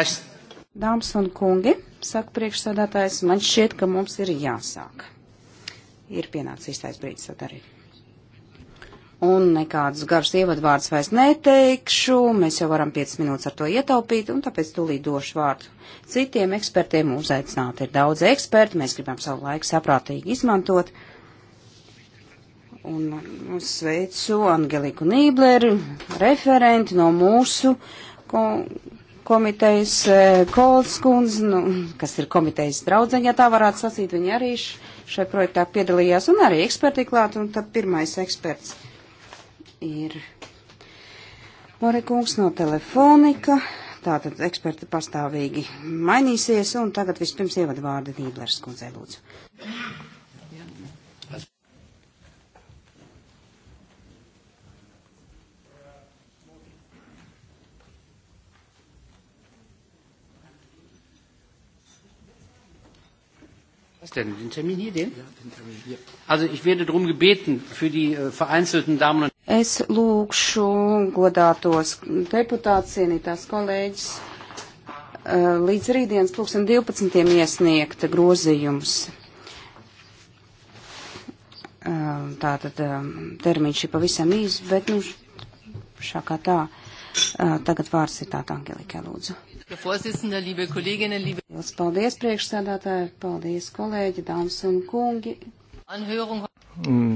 es... Dāmas un kungi, saka priekšsēdētājs, man šķiet, ka mums ir jāsāk. Ir pienācis īstais brīdis to darīt. Un nekādus garus ievadvārdus vairs neteikšu, mēs jau varam 5 minūtes ar to ietaupīt, un tāpēc tūlīt došu vārdu citiem ekspertiem. Uzaicināti ir daudz eksperti, mēs gribam savu laiku saprātīgi izmantot un sveicu Angeliku Nībleri, referenti no mūsu ko, komitejas eh, Kols kundze, nu, kas ir komitejas draudzeņa, ja tā varētu sacīt, viņa arī šai projektā piedalījās un arī eksperti klāt, un tad pirmais eksperts ir Morikungs no Telefonika, tātad eksperti pastāvīgi mainīsies, un tagad vispirms ievadvārdi Nīblers kundzei lūdzu. Ist denn den Termin hier den? Ja, den Termin hier. Also ich werde darum gebeten, für die äh, vereinzelten Damen und Es lūgšu godātos deputāts, cienītās kolēģis, uh, līdz rītdienas 2012. iesniegt grozījumus. Uh, äh, Tātad uh, ähm, termiņš ir pavisam īs, bet nu šā kā tā. Äh, tagad vārds ir tātā Angelikai lūdzu. Lielas paldies, priekšsēdētāji, paldies, kolēģi, dāmas un kungi. Mm,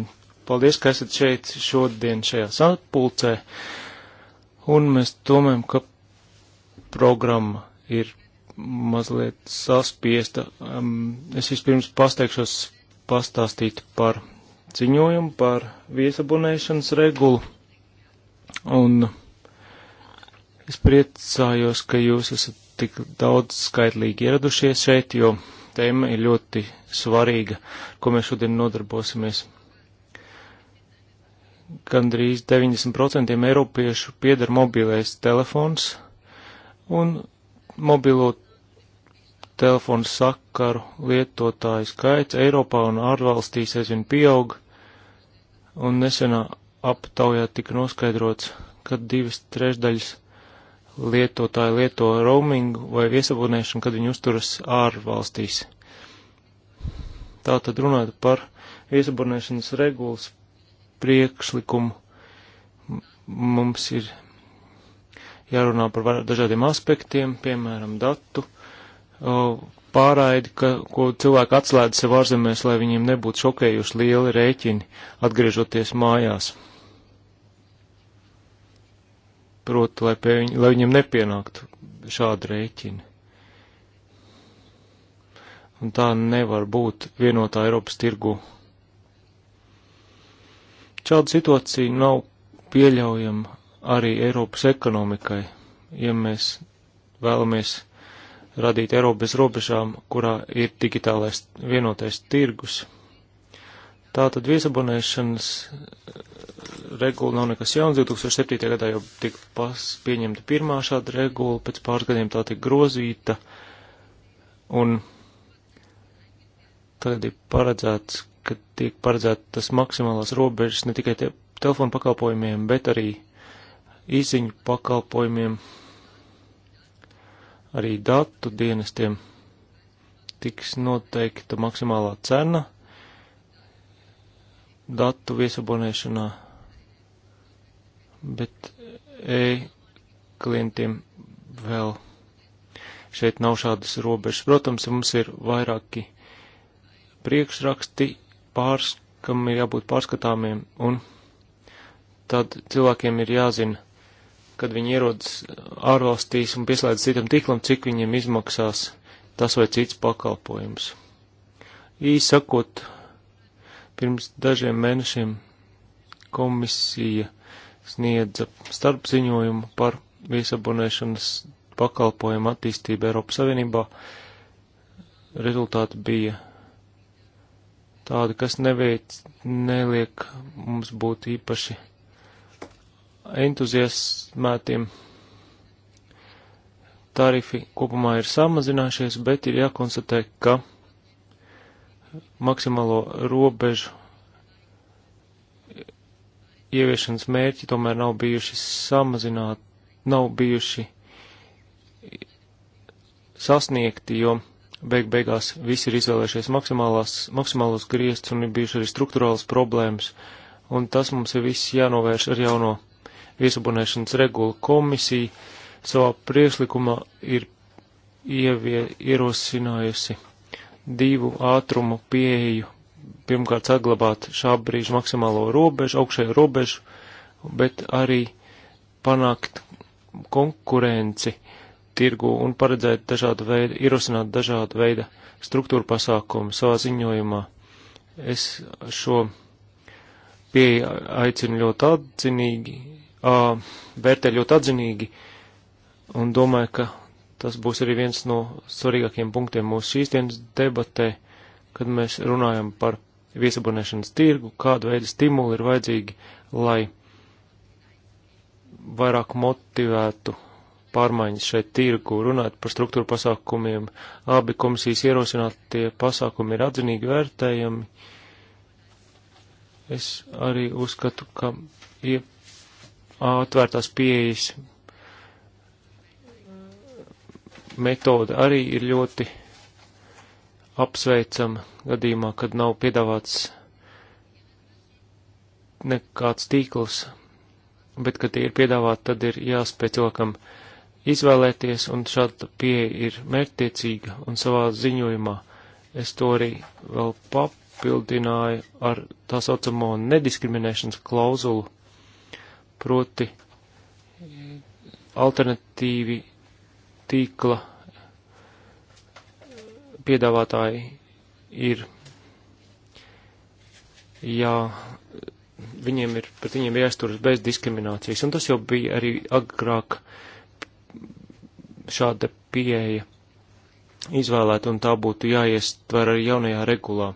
paldies, ka esat šeit šodien šajā sapulcē. Un mēs domājam, ka programma ir mazliet saspiesta. Es vispirms pasteikšos pastāstīt par ziņojumu, par viesabunēšanas regulu. Un Es priecājos, ka jūs esat tik daudz skaitlīgi ieradušies šeit, jo tēma ir ļoti svarīga, ko mēs šodien nodarbosimies. Gandrīz 90% eiropiešu pieder mobilais telefons un mobilo telefonu sakaru lietotāju skaits Eiropā un ārvalstīs aizvien pieaug, un nesenā aptaujā tika noskaidrots, ka divas trešdaļas lietotāji lieto roamingu vai viesabunēšanu, kad viņi uzturas ārvalstīs. Tātad runājot par viesabunēšanas regulas priekšlikumu, mums ir jārunā par dažādiem aspektiem, piemēram, datu pārraidi, ka, ko cilvēki atslēdz sev ārzemēs, lai viņiem nebūtu šokējuši lieli rēķini, atgriežoties mājās proti, lai, viņ, lai viņam nepienāktu šādi rēķini. Un tā nevar būt vienotā Eiropas tirgu. Šāda situācija nav pieļaujama arī Eiropas ekonomikai, ja mēs vēlamies radīt Eiropu bez robežām, kurā ir digitālais vienotais tirgus. Tātad viesabonēšanas regula nav nekas jauns. 2007. gadā jau tika pieņemta pirmā šāda regula, pēc pāris gadiem tā tika grozīta. Un tagad ir paredzēts, ka tiek paredzēta tas maksimālās robežas ne tikai te telefonu pakalpojumiem, bet arī īsiņu pakalpojumiem, arī datu dienestiem tiks noteikta maksimālā cena datu viesabonēšanā bet e, klientiem vēl šeit nav šādas robežas. Protams, ja mums ir vairāki priekšraksti, pārs, kam ir jābūt pārskatāmiem, un tad cilvēkiem ir jāzina, kad viņi ierodas ārvalstīs un pieslēdz citam tiklam, cik viņiem izmaksās tas vai cits pakalpojums. Īsakot, pirms dažiem mēnešiem komisija sniedza starpziņojumu par viesabonēšanas pakalpojumu attīstību Eiropas Savienībā. Rezultāti bija tādi, kas neveic, neliek mums būt īpaši entuziasmētiem. Tarifi kopumā ir samazinājušies, bet ir jākonstatē, ka maksimālo robežu ieviešanas mērķi tomēr nav bijuši samazināt, nav bijuši sasniegti, jo beig beigās visi ir izvēlējušies maksimālos griestus un ir bijuši arī struktūrāls problēmas, un tas mums ir viss jānovērš ar jauno viesabunēšanas regulu komisiju. Savā priešlikumā ir ievie, ierosinājusi divu ātrumu pieeju pirmkārt saglabāt šā brīža maksimālo robežu, augšējo robežu, bet arī panākt konkurenci tirgu un paredzēt dažādu veidu, ierosināt dažādu veidu struktūru pasākumu savā ziņojumā. Es šo pieeja aicinu ļoti atzinīgi, uh, vērtē ļoti atzinīgi un domāju, ka tas būs arī viens no svarīgākiem punktiem mūsu šīs dienas debatē kad mēs runājam par viesabonēšanas tirgu, kādu veidu stimuli ir vajadzīgi, lai vairāk motivētu pārmaiņas šeit tirgu, runāt par struktūru pasākumiem. Abi komisijas ierosinātie pasākumi ir atzinīgi vērtējami. Es arī uzskatu, ka ir atvērtās pieejas metode arī ir ļoti apsveicam gadījumā, kad nav piedāvāts nekāds tīkls, bet, kad tie ir piedāvāti, tad ir jāspēj cilvēkam izvēlēties, un šāda pieeja ir mērķtiecīga, un savā ziņojumā es to arī vēl papildināju ar tā saucamo nediskriminēšanas klauzulu, proti alternatīvi tīkla piedāvātāji ir, jā, viņiem ir, pret viņiem jāsturas bez diskriminācijas, un tas jau bija arī agrāk šāda pieeja izvēlēt, un tā būtu jāiestver arī jaunajā regulā.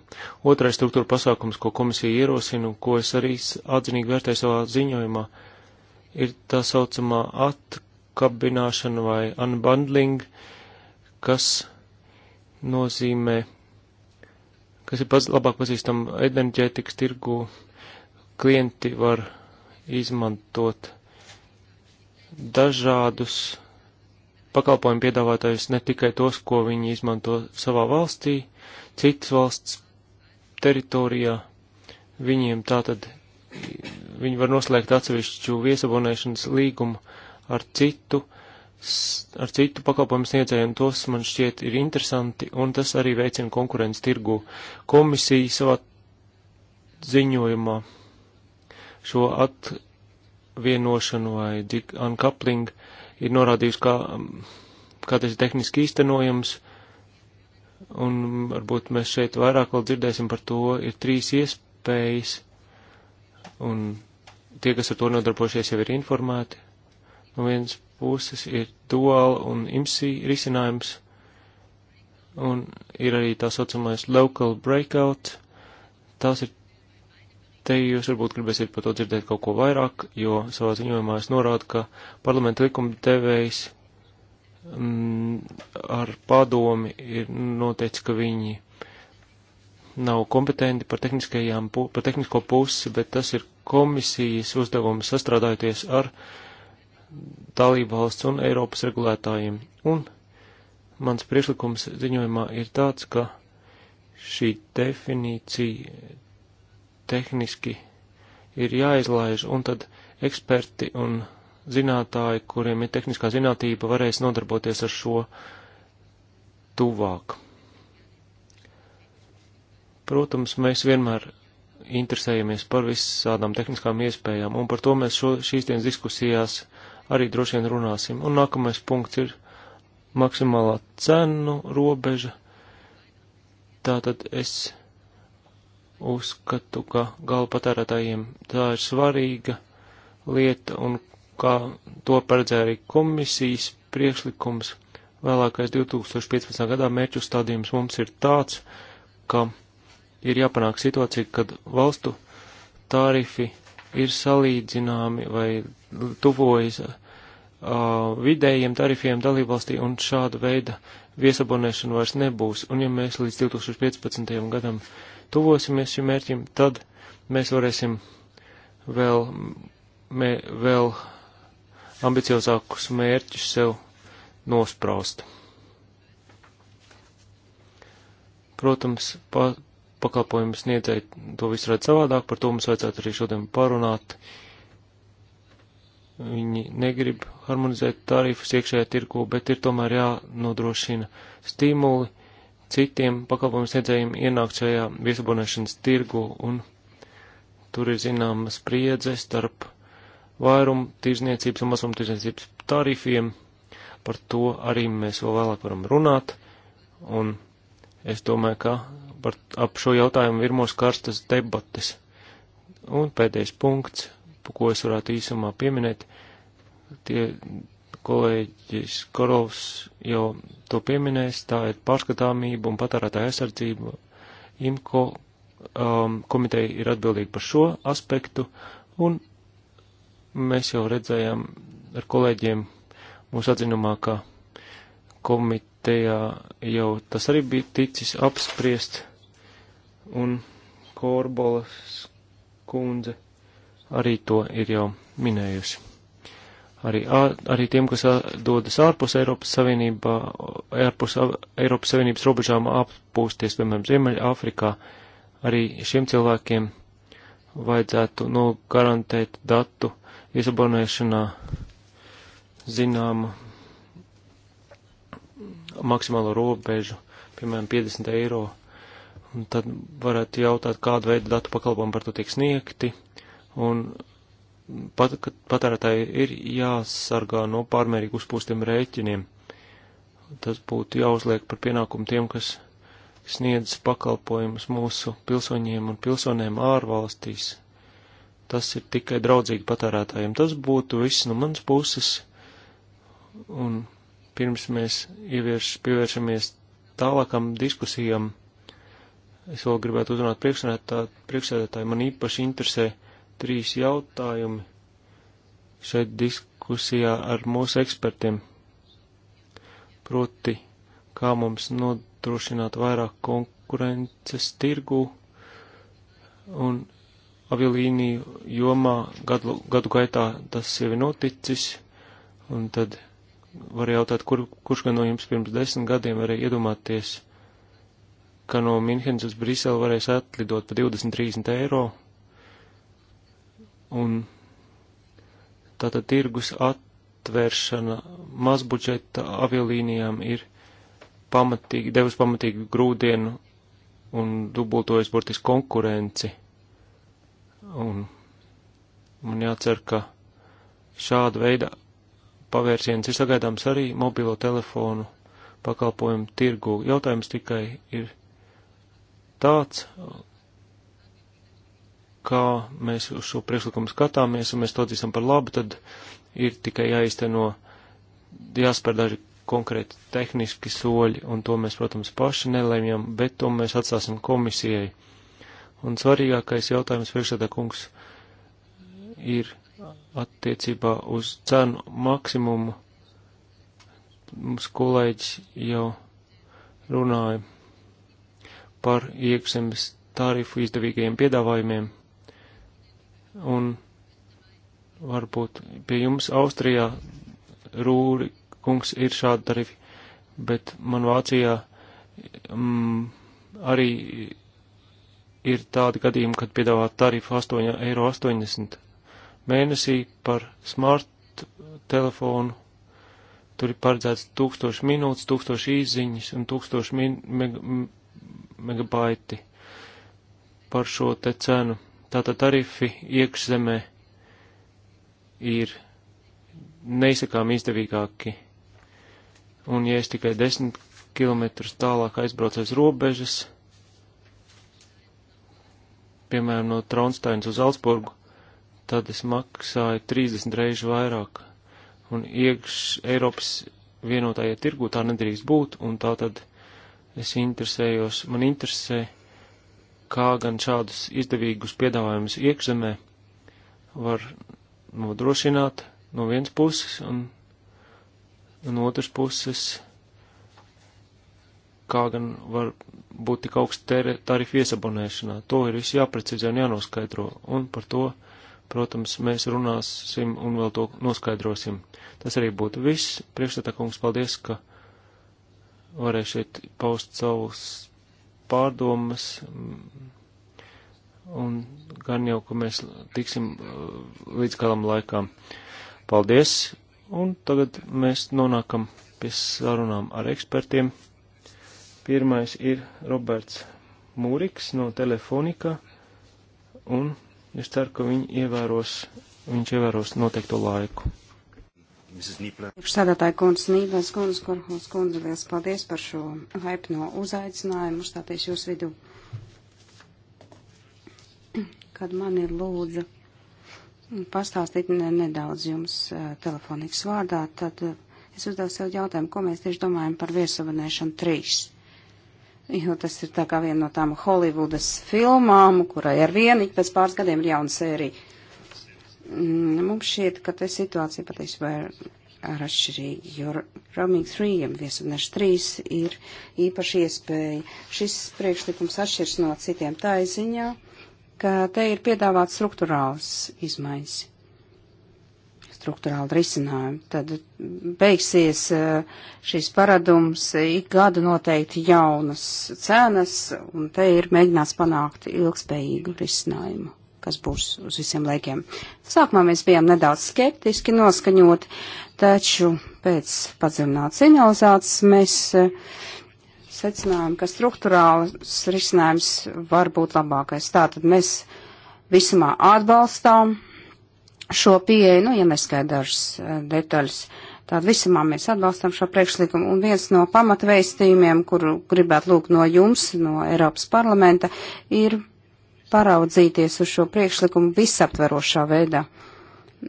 Otrais struktūra pasākums, ko komisija ierosina, un ko es arī atzinīgi vērtēju savā ziņojumā, ir tā saucamā atkabināšana vai unbundling, kas nozīmē, kas ir paz, labāk pazīstama enerģētikas tirgu, klienti var izmantot dažādus pakalpojumu piedāvātājus, ne tikai tos, ko viņi izmanto savā valstī, citas valsts teritorijā. Viņiem tātad viņi var noslēgt atsevišķu viesabonēšanas līgumu ar citu ar citu pakalpojumu sniedzējiem, tos man šķiet ir interesanti, un tas arī veicina konkurences tirgu. Komisija savā ziņojumā šo atvienošanu vai uncoupling ir norādījusi, kā, kā tas ir tehniski īstenojams, un varbūt mēs šeit vairāk vēl dzirdēsim par to, ir trīs iespējas, un tie, kas ar to nodarbojušies, jau ir informēti. No nu viens puses ir dual un imsi risinājums, un ir arī tā saucamais local breakout. Tās ir, te jūs varbūt gribēsiet par to dzirdēt kaut ko vairāk, jo savā ziņojumā es norādu, ka parlamenta likuma devējs mm, ar padomi ir noteicis, ka viņi nav kompetenti par, par tehnisko pusi, bet tas ir komisijas uzdevums sastrādājoties ar uh, dalību valsts un Eiropas regulētājiem. Un mans priešlikums ziņojumā ir tāds, ka šī definīcija tehniski ir jāizlaiž, un tad eksperti un zinātāji, kuriem ir tehniskā zinātība, varēs nodarboties ar šo tuvāk. Protams, mēs vienmēr interesējamies par visādām tehniskām iespējām, un par to mēs šo, šīs dienas diskusijās uh, arī droši vien runāsim. Un nākamais punkts ir maksimālā cenu robeža. Tātad es uzskatu, ka gala patērētājiem tā ir svarīga lieta un kā to paredzēja arī komisijas priekšlikums. Vēlākais 2015. gadā mērķu stādījums mums ir tāds, ka ir jāpanāk situācija, kad valstu tarifi ir salīdzināmi vai tuvojas uh, vidējiem tarifiem dalībvalstī un šāda veida viesabonēšana vairs nebūs. Un ja mēs līdz 2015. gadam tuvosimies šim mērķim, tad mēs varēsim vēl, mē, vēl ambiciozākus mērķus sev nospraust. Protams, pa, pakalpojumu sniedzēji to visu redz savādāk, par to mums vajadzētu arī šodien parunāt. Uh, Viņi negrib harmonizēt tarifus iekšējā tirku, bet ir tomēr jānodrošina stimuli citiem pakalpojumu sniedzējiem ienākt šajā viesabonēšanas tirgu, un tur ir zināma spriedze starp vairumu tirzniecības un mazumu tirzniecības tarifiem. Par to arī mēs vēl vēlāk varam runāt, un es domāju, ka par, ap šo jautājumu ir mūsu karstas debates. Un pēdējais punkts ko es varētu īsumā pieminēt. Tie kolēģis Korovs jau to pieminēs, tā ir pārskatāmība un patērētāja aizsardzība. IMCO um, komiteja ir atbildīga par šo aspektu, un mēs jau redzējām ar kolēģiem mūsu atzinumā, ka komitejā jau tas arī bija ticis apspriest, un Korbolas kundze arī to ir jau minējusi. Arī, arī tiem, kas dodas ārpus Eiropas, Savienībā, ārpus Eiropas Savienības robežām apūsties, piemēram, Ziemeļa Āfrikā, arī šiem cilvēkiem vajadzētu nu, garantēt datu iesabonēšanā zināmu maksimālo robežu, piemēram, 50 eiro. Un tad varētu jautāt, kādu veidu datu pakalpojumu par to tiek sniegti Un pat, patērētāji ir jāsargā no pārmērīgi uzpūstiem rēķiniem. Tas būtu jāuzliek par pienākumu tiem, kas sniedz pakalpojumus mūsu pilsoņiem un pilsonēm ārvalstīs. Tas ir tikai draudzīgi patērētājiem. Tas būtu viss no manas puses. Un pirms mēs ievieš, pievēršamies tālākam diskusijām, es vēl gribētu uzrunāt priekšsēdētāju. Man īpaši interesē trīs jautājumi šeit diskusijā ar mūsu ekspertiem. Proti, kā mums nodrošināt vairāk konkurences tirgu un avialīniju jomā gadu, gadu gaitā tas jau ir noticis, un tad var jautāt, kur, kurš gan no jums pirms desmit gadiem varēja iedomāties, ka no Minhenes uz Briselu varēs atlidot pa 20-30 eiro Un tātad tirgus atvēršana mazbudžeta aviolīnijām ir pamatīgi, devis pamatīgu grūdienu un dubultojas burtiski konkurenci. Un man jācer, ka šāda veida pavērsiens ir sagaidāms arī mobilo telefonu pakalpojumu tirgu. Jautājums tikai ir tāds, kā mēs uz šo priekšlikumu skatāmies un mēs to dzīsam par labu, tad ir tikai jāizteno, jāspēr daži konkrēti tehniski soļi, un to mēs, protams, paši nelēmjam, bet to mēs atstāsim komisijai. Un svarīgākais jautājums priekšsēdā kungs ir attiecībā uz cenu maksimumu. Mums kolēģis jau runāja par iekšzemes tarifu izdevīgajiem piedāvājumiem. Un varbūt pie jums Austrijā rūri kungs ir šādi tarifi, bet man Vācijā mm, arī ir tādi gadījumi, kad piedāvā tarifu 8,80 eiro mēnesī par smart telefonu. Tur ir paredzēts 1000 minūtes, 1000 īziņas un 1000 min, meg, megabaiti par šo te cenu. Tātad tarifi iekšzemē ir neizsakām izdevīgāki. Un ja es tikai desmit kilometrus tālāk aizbraucu aiz robežas, piemēram, no Traunsteinas uz Alsburgu, tad es maksāju 30 reižu vairāk. Un iekš Eiropas vienotājā tirgū tā nedrīkst būt, un tā tad es interesējos, man interesē kā gan šādus izdevīgus piedāvājumus iekšzemē var nodrošināt no vienas puses un no otras puses, kā gan var būt tik augsta tarifa iesabonēšanā. To ir viss jāprecizē un jānoskaidro, un par to, protams, mēs runāsim un vēl to noskaidrosim. Tas arī būtu viss. Priekšstādā kungs, paldies, ka varēsiet paust savus pārdomas, un gan jau, ka mēs tiksim uh, līdz galam laikām. Paldies, un tagad mēs nonākam pie sarunām ar ekspertiem. Pirmais ir Roberts Mūriks no Telefonika, un es ceru, ka viņi ievēros, viņš ievēros noteikto laiku. Priekšstādātāja kundze Nībels kundze, Korhos kundze, liels paldies par šo laipno uzaicinājumu uzstāties jūs vidū. Kad man ir lūdza pastāstīt ne, nedaudz jums eh, telefonikas vārdā, tad eh, es uzdevu sev jautājumu, ko mēs tieši domājam par viesavanēšanu trīs. Jo tas ir tā kā viena no tām Holivudas filmām, kurai ar vienu ik pēc pāris gadiem ir jauna sērija. Mm, mums šķiet, ka te situācija patiesībā ir ar atšķirīgi, jo roaming 3 viesudnešu 3 ir īpaši iespēja. Šis priekšlikums atšķirs no citiem tā ziņā, ka te ir piedāvāts struktūrāls izmaiņas, struktūrāli risinājumi. Tad beigsies eh, šis paradums, ik gadu noteikti jaunas cenas, un te ir mēģināts panākt ilgspējīgu risinājumu kas būs uz visiem laikiem. Sākumā mēs bijām nedaudz skeptiski noskaņot, taču pēc padziļinātas analizācijas mēs eh, secinājām, ka struktūrāls risinājums var būt labākais. Tātad mēs visumā atbalstām šo pieeju, nu, ja neskaidrs dažas eh, detaļas. Tātad visumā mēs atbalstam šo priekšlikumu, un viens no pamatveistījumiem, kuru gribētu lūgt no jums, no Eiropas parlamenta, ir paraudzīties uz šo priekšlikumu visaptverošā veidā,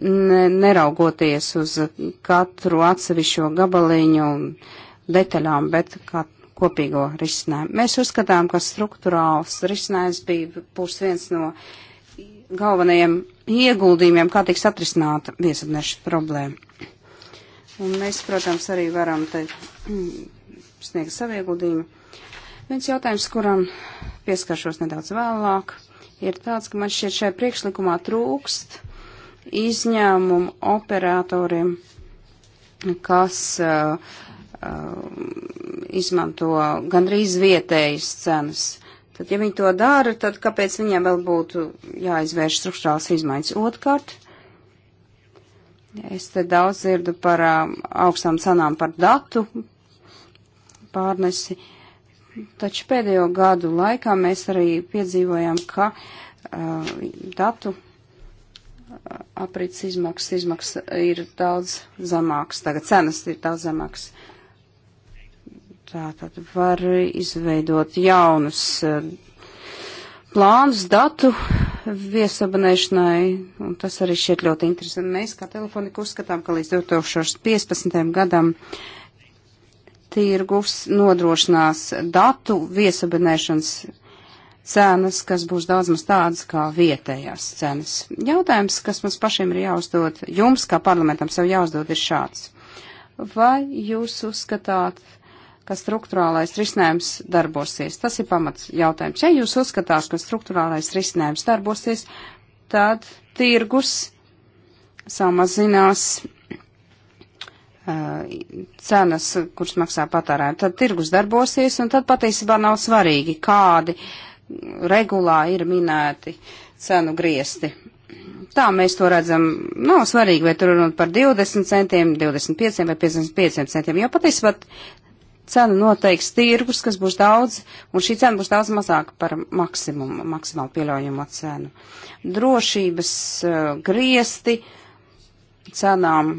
ne, neraugoties uz katru atsevišķo gabaliņu un detaļām, bet kā kopīgo risinājumu. Mēs uzskatām, ka struktūrāls risinājums bija būs viens no galvenajiem ieguldījumiem, kā tiks atrisināta viesapneša problēma. Un mēs, protams, arī varam te sniegt savu ieguldījumu. Viens jautājums, kuram pieskaršos nedaudz vēlāk, ir tāds, ka man šķiet šajā priekšlikumā trūkst izņēmumu operatoriem, kas uh, uh, izmanto gandrīz vietējas cenas. Tad, ja viņi to dara, tad kāpēc viņiem vēl būtu jāizvērš struktūrāls izmaiņas? Otkārt, es te daudz dzirdu par uh, augstām cenām par datu pārnesi. Uh, Taču pēdējo gadu laikā mēs arī piedzīvojām, ka uh, datu uh, aprits izmaksas, izmaksas ir daudz zemākas, tagad cenas ir daudz zemākas. Tātad var izveidot jaunus uh, plānus datu viesabanēšanai, un tas arī šķiet ļoti interesanti. Mēs kā telefoniku uzskatām, ka līdz 2015. gadam uh, tirgus nodrošinās datu viesabinēšanas cenas, kas būs daudz maz tādas kā vietējās cenas. Jautājums, kas mums pašiem ir jāuzdod, jums kā parlamentam sev jāuzdod, ir šāds. Vai jūs uzskatāt, ka struktūrālais risinājums darbosies? Tas ir pamats jautājums. Ja jūs uzskatāt, ka struktūrālais risinājums darbosies, tad tirgus samazinās Uh, cenas, kuras maksā patērēm. Tad tirgus darbosies, un tad patiesībā nav svarīgi, kādi regulā ir minēti cenu griesti. Tā mēs to redzam. Nav svarīgi, vai tur runāt par 20 centiem, 25 vai 55 centiem, jo patiesībā cena noteiks tirgus, kas būs daudz, un šī cena būs daudz mazāka par maksimumu, maksimāli pieļaujamo cenu. Drošības uh, griesti cenām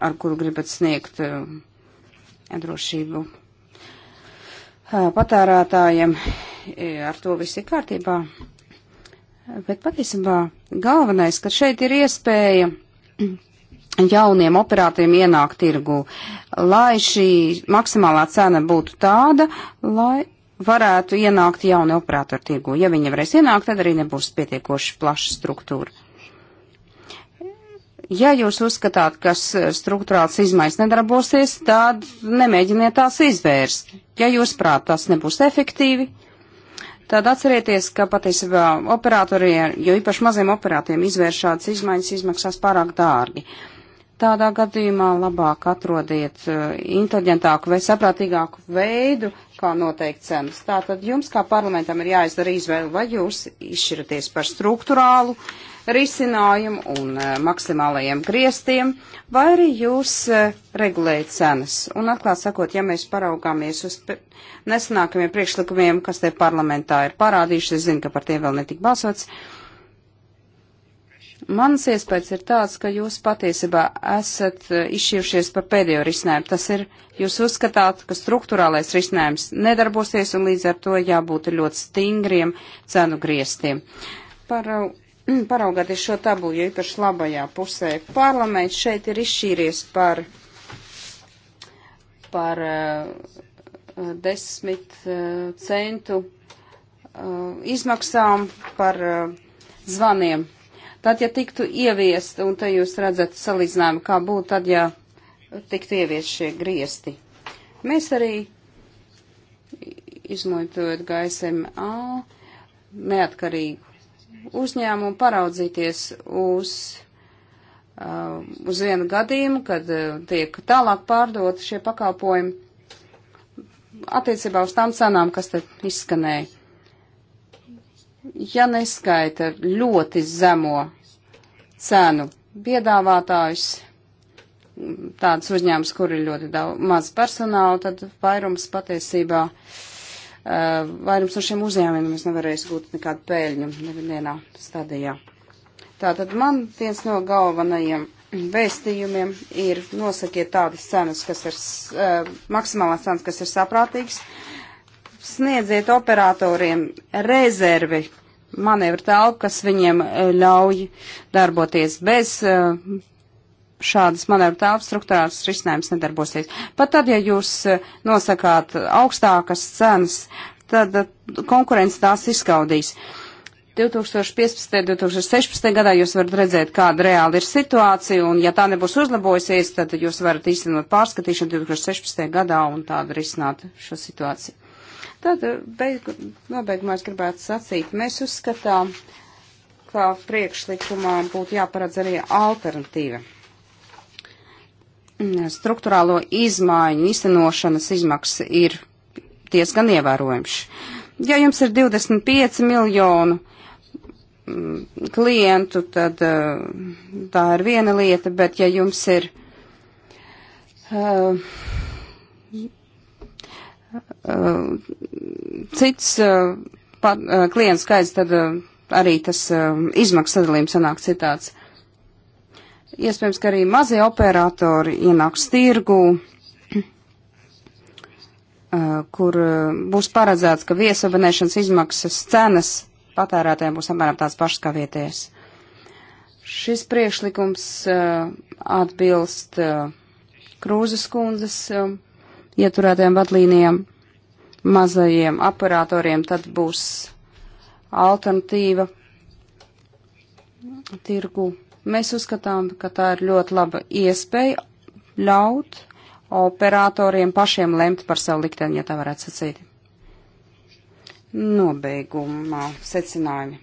ar kuru gribat sniegt eh, drošību eh, patērētājiem. Eh, ar to viss ir kārtībā. Bet patiesībā galvenais, ka šeit ir iespēja jauniem operātoriem ienākt tirgu, lai šī maksimālā cena būtu tāda, lai varētu ienākt jauni operatori tirgu. Ja viņi varēs ienākt, tad arī nebūs pietiekoši plaša struktūra. Ja jūs uzskatāt, ka struktūrāls izmaiņas nedarbosies, tad nemēģiniet tās izvērst. Ja jūs prāt tas nebūs efektīvi, tad atcerieties, ka patiesībā operatoriem, jo īpaši maziem operatoriem izvērst šādas izmaiņas izmaksās pārāk dārgi. Tādā gadījumā labāk atrodiet uh, inteliģentāku vai saprātīgāku veidu, kā noteikt cenas. Tātad jums kā parlamentam ir jāizdara izvēle, vai jūs izšķiraties par struktūrālu uh, risinājumu un eh, maksimālajiem griestiem, vai arī jūs eh, regulējat cenas. Un atklāt sakot, ja mēs paraugāmies uz nesanākamiem priekšlikumiem, kas te parlamentā ir parādījuši, es zinu, ka par tiem vēl netika balsots, mans iespējas ir tāds, ka jūs patiesībā esat eh, izšķīrušies par pēdējo risinājumu. Tas ir, jūs uzskatāt, ka struktūrālais risinājums nedarbosies un līdz ar to jābūt ļoti stingriem cenu griestiem. Par Mm, paraugāties šo tabulu, jo īpaši labajā pusē parlaments šeit ir izšķīries par, par uh, desmit uh, centu uh, izmaksām par uh, zvaniem. Tad, ja tiktu ieviest, un te jūs redzat salīdzinājumu, kā būtu, tad, ja tiktu ieviest šie griesti. Mēs arī izmantojot GSMA neatkarīgu uzņēmumu paraudzīties uz, uh, uz vienu gadījumu, kad uh, tiek tālāk pārdot šie pakalpojumi attiecībā uz tām cenām, kas te izskanēja. Ja neskaita ļoti zemo cenu piedāvātājus, tāds uzņēmums, kur ir ļoti daudz maz personāla, tad vairums patiesībā uh, Eh, vairums no šiem uzņēmumiem nevarēs gūt nekādu pēļņu nevienā stadijā. Tātad man viens no galvenajiem vēstījumiem ir nosakiet tādas cenas, kas ir uh, maksimālās cenas, kas ir saprātīgas, sniedziet operatoriem rezervi manevru telpu, kas viņiem eh, ļauj darboties bez uh, šādas manevru telpas struktūrāls risinājums nedarbosies. Pat tad, ja jūs eh, nosakāt augstākas cenas, tad eh, konkurence tās izskaudīs. 2015. un 2016. gadā jūs varat redzēt, kāda reāli ir situācija, un ja tā nebūs uzlabojusies, tad jūs varat īstenot pārskatīšanu 2016. gadā un tādu risināt šo situāciju. Tad eh, beigu, nobeigumā es gribētu sacīt, mēs uzskatām, ka priekšlikumā būtu jāparedz arī alternatīva struktūrālo izmaiņu īstenošanas izmaksas ir diezgan ievērojams. Ja jums ir 25 miljonu mm, klientu, tad eh, tā ir viena lieta, bet ja jums ir uh, uh, cits uh, pat, klients skaits, tad arī tas izmaksas sadalījums sanāk citāds. Iespējams, ka arī mazie operatori ienāks tirgu, uh, kur uh, būs paredzēts, ka viesabonēšanas izmaksas cenas patērētājiem būs apmēram tās pašas kā vietējais. Šis priekšlikums uh, atbilst Krūzes kundzes ieturētajām vadlīnijām mazajiem operatoriem, tad būs alternatīva tirgu Mēs uzskatām, ka tā ir ļoti laba iespēja ļaut operatoriem pašiem lemt par savu likteni, ja tā varētu sacīt. Nobeigumā secinājumi.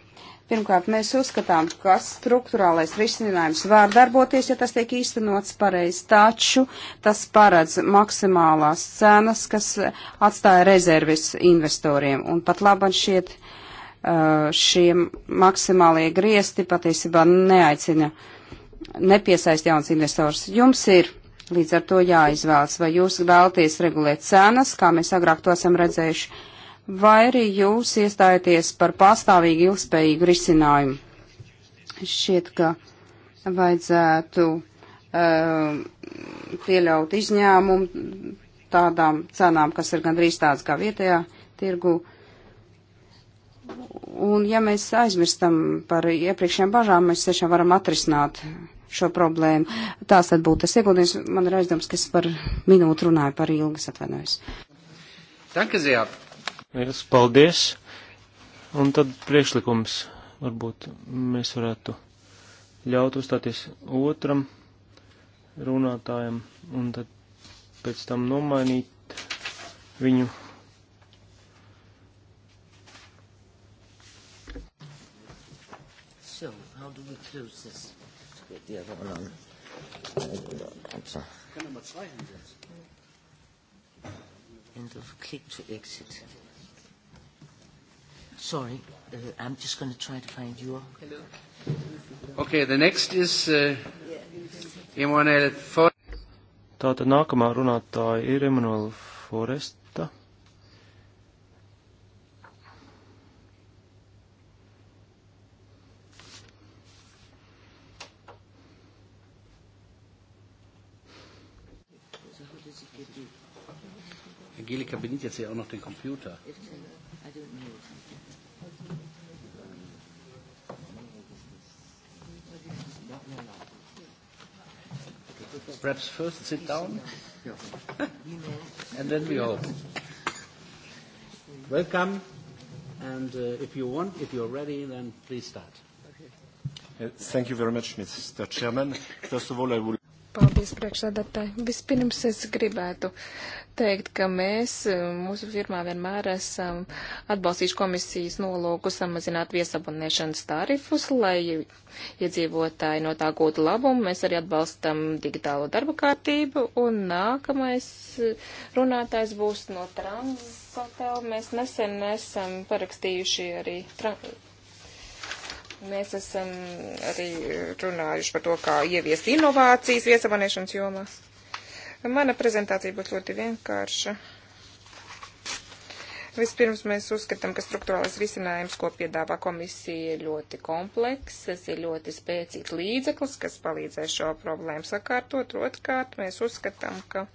Pirmkārt, mēs uzskatām, ka struktūrālais risinājums var darboties, ja tas tiek īstenots pareizi, taču tas paredz maksimālās cenas, kas atstāja rezervis investoriem, un pat labam šiet Eh, šie maksimālie griesti patiesībā neaicina, nepiesaist jauns investors. Jums ir līdz ar to jāizvēlas, vai jūs vēlaties regulēt cenas, kā mēs agrāk to esam redzējuši, vai arī jūs iestājaties par pastāvīgi ilgspējīgu risinājumu. Šķiet, ka vajadzētu uh, pieļaut izņēmumu tādām cenām, kas ir gandrīz tāds kā vietējā tirgu. Uh, Un ja mēs aizmirstam par iepriekšējām bažām, mēs tiešām varam atrisināt šo problēmu. Tās tad būtu tas ieguldījums. Man ir aizdoms, ka es par minūtu runāju par ilgas atvainojos. Lielas paldies. Un tad priekšlikums varbūt mēs varētu ļaut uzstāties otram runātājam un tad pēc tam nomainīt viņu closes. Put the other one on. Answer. Kann Nummer zwei hinsetzen. End of click to exit. Sorry, uh, I'm just going to try to find your. Hello. Okay, the next is uh, Emanuel Forest. Tātad nākamā runātāja ir Emanuela Forest. Angelika bedient jetzt ja auch noch den Computer. Perhaps first sit down and then we hope. Welcome and uh, if you want, if you're ready, then please start. Okay. Uh, thank you very much, Mr. Chairman. First of all, I would Paldies, priekšsēdētāji. Vispirms es gribētu teikt, ka mēs e, mūsu firmā vienmēr esam atbalstījuši komisijas nolūku samazināt viesabonēšanas tarifus, lai iedzīvotāji no tā gūtu labumu. Mēs arī atbalstam digitālo darba kārtību, un nākamais e, runātājs būs no Transatel. Mēs nesen esam parakstījuši arī. Mēs esam arī runājuši par to, kā ieviest inovācijas viesabanēšanas jomās. Mana prezentācija būs ļoti vienkārša. Vispirms mēs uzskatām, ka struktūrālais risinājums, ko piedāvā komisija, ir ļoti komplekss, ir ļoti spēcīgs līdzeklis, kas palīdzēs šo problēmu sakārtot. Otkārt, mēs uzskatām, ka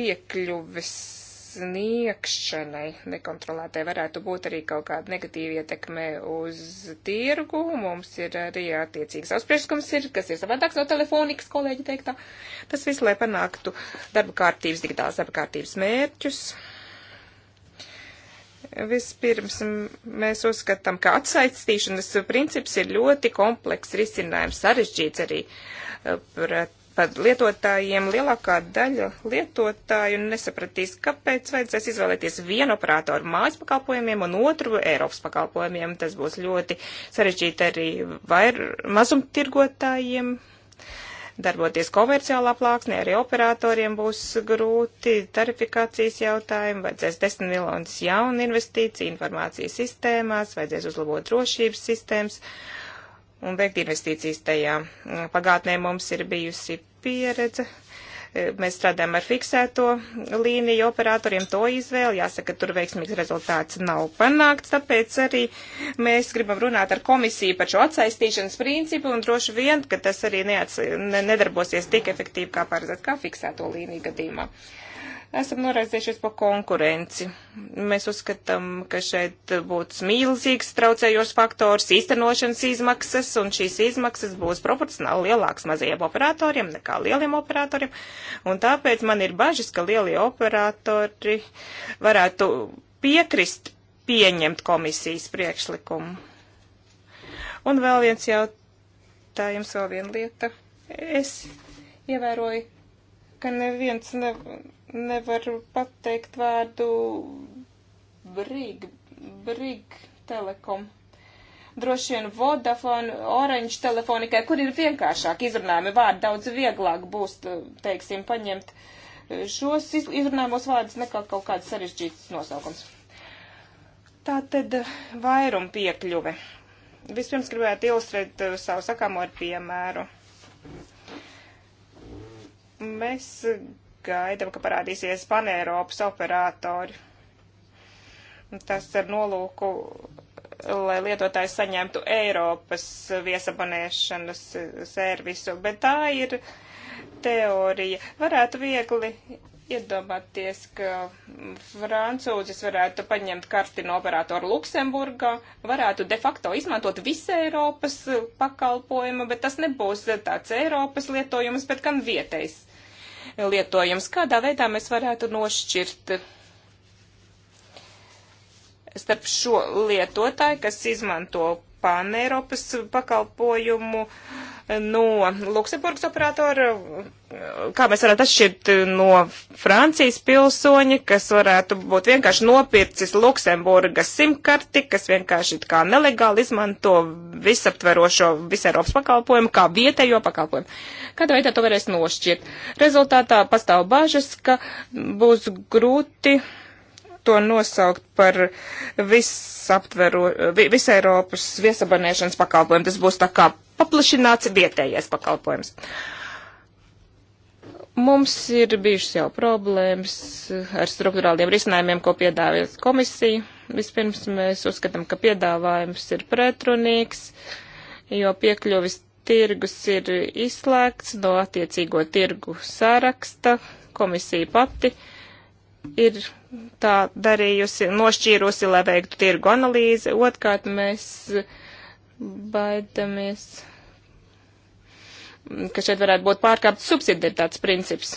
piekļuves sniegšanai nekontrolētai varētu būt arī kaut kāda negatīva ietekme uz tirgu. Mums ir arī attiecīgs apsprieškums, ir, kas ir savādāks no telefonikas kolēģi teiktā. Tas viss, lai panāktu darba kārtības, digitālas darba kārtības mērķus. Vispirms mēs uzskatām, ka atsaistīšanas princips ir ļoti komplekss risinājums, sarežģīts arī eh, pret par lietotājiem. Lielākā daļa lietotāju nesapratīs, kāpēc vajadzēs izvēlēties vienu operātoru mājas pakalpojumiem un otru Eiropas pakalpojumiem. Tas būs ļoti sarežģīti arī vair, mazumtirgotājiem. Darboties komerciālā plāksnē arī operatoriem būs grūti tarifikācijas jautājumi, vajadzēs desmit miljonus jaunu investīciju informācijas sistēmās, vajadzēs uzlabot drošības sistēmas. Uh, un veikt investīcijas tajā. Pagātnē mums ir bijusi pieredze. Mēs strādājam ar fiksēto līniju operatoriem, to izvēli. Jāsaka, tur veiksmīgs rezultāts nav panākts, tāpēc arī mēs gribam runāt ar komisiju par šo atsaistīšanas principu un droši vien, ka tas arī neats, nedarbosies tik efektīvi kā paredzēt, kā fiksēto līniju gadījumā. Uh, esam noraizējušies par konkurenci. Mēs uzskatām, ka šeit būs mīlzīgs traucējošs faktors, īstenošanas izmaksas, un šīs izmaksas būs proporcionāli lielākas mazajiem operatoriem nekā lieliem operatoriem, un tāpēc man ir bažas, ka lielie operatori varētu piekrist pieņemt komisijas priekšlikumu. Un vēl viens jautājums, vēl viena lieta. Es ievēroju, ka neviens ne, nevaru pateikt vārdu Brig, Brig Telekom. Droši vien Vodafone, Orange telefonikai, kur ir vienkāršāk izrunājumi vārdi, daudz vieglāk būs, teiksim, paņemt šos izrunājumos vārdus nekā kaut kāds sarežģīts nosaukums. Tā tad vairum piekļuve. Vispirms gribētu ilustrēt uh, savu sakāmo ar piemēru. Mēs gaidam, ka parādīsies paneiropas operatori. Tas ar nolūku, lai lietotājs saņemtu Eiropas viesabonēšanas servisu, bet tā ir teorija. Varētu viegli iedomāties, ka francūzis varētu paņemt karti no operatora Luksemburgā, varētu de facto izmantot visu Eiropas pakalpojumu, bet tas nebūs tāds Eiropas lietojums, bet gan vietējs lietojams. Kādā veidā mēs varētu nošķirt starp šo lietotāju, kas izmanto paneiropas pakalpojumu uh, no nu, Luksemburgas operatora, kā mēs varētu atšķirt no Francijas pilsoņa, kas varētu būt vienkārši nopircis Luksemburgas simkarti, kas vienkārši kā nelegāli izmanto visaptverošo visu Eiropas pakalpojumu, kā vietējo pakalpojumu. Kādā veidā to varēs nošķirt? Rezultātā pastāv bažas, ka būs grūti to nosaukt par visaptvero, visai Eiropas viesabanēšanas pakalpojumu. Tas būs tā kā paplašināts vietējais pakalpojums. Mums ir bijušas jau problēmas ar struktūrāliem risinājumiem, ko piedāvājas komisija. Vispirms mēs uzskatām, ka piedāvājums ir pretrunīgs, jo piekļuvis tirgus ir izslēgts no attiecīgo tirgu saraksta. Komisija pati ir tā darījusi, nošķīrusi, lai veiktu tirgu analīzi. Otkārt, mēs baidamies ka šeit varētu būt pārkāpts subsidiaritātes princips,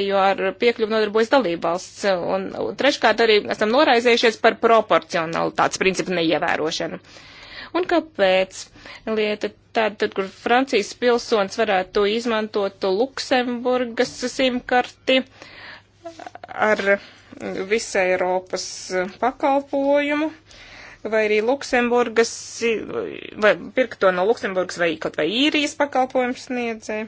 jo ar piekļuvu nodarbojas dalībvalsts. Un treškārt arī esam noraizējušies par proporcionalitātes principu neievērošanu. Un kāpēc? Lieta tāda, tad, kur Francijas pilsonis varētu izmantot Luksemburgas simkarti ar visai Eiropas pakalpojumu. Uh, vai arī Luksemburgas, vai pirkt to no Luksemburgas vai kaut vai īrijas pakalpojums sniedzē.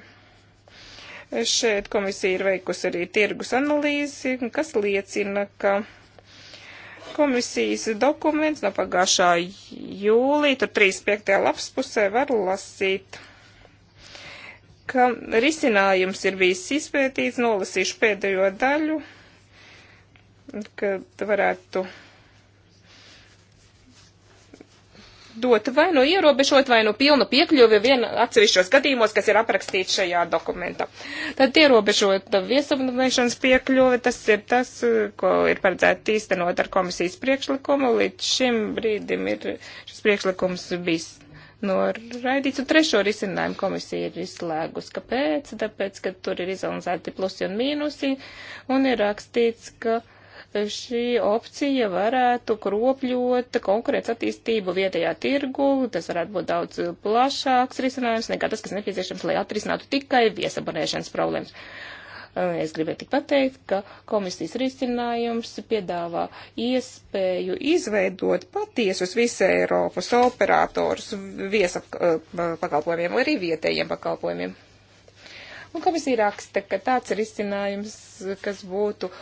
Šeit komisija ir veikusi arī tirgus analīzi, kas liecina, ka komisijas dokuments no pagājušā jūlija, tur 35. lapspusē var lasīt, ka risinājums ir bijis izpētīts, nolasīšu pēdējo daļu, ka varētu dota vai nu no ierobežot, vai nu no pilnu piekļuvi vien atsevišķos gadījumos, kas ir aprakstīts šajā dokumentā. Tad ierobežota viesabunēšanas piekļuve, tas ir tas, ko ir paredzēta īstenot ar komisijas priekšlikumu. Līdz šim brīdim ir šis priekšlikums bijis noraidīts, un trešo risinājumu komisija ir izslēgus. Kāpēc? Tāpēc, ka tur ir izanalizēti plusi un mīnusi, un ir rakstīts, ka šī opcija varētu kropļot konkurence attīstību vietējā tirgu. Tas varētu būt daudz plašāks risinājums nekā tas, kas nepieciešams, lai atrisinātu tikai viesabonēšanas problēmas. Uh, es gribēju tik pateikt, ka komisijas risinājums piedāvā iespēju izveidot patiesus visu Eiropas operatorus viesapakalpojumiem, uh, arī vietējiem pakalpojumiem. Un komisija raksta, ka tāds risinājums, kas būtu uh,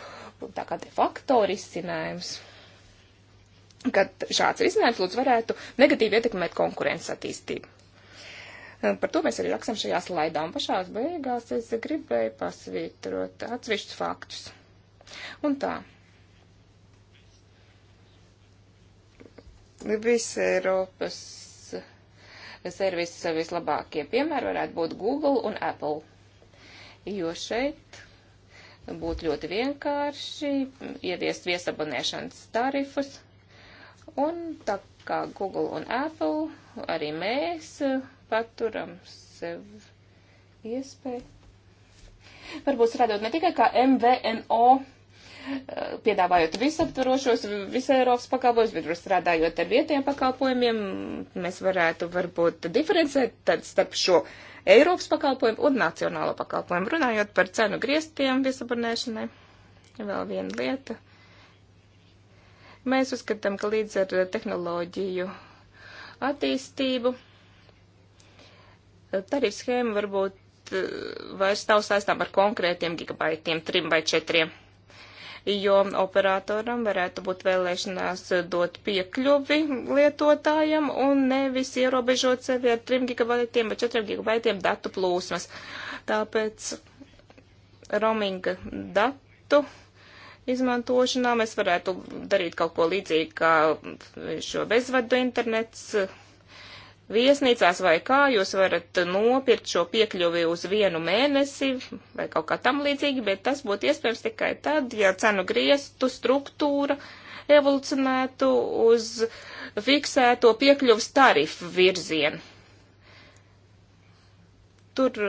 tā kā de facto risinājums, kad šāds risinājums lūdzu varētu negatīvi ietekmēt konkurences attīstību. Eh, par to mēs arī rakstam šajā slaidā, un pašās beigās es gribēju pasvītrot atsevišķus faktus. Un tā. Visa Eiropas servisa vislabākie piemēri varētu būt Google un Apple, jo šeit būtu ļoti vienkārši ieviest viesabonēšanas tarifus. Un tā kā Google un Apple, arī mēs eh, paturam sev iespēju. Varbūt strādāt ne tikai kā MVNO, eh, piedāvājot visaptvarošos, visu Eiropas pakalpojumus, bet strādājot ar vietējiem pakalpojumiem, mēs varētu varbūt diferencēt starp šo uh, Eiropas pakalpojumu un nacionālo pakalpojumu. Runājot par cenu grieztiem viesabonēšanai, vēl viena lieta. Mēs uzskatām, ka līdz ar tehnoloģiju attīstību tarifu schēma varbūt eh, vairs nav saistām ar konkrētiem gigabaitiem, trim vai četriem jo operatoram varētu būt vēlēšanās dot piekļuvi lietotājam un nevis ierobežot sevi ar 3 gigabaitiem vai 4 gigabaitiem datu plūsmas. Tāpēc roaminga datu izmantošanā mēs varētu darīt kaut ko līdzīgu kā šo bezvadu internets viesnīcās vai kā jūs varat nopirkt šo piekļuvi uz vienu mēnesi vai kaut kā tam līdzīgi, bet tas būtu iespējams tikai tad, ja cenu griestu struktūra evolucionētu uz fiksēto piekļuvas tarifu virzienu. Tur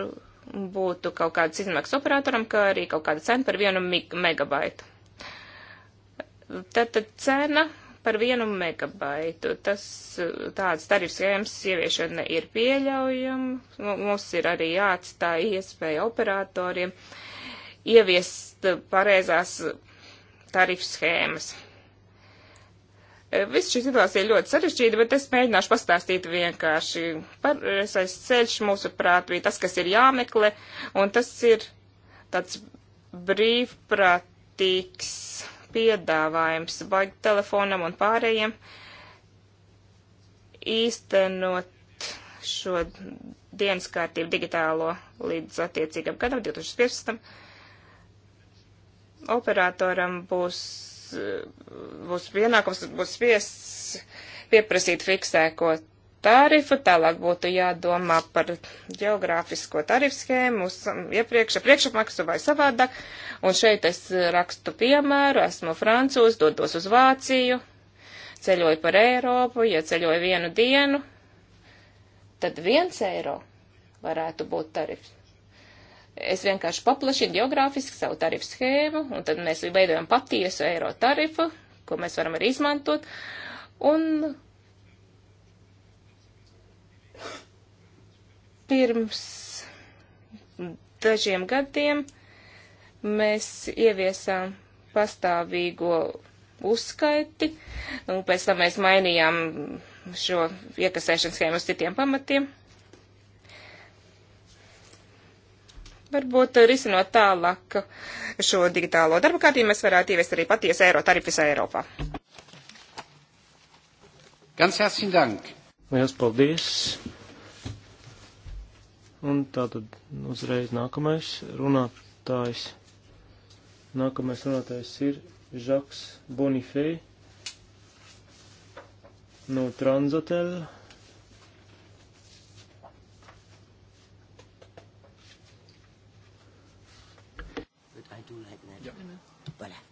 būtu kaut kādas izmaksas operatoram, kā arī kaut kāda cena par vienu megabaitu. Tātad cena par vienu megabaitu. Tas tāds tarifs schēmas ieviešana ir pieļaujama. Mums ir arī jāatstāja iespēja operatoriem ieviest pareizās tarifu schēmas. E, viss šī situācija ir ļoti sarežģīta, bet es mēģināšu pastāstīt vienkārši. Pareizais ceļš, mūsuprāt, bija tas, kas ir jāmeklē, un tas ir tāds brīvprātīgs piedāvājums baigi telefonam un pārējiem īstenot šo dienas kārtību digitālo līdz attiecīgam gadam, 2015. Operatoram būs, būs pienākums, būs spiests pieprasīt fiksēkot tarifu, tālāk būtu jādomā par geogrāfisko tarifu schēmu, iepriekš, priekšapmaksu vai savādāk. Un šeit es rakstu piemēru, esmu francūs, dodos uz Vāciju, ceļoju par Eiropu, ja ceļoju vienu dienu, tad viens eiro varētu būt tarifs. Es vienkārši paplašinu geogrāfiski savu tarifu schēmu, un tad mēs veidojam patiesu eiro tarifu, ko mēs varam arī izmantot. Un Pirms dažiem gadiem mēs ieviesām pastāvīgo uzskaiti, un pēc tam mēs mainījām šo iekasēšanas schēmu uz citiem pamatiem. Varbūt risinot tālāk šo digitālo darba kārtību, mēs varētu ieviest arī patiesu eiro tarifu visā Eiropā. Ganz herzlichen Dank! Liels paldies! Un tātad uzreiz nākamais runātājs. Nākamais runātājs ir Žaks Bonifei no Transatel. Like yeah. Voilà.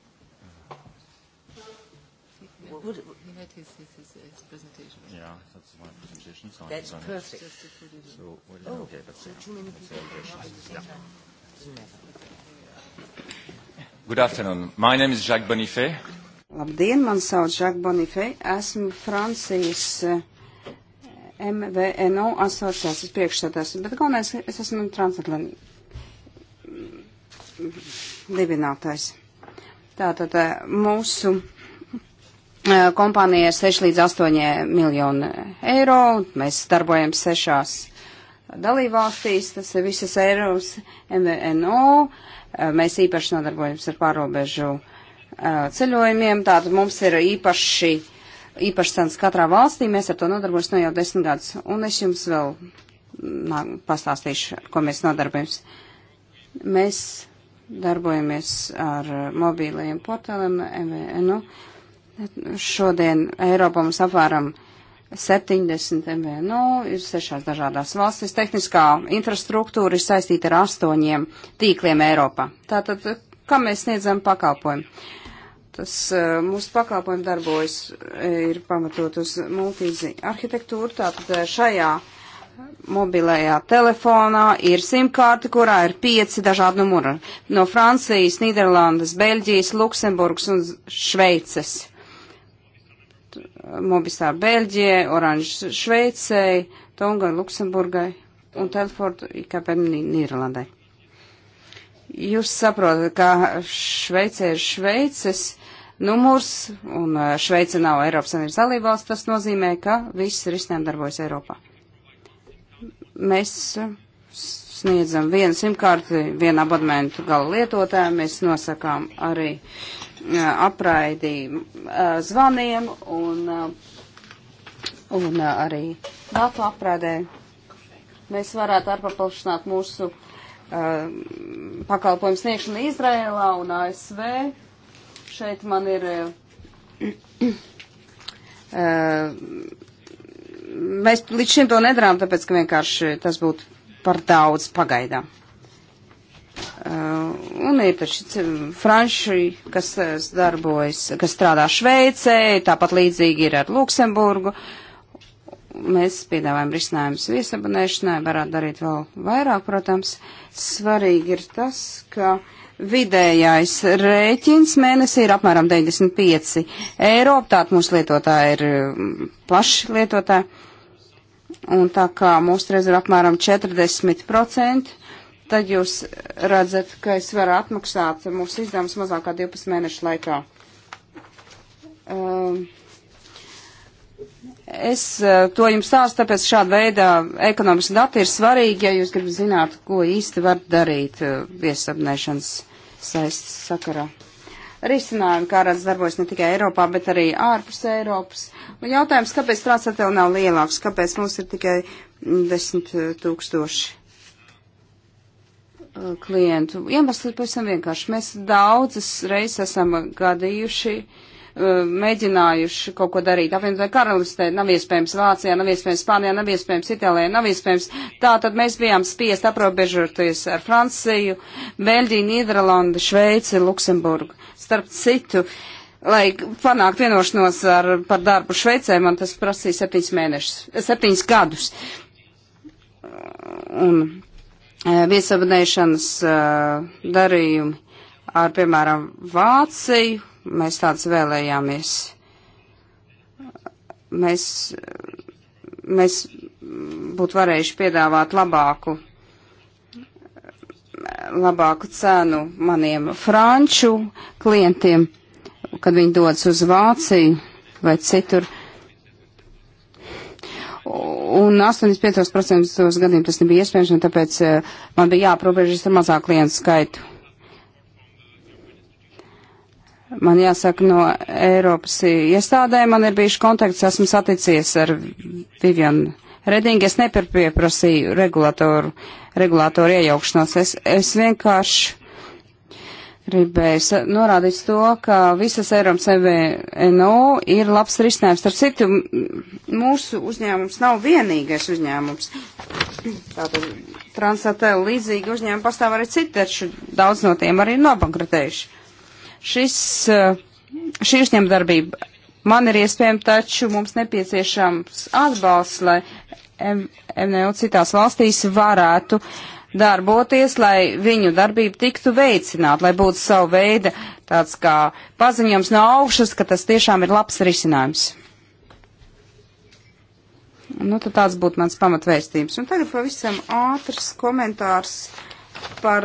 Uh-huh. Would, had his, his, his, uh, his presentation. Yeah, that's my presentation. So that's I'm perfect. It. So, well, oh, okay, that's so too many people yeah. yeah. Good afternoon. My name is Jacques Bonifay. Labdien, man sauc Jacques Bonifay. Esmu Francijas eh, MVNO asociācijas priekšsēdētājs, bet galvenais, es esmu transatlantu mm, dibinātājs. Tātad eh, mūsu kompānija ir 6 līdz 8 miljoni eiro, mēs darbojam sešās dalībvalstīs, tas ir visas Eiropas MVNO, mēs īpaši nodarbojamies ar pārobežu ceļojumiem, tātad mums ir īpaši, īpaši cenas katrā valstī, mēs ar to nodarbojamies no jau desmit gadus, un es jums vēl nā, pastāstīšu, ko mēs nodarbojamies. Mēs darbojamies ar mobīlajiem portāliem MVNO. Šodien Eiropā mums apvēram 70 MVNO, ir sešās dažādās valstis. Tehniskā infrastruktūra ir saistīta ar astoņiem tīkliem Eiropā. Tātad, kam mēs sniedzam pakalpojumu? Tas eh, mūsu pakalpojumu darbojas, eh, ir pamatot uz multīzi arhitektūru, tātad eh, šajā mobilajā telefonā ir simkārte, kurā ir pieci dažādi numuri no Francijas, Nīderlandes, Beļģijas, Luksemburgas un Šveices. Mobisā Beļģijai, Oranž Šveicei, Tongai Luksemburgai un Telfordu IKPM Nīrlandai. Jūs saprotat, ka Šveicē ir Šveices numurs un uh, Šveice nav Eiropas Savienības dalībvalsts, tas nozīmē, ka viss risinājums darbojas Eiropā. Mēs uh, sniedzam vienu simkārti, vienu abonementu gala lietotājiem, mēs nosakām arī uh, apraidī zvaniem un, un arī datu apraidē. Mēs varētu arpaplašināt mūsu pakalpojumu sniegšanu Izrēlā un ASV. Šeit man ir mēs līdz šim to nedarām, tāpēc, ka vienkārši tas būtu par daudz pagaidām. Uh, un īpaši franči, kas darbojas, kas strādā Šveicē, tāpat līdzīgi ir ar Luksemburgu. Mēs piedāvājam risinājumus viesabunēšanai, varētu darīt vēl vairāk, protams. Svarīgi ir tas, ka vidējais rēķins mēnesī ir apmēram 95 eiro, tātad mūsu lietotāji ir um, plaši lietotāji. Un tā kā mūsu reiz ir apmēram 40%, tad jūs redzat, ka es varu apmaksāt mūsu izdevumus mazākā 12 mēnešu laikā. Um, es uh, to jums stāstu, tāpēc šāda veida ekonomiski dati ir svarīgi, ja jūs gribat zināt, ko īsti var darīt uh, viesapnēšanas saistas sakarā risinājumi, kā redz, darbojas ne tikai Eiropā, bet arī ārpus Eiropas. Un jautājums, kāpēc Transatēl nav lielāks, kāpēc mums ir tikai 10 uh, tūkstoši Uh, klientu. Iemesli ir pavisam vienkārši. Mēs daudzas reizes esam gadījuši, uh, mēģinājuši kaut ko darīt. Apvienotā karalistē nav iespējams Vācijā, nav iespējams Spānijā, nav iespējams Itālijā, nav iespējams. Tā tad mēs bijām spiest aprobežoties ar Franciju, Beļģiju, Nīderlandi, Šveici, Luksemburgu. Starp citu, lai panāktu vienošanos ar, par darbu Šveicē, man tas prasīja septiņus mēnešus, septiņus gadus. Un Eh, viesabunēšanas eh, darījumi ar, piemēram, Vāciju. Mēs tāds vēlējāmies. Mēs, mēs būtu varējuši piedāvāt labāku, labāku cenu maniem franču klientiem, kad viņi dodas uz Vāciju vai citur. Uh, Un 85% gadiem tas nebija iespējams, un tāpēc eh, man bija jāprobežas ar mazāk klientu skaitu. Man jāsaka, no Eiropas iestādēm man ir bijuši kontakts, esmu saticies ar Vivianu Redingu, es nepieprasīju regulātoru, regulātoru iejaukšanos, es, es vienkārši gribēju norādīt to, ka visas Eiropas EVNO ir labs risinājums. Starp citu, mūsu uzņēmums nav vienīgais uzņēmums. Tātad transatēl līdzīgi uzņēmumi pastāv arī citi, taču daudz no tiem arī nobankrutējuši. Šis, eh, šī uzņēmdarbība man ir iespējama, taču mums nepieciešams atbalsts, lai MNO e citās valstīs varētu uh, darboties, lai viņu darbība tiktu veicināta, lai būtu savu veidu tāds kā paziņojums no augšas, ka tas tiešām ir labs risinājums. Nu, tad tāds būtu mans pamatvēstījums. Un tagad pavisam ātrs komentārs par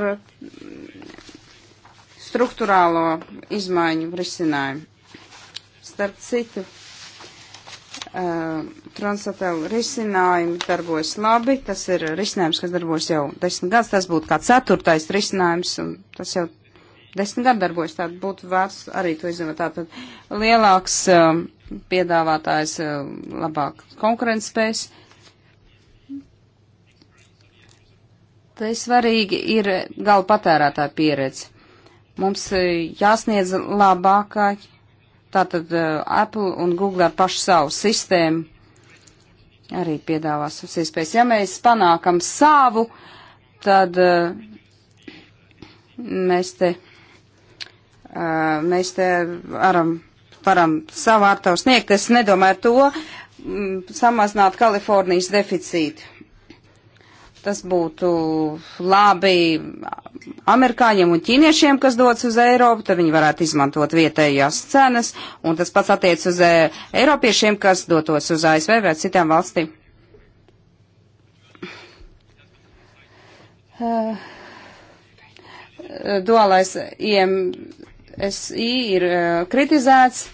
struktūrālo izmaiņu risinājumu. Starp citu, uh, Transatel risinājumi darbojas labi. Tas ir risinājums, kas darbojas jau desmit gadus. Tas būtu kā ceturtais risinājums, un tas jau desmit gadu darbojas. Tātad būtu vērts arī to izņemot. Tātad lielāks um, piedāvātājs, um, labāk konkurencespējas. Te svarīgi ir gala patērētāja pieredze. Mums e, jāsniedz labākā, tātad uh, Apple un Google ar pašu savu sistēmu arī piedāvās mums iespējas. Ja mēs panākam savu, tad uh, mēs te, uh, mēs te varam, varam savu ārtavu sniegt. Es nedomāju ar to um, samazināt Kalifornijas deficītu. Tas būtu labi amerikāņiem un ķīniešiem, kas dodas uz Eiropu, tad viņi varētu izmantot vietējās cenas, un tas pats attiec uz eh, eiropiešiem, kas dotos uz ASV vai citām valstīm. Uh, duālais IMSI ir uh, kritizēts.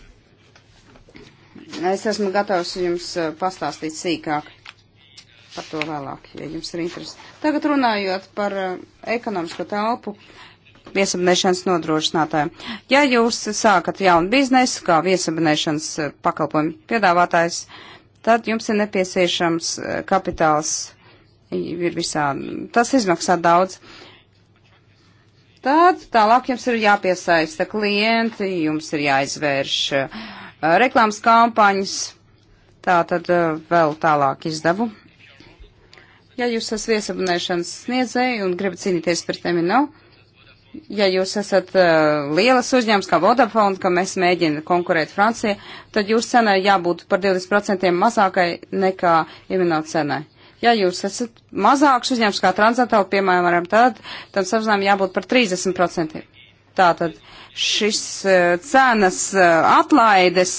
Es esmu gatavs jums pastāstīt sīkāk par to vēlāk, ja jums ir interesi. Tagad runājot par eh, ekonomisko telpu viesabinēšanas nodrošinātājiem. Ja jūs sākat jaunu biznesu kā viesabinēšanas eh, pakalpojumu piedāvātājs, tad jums ir nepieciešams eh, kapitāls, ir visādi, tas izmaksā daudz. Tad tālāk jums ir jāpiesaista klienti, jums ir jāizvērš reklāmas kampaņas, tā tad vēl tālāk izdevumu Ja jūs esat viesabunēšanas sniedzēji un gribat cīnīties pret terminālu, ja jūs esat uh, lielas uzņēmums kā Vodafone, ka mēs mēģina konkurēt Francijā, tad jūs cenai jābūt par 20% mazākai nekā iemināta cenai. Ja jūs esat mazāks uzņēmums kā Transatel, piemēram, tad tam samazinām jābūt par 30%. Tātad šis uh, cenas uh, atlaides,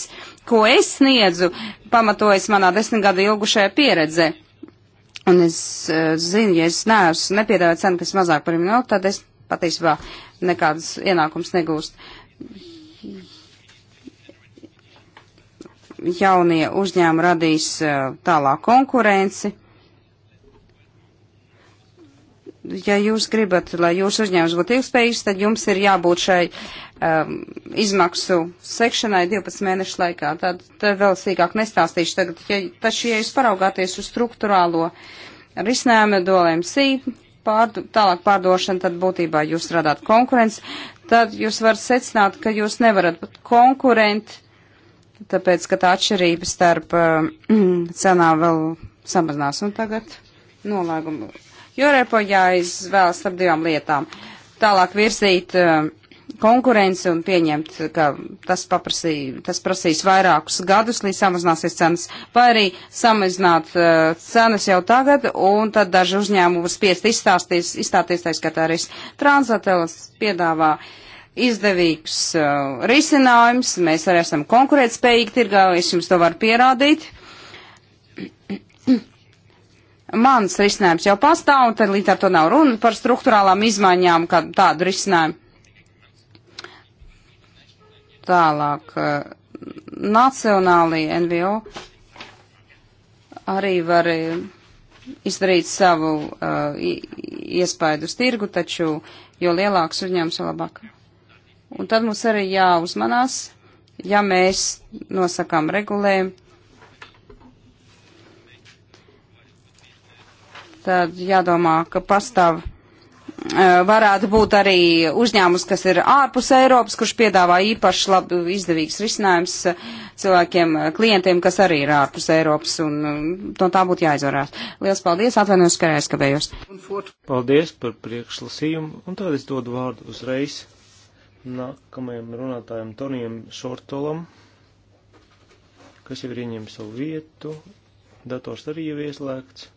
ko es sniedzu, pamatojas manā desmit gadu ilgušajā pieredzē Un es uh, zinu, ja es neesmu nepiedāvāju cenu, kas mazāk par minūti, tad es patiesībā nekādas ienākums negūst. Jaunie uzņēmumi radīs uh, tālāk konkurenci. Ja jūs gribat, lai jūsu uzņēmums būtu ilgspējīgs, tad jums ir jābūt šai uh, um, izmaksu sekšanai 12 mēnešu laikā. Tad, tad vēl sīkāk nestāstīšu tagad, ja, taču, ja jūs paraugāties uz struktūrālo risinājumu dolēm sī, pārdu, tālāk pārdošana, tad būtībā jūs radāt konkurenci, tad jūs varat secināt, ka jūs nevarat būt konkurenti, tāpēc, ka tā atšķirība starp uh, um, cenām vēl samazinās. Un tagad nolēgumu. Jo repo jāizvēlas starp divām lietām. Tālāk virzīt uh, konkurenci un pieņemt, ka tas, paprasī, tas prasīs vairākus gadus, līdz samazināsies cenas, vai arī samazināt uh, cenas jau tagad, un tad daži uzņēmumi spiest izstāties, izstāties tā skatā arī transatelas piedāvā izdevīgs uh, risinājums, mēs arī esam konkurētspējīgi tirgā, es jums to varu pierādīt. Mans risinājums jau pastāv, un tad līdz ar to nav runa par struktūrālām izmaiņām, kādu tādu risinājumu Tālāk, eh, nacionālajie NVO arī var eh, izdarīt savu uh, iespaidu uz tirgu, taču jo lielāks uzņēmums, jo labāk. Un tad mums arī jāuzmanās, ja mēs nosakām regulējumu, tad jādomā, ka pastāv Eh, varētu būt arī uzņēmums, kas ir ārpus Eiropas, kurš piedāvā īpaši labi izdevīgs risinājums eh, cilvēkiem, eh, klientiem, kas arī ir ārpus Eiropas, un um, no tā būtu jāizvarās. Lielas paldies, atvainojos, ka aizkavējos. Paldies par priekšlasījumu, un tad es dodu vārdu uzreiz nākamajam runātājam Tonijam Šortolam, kas jau ir ieņēmis savu vietu, dators arī jau ieslēgts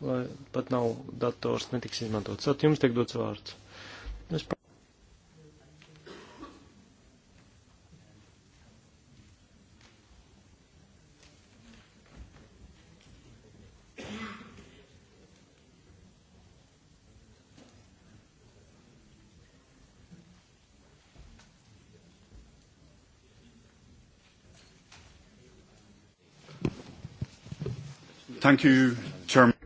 lai pat nav dators, netiks izmantots. Tad jums tiek dots vārds. Es Thank you, Chairman.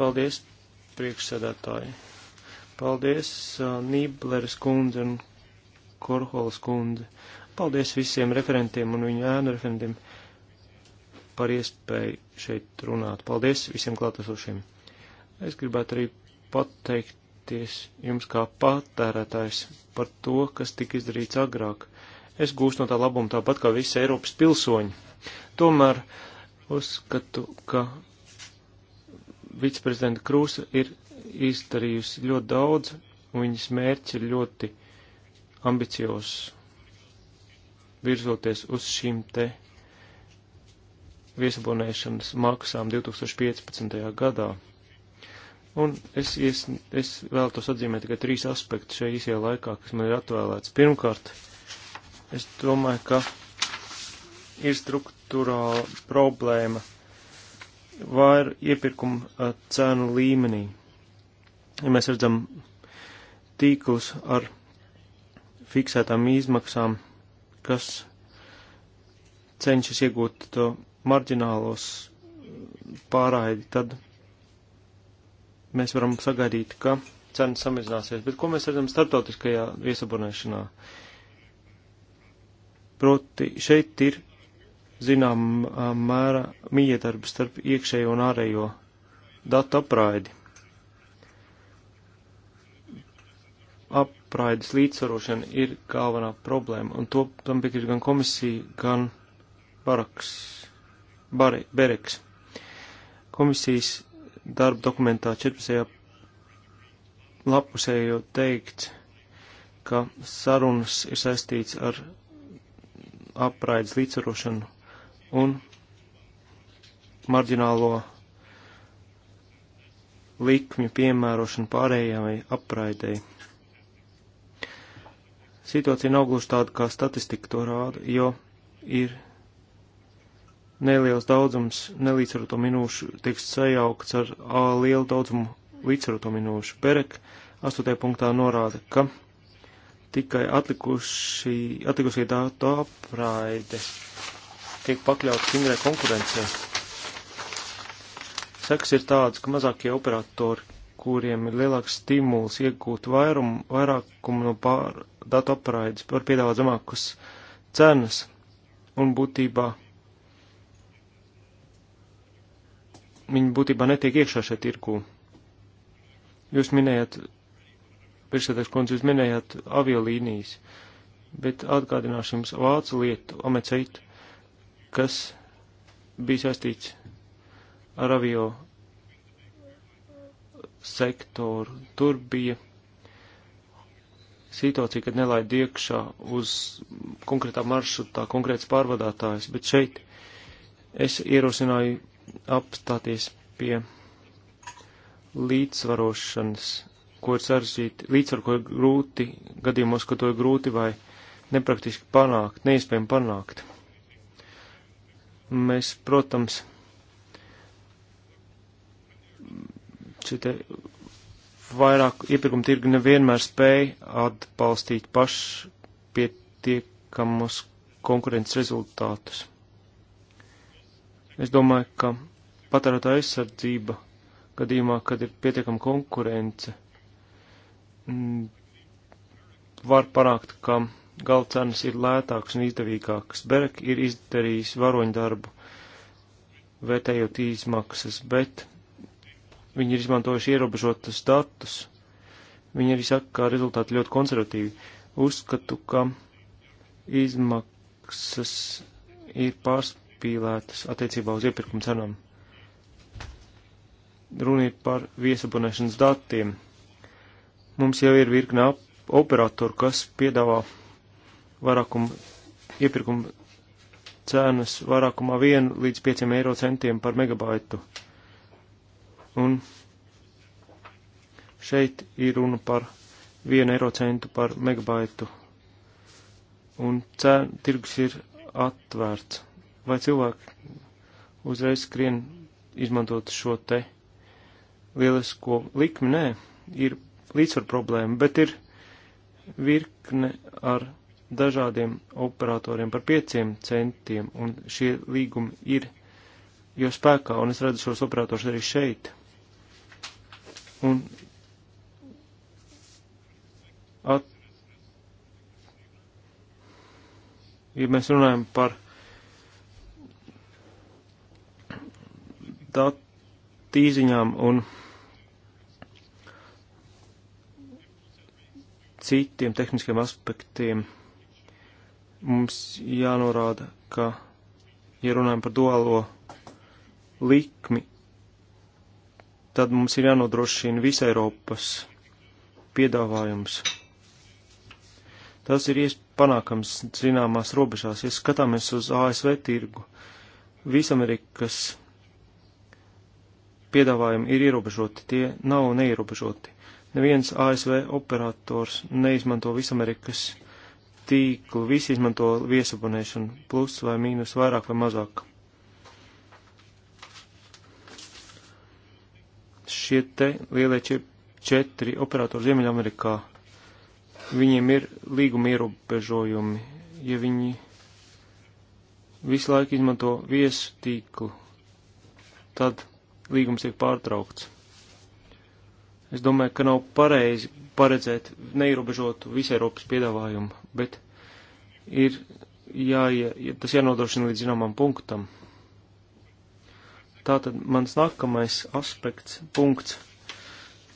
Paldies, priekšsēdētāji. Paldies, uh, Nībleres kundze un Korholas kundze. Paldies visiem referentiem un viņu ēnu referentiem par iespēju šeit runāt. Paldies visiem klātesošiem. Es gribētu arī pateikties jums kā patērētājs par to, kas tika izdarīts agrāk. Es gūstu no tā labumu tāpat kā visi Eiropas pilsoņi. Tomēr uzskatu, ka viceprezidenta Krūsa ir izdarījusi ļoti daudz, un viņas mērķi ir ļoti ambiciozs virzoties uz šīm te viesabonēšanas maksām 2015. gadā. Un es, es, es vēlētos atzīmēt tikai trīs aspektus šajā īsajā laikā, kas man ir atvēlēts. Pirmkārt, es domāju, ka ir struktūrāla problēma vai iepirkuma cēnu līmenī. Ja mēs redzam tīklus ar fiksētām izmaksām, kas cenšas iegūt to marģinālos pārraidi, tad mēs varam sagaidīt, ka cenas samazināsies. Bet ko mēs redzam starptautiskajā viesabonēšanā? Proti šeit ir zinām mērā miedarbu starp iekšējo un ārējo datu apraidi. Apraides līdzsvarošana ir galvenā problēma, un to tam piekrīt gan komisija, gan baraks, bare, bereks. Komisijas darba dokumentā 14. lapusē jau teikts, ka sarunas ir saistīts ar apraides līdzsvarošanu un marģinālo likmju piemērošanu pārējai apraidei. Situācija nav gluži tāda, kā statistika to rāda, jo ir neliels daudzums nelīdzsvaroto minūšu tiek sajaukts ar A lielu daudzumu līdzsvaroto minūšu. Berek 8. punktā norāda, ka tikai atlikušie datu apraide tiek pakļauts stingrai konkurencei. Seks ir tāds, ka mazākie operatori, kuriem ir lielāks stimuls iegūt vairumu, vairākumu no pār, datu apraides, var piedāvāt zemākas cenas un būtībā viņi būtībā netiek iekšā šeit tirku. Jūs minējat, priekšsēdētājs kundze, jūs minējat aviolīnijas, bet atgādināšu jums vācu lietu, ameceitu kas bija saistīts ar avio sektoru. Tur bija situācija, kad nelaid iekšā uz konkrētā maršrutā konkrēts pārvadātājs, bet šeit es ierosināju apstāties pie līdzsvarošanas, ko ir sarežģīti, līdzsvaru, ko ir grūti, gadījumos, ka to ir grūti vai nepraktiski panākt, neiespējami panākt. Mēs, protams, šitie vairāk iepirkuma tirgi nevienmēr spēja atbalstīt pašpietiekamus konkurences rezultātus. Es domāju, ka patērētā aizsardzība gadījumā, kad ir pietiekama konkurence, var panākt, ka galcenas ir lētākas un izdevīgākas. Berek ir izdarījis varoņdarbu, vērtējot izmaksas, bet viņi ir izmantojuši ierobežotus datus. Viņi arī saka, ka rezultāti ļoti konservatīvi. Uzskatu, ka izmaksas ir pārspīlētas attiecībā uz iepirkuma cenām. Runa ir par viesabonēšanas datiem. Mums jau ir virkne operatoru, kas piedāvā vairākuma iepirkuma cenas vairākumā 1 līdz 5 eiro centiem par megabaitu. Un šeit ir runa par 1 eiro centu par megabaitu. Un cēn, tirgus ir atvērts. Vai cilvēki uzreiz skrien izmantot šo te lielisko likmi? Nē, ir līdzsvar problēma, bet ir virkne ar dažādiem operatoriem par pieciem centiem, un šie līgumi ir jau spēkā, un es redzu šos operators arī šeit. Un at, ja mēs runājam par datīziņām un citiem tehniskiem aspektiem, mums jānorāda, ka, ja runājam par duālo likmi, tad mums ir jānodrošina visa Eiropas piedāvājums. Tas ir panākams zināmās robežās. Ja skatāmies uz ASV tirgu, Visamerikas piedāvājumi ir ierobežoti, tie nav neierobežoti. Neviens ASV operators neizmanto Visamerikas piedāvājumu tīklu, visi izmanto viesabonēšanu, plus vai mīnus vairāk vai mazāk. Šie te lielie četri operatori Ziemeļamerikā, viņiem ir līguma ierobežojumi, ja viņi visu laiku izmanto viesu tīklu, tad līgums tiek pārtraukts. Es domāju, ka nav pareizi paredzēt neierobežotu visu Eiropas piedāvājumu bet ir jā, jā, tas jānodrošina līdz zināmam punktam. Tātad mans nākamais aspekts, punkts,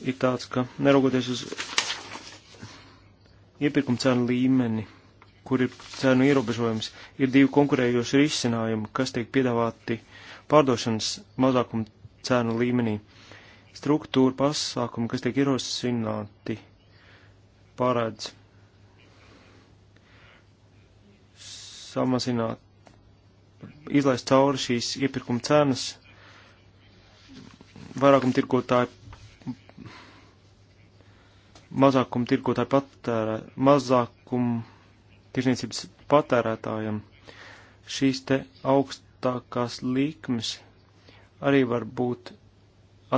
ir tāds, ka neraugoties uz iepirkuma cenu līmeni, kur ir cenu ierobežojums, ir divi konkurējoši risinājumi, kas tiek piedāvāti pārdošanas mazākuma cenu līmenī. Struktūra pasākumi, kas tiek ierosināti, pārēdz samazināt, izlaist cauri šīs iepirkuma cenas vairākam tirkotāju, mazākam tirkotāju patērē, mazākam tirsniecības patērētājam. Šīs te augstākās likmes arī var būt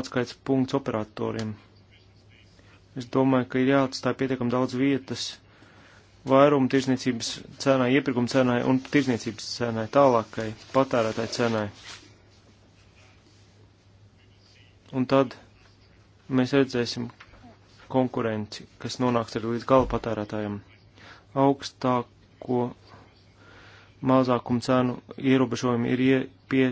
atskaits punkts operatoriem. Es domāju, ka ir jāatstāj pietiekam daudz vietas vairumu tirsniecības cenai, iepirkuma cenai un tirsniecības cenai, tālākai patērētāji cenai. Un tad mēs redzēsim konkurenci, kas nonāks arī līdz gala patērētājiem. Augstāko mazākumu cenu ierobežojumi ir ie, pie,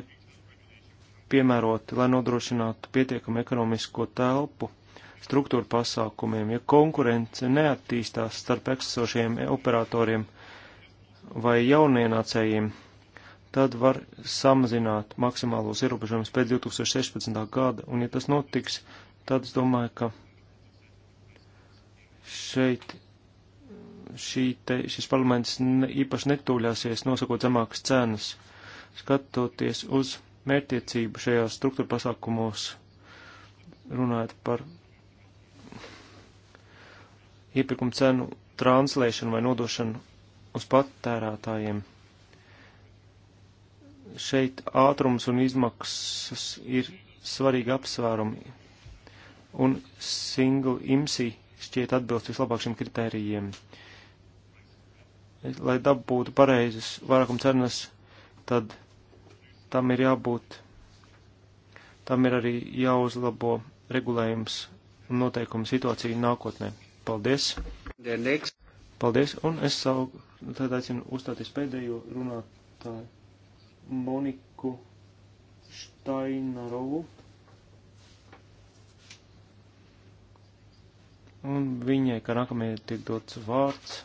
piemēroti, lai nodrošinātu pietiekamu ekonomisko telpu struktūra pasākumiem, ja konkurence neattīstās starp eksošiem operatoriem vai jaunienācējiem, tad var samazināt maksimālos ierobežojumus pēc 2016. gada, un ja tas notiks, tad es domāju, ka šeit te, šis parlaments ne, īpaši netūļāsies nosakot zemākas cenas, skatoties uz mērķtiecību šajās struktūra pasākumos, runājot par iepirkuma cenu translēšanu vai nodošanu uz patērētājiem. Šeit ātrums un izmaksas ir svarīgi apsvērumi, un single imsi šķiet atbilst vislabāk šiem kritērijiem. Lai dabūtu pareizes vairākuma cenas, tad tam ir jābūt, tam ir arī jāuzlabo regulējums un noteikumu situācija nākotnē. Paldies! Paldies, un es savu, tad aicinu uzstāties pēdējo runātāju Moniku Štainarovu. Un viņai, kā nākamajai, tiek dots vārds.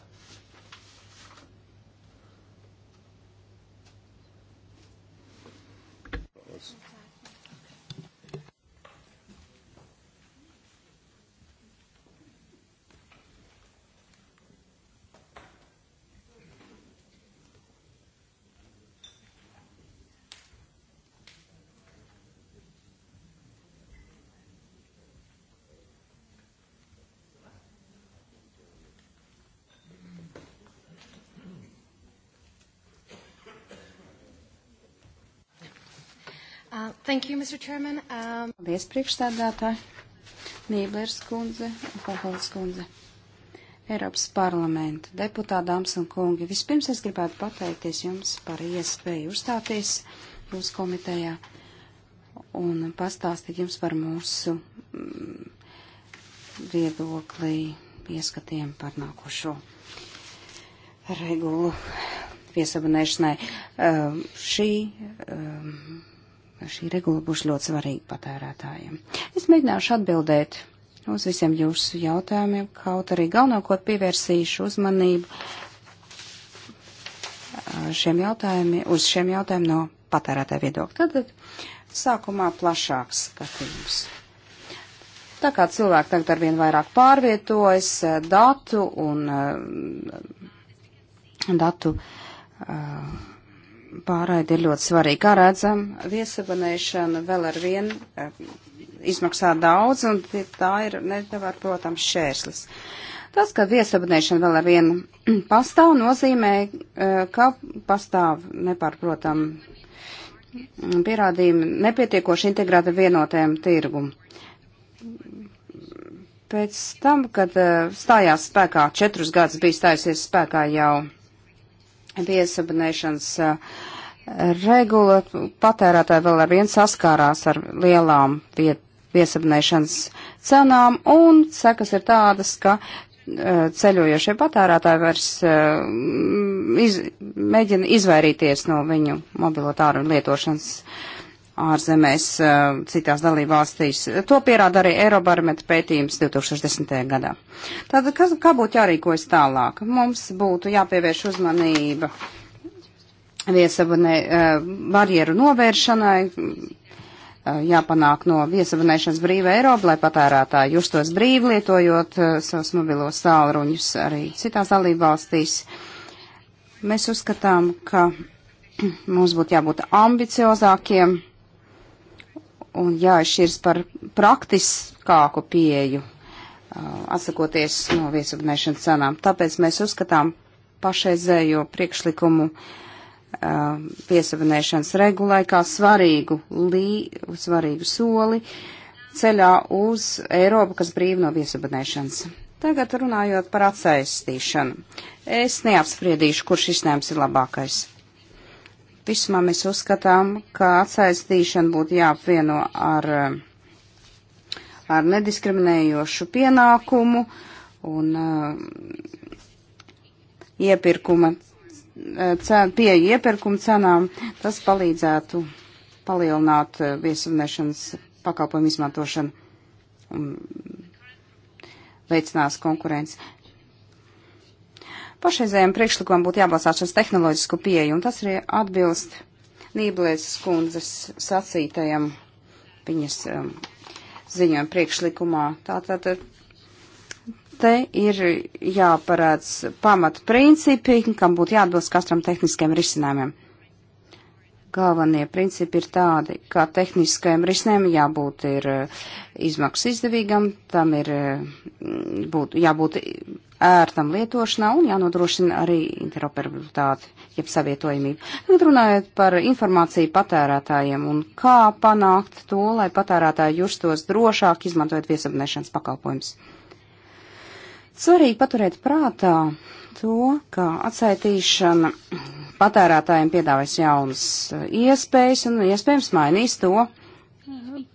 Uh, thank you, Mr. Chairman. Um... Paldies, priekšstādātāji. Nīblers kundze un Pahals kundze. Eiropas parlamenta deputāti, dāmas un kungi, vispirms es gribētu pateikties jums par iespēju uzstāties jūsu komitejā un pastāstīt jums par mūsu mm, viedoklī ieskatiem par nākošo regulu viesabunēšanai. Uh, šī uh, šī regula būs ļoti svarīga patērētājiem. Es mēģināšu atbildēt uz visiem jūsu jautājumiem, kaut arī galvenokārt pievērsīšu uzmanību šiem jautājumiem, uz šiem jautājumiem no patērētāja viedokļa. Tad sākumā plašāks skatījums. Tā kā cilvēki tagad arvien vairāk pārvietojas datu un datu uh, pārraide ir ļoti svarīga. Kā redzam, viesabanēšana vēl ar vienu eh, izmaksā daudz, un tā ir, nevar, protams, šērslis. Tas, ka viesabanēšana vēl ar vienu pastāv, nozīmē, eh, ka pastāv nepārprotam pierādījumi nepietiekoši integrēta vienotēm tirgumu pēc tam, kad eh, stājās spēkā, četrus gadus bija stājusies spēkā jau piesabinēšanas eh, regula. Patērētāji vēl ar vien saskārās ar lielām piesabinēšanas cenām, un sekas ir tādas, ka eh, ceļojošie patērētāji vairs eh, iz, mēģina izvairīties no viņu mobilo tāruņu lietošanas ārzemēs, citās dalībvalstīs. To pierāda arī Eirobarometra pētījums 2010. gadā. Tātad, kas, kā būtu jārīkojas tālāk? Mums būtu jāpievērš uzmanība viesabunē barjeru novēršanai, jāpanāk no viesabunēšanas brīva Eiropa, lai patērētāji justos brīvi lietojot savus mobilos tālruņus arī citās dalībvalstīs. Mēs uzskatām, ka mums būtu jābūt ambiciozākiem un jāizšķirs par praktiskāku pieeju, atsakoties no viesabunēšanas cenām. Tāpēc mēs uzskatām pašreizējo priekšlikumu piesavināšanas regulai kā svarīgu, lī, svarīgu soli ceļā uz Eiropu, kas brīv no viesabunēšanas. Tagad runājot par atsaistīšanu. Es neapspriedīšu, kurš iznēms ir labākais. Vismā mēs uzskatām, ka atsaistīšana būtu jāapvieno ar, eh, ar nediskriminējošu pienākumu un uh, iepirkuma, eh, cen, pie iepirkuma cenām. Tas palīdzētu palielināt viesavnešanas pakalpojumu izmantošanu un veicinās konkurenci. Pašreizējiem priekšlikumam būtu jābalstās uz tehnoloģisku pieeju, un tas arī atbilst Nībelēs kundzes sacītajam viņas um, ziņojuma priekšlikumā. Tātad te ir jāparāds pamat principi, kam būtu jāatbilst katram tehniskiem risinājumiem. Galvenie principi ir tādi, ka tehniskajam risinājumam jābūt ir eh, izmaksas izdevīgam, tam ir eh, būt, jābūt ērtam lietošanā un jānodrošina arī interoperabilitāte, jeb savietojamība. Tagad runājot par informāciju patērētājiem un kā panākt to, lai patērētāji justos drošāk izmantojot viesabnešanas pakalpojumus. Svarīgi paturēt prātā, to, ka atsaitīšana patērētājiem piedāvās jaunas eh, iespējas un iespējams mainīs to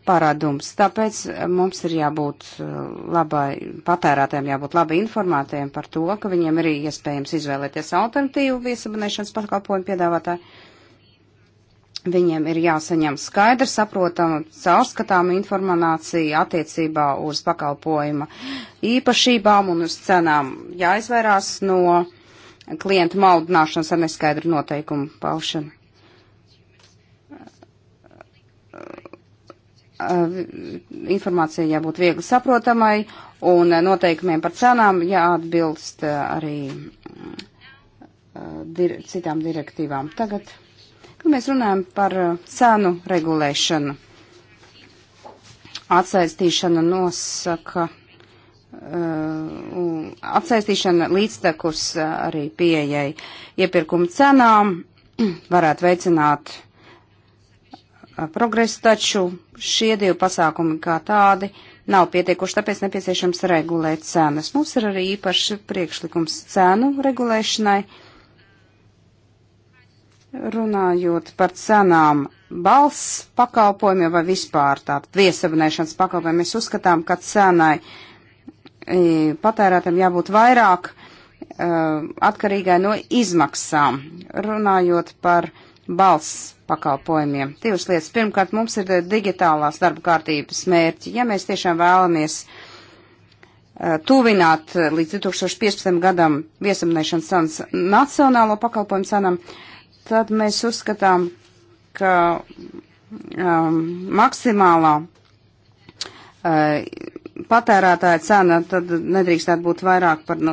paradums. Tāpēc eh, mums ir jābūt eh, labai, patērētājiem jābūt labi informētiem par to, ka viņiem ir iespējams izvēlēties alternatīvu viesabunēšanas pakalpojumu piedāvātāju. Viņiem ir jāsaņem skaidra, saprotama, caurskatāma informācija attiecībā uz pakalpojuma īpašībām un uz cenām. Jāizvairās no klientu maldināšanas ar neskaidru noteikumu paušanu. Informācija jābūt viegli saprotamai un noteikumiem par cenām jāatbilst arī mm, eh, dir citām direktīvām. Tagad Un nu, mēs runājam par uh, cenu regulēšanu. Atsaistīšana nosaka, uh, atsaistīšana līdztekus uh, arī pieejai iepirkuma cenām varētu veicināt uh, progresu, taču šie divi pasākumi kā tādi nav pietiekuši, tāpēc nepieciešams regulēt cenas. Mums ir arī īpašs priekšlikums cenu regulēšanai Runājot par cenām balss pakalpojumiem vai vispār tātad viesabunēšanas pakalpojumiem, mēs uzskatām, ka cenai e, patērētam jābūt vairāk e, atkarīgai no izmaksām. Runājot par balss pakalpojumiem. Divas lietas. Pirmkārt, mums ir digitālās darba kārtības mērķi. Ja mēs tiešām vēlamies uh, tuvināt līdz 2015. gadam viesamnēšanas cenas nacionālo pakalpojumu cenam, uh, tad mēs uzskatām, ka um, maksimālā uh, patērētāja cena tad nedrīkstētu būt vairāk par nu,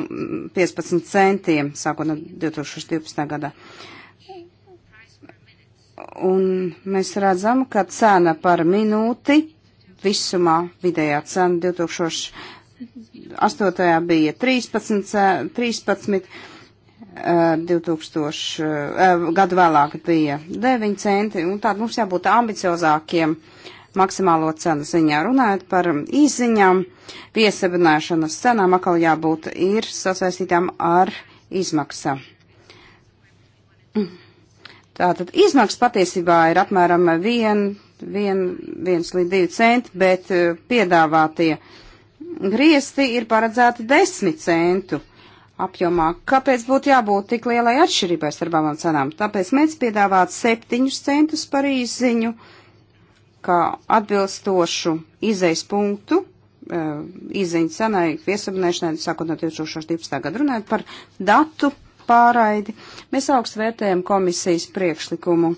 15 centiem, sākot no 2012. gada. Un mēs redzam, ka cena par minūti visumā vidējā cena 2008. bija 13, 13 2000, uh, uh, gadu vēlāk bija 9 centi, un tātad mums jābūt ambiciozākiem maksimālo cenu ziņā. Runājot par izziņām, piesabināšanas cenām atkal jābūt ir sasaistītām ar izmaksa. Tātad izmaksas patiesībā ir apmēram 1 līdz 2 centi, bet uh, piedāvātie griesti ir paredzēti 10 centu apjomā. Kāpēc būtu jābūt tik lielai atšķirībai starp abām cenām? Tāpēc mēs piedāvāt 7 centus par īziņu, kā atbilstošu izejas punktu, izziņas e, cenai, viesabunēšanai, sākot no 2012. gada runājot par datu pārraidi. Mēs augstu vērtējam komisijas priekšlikumu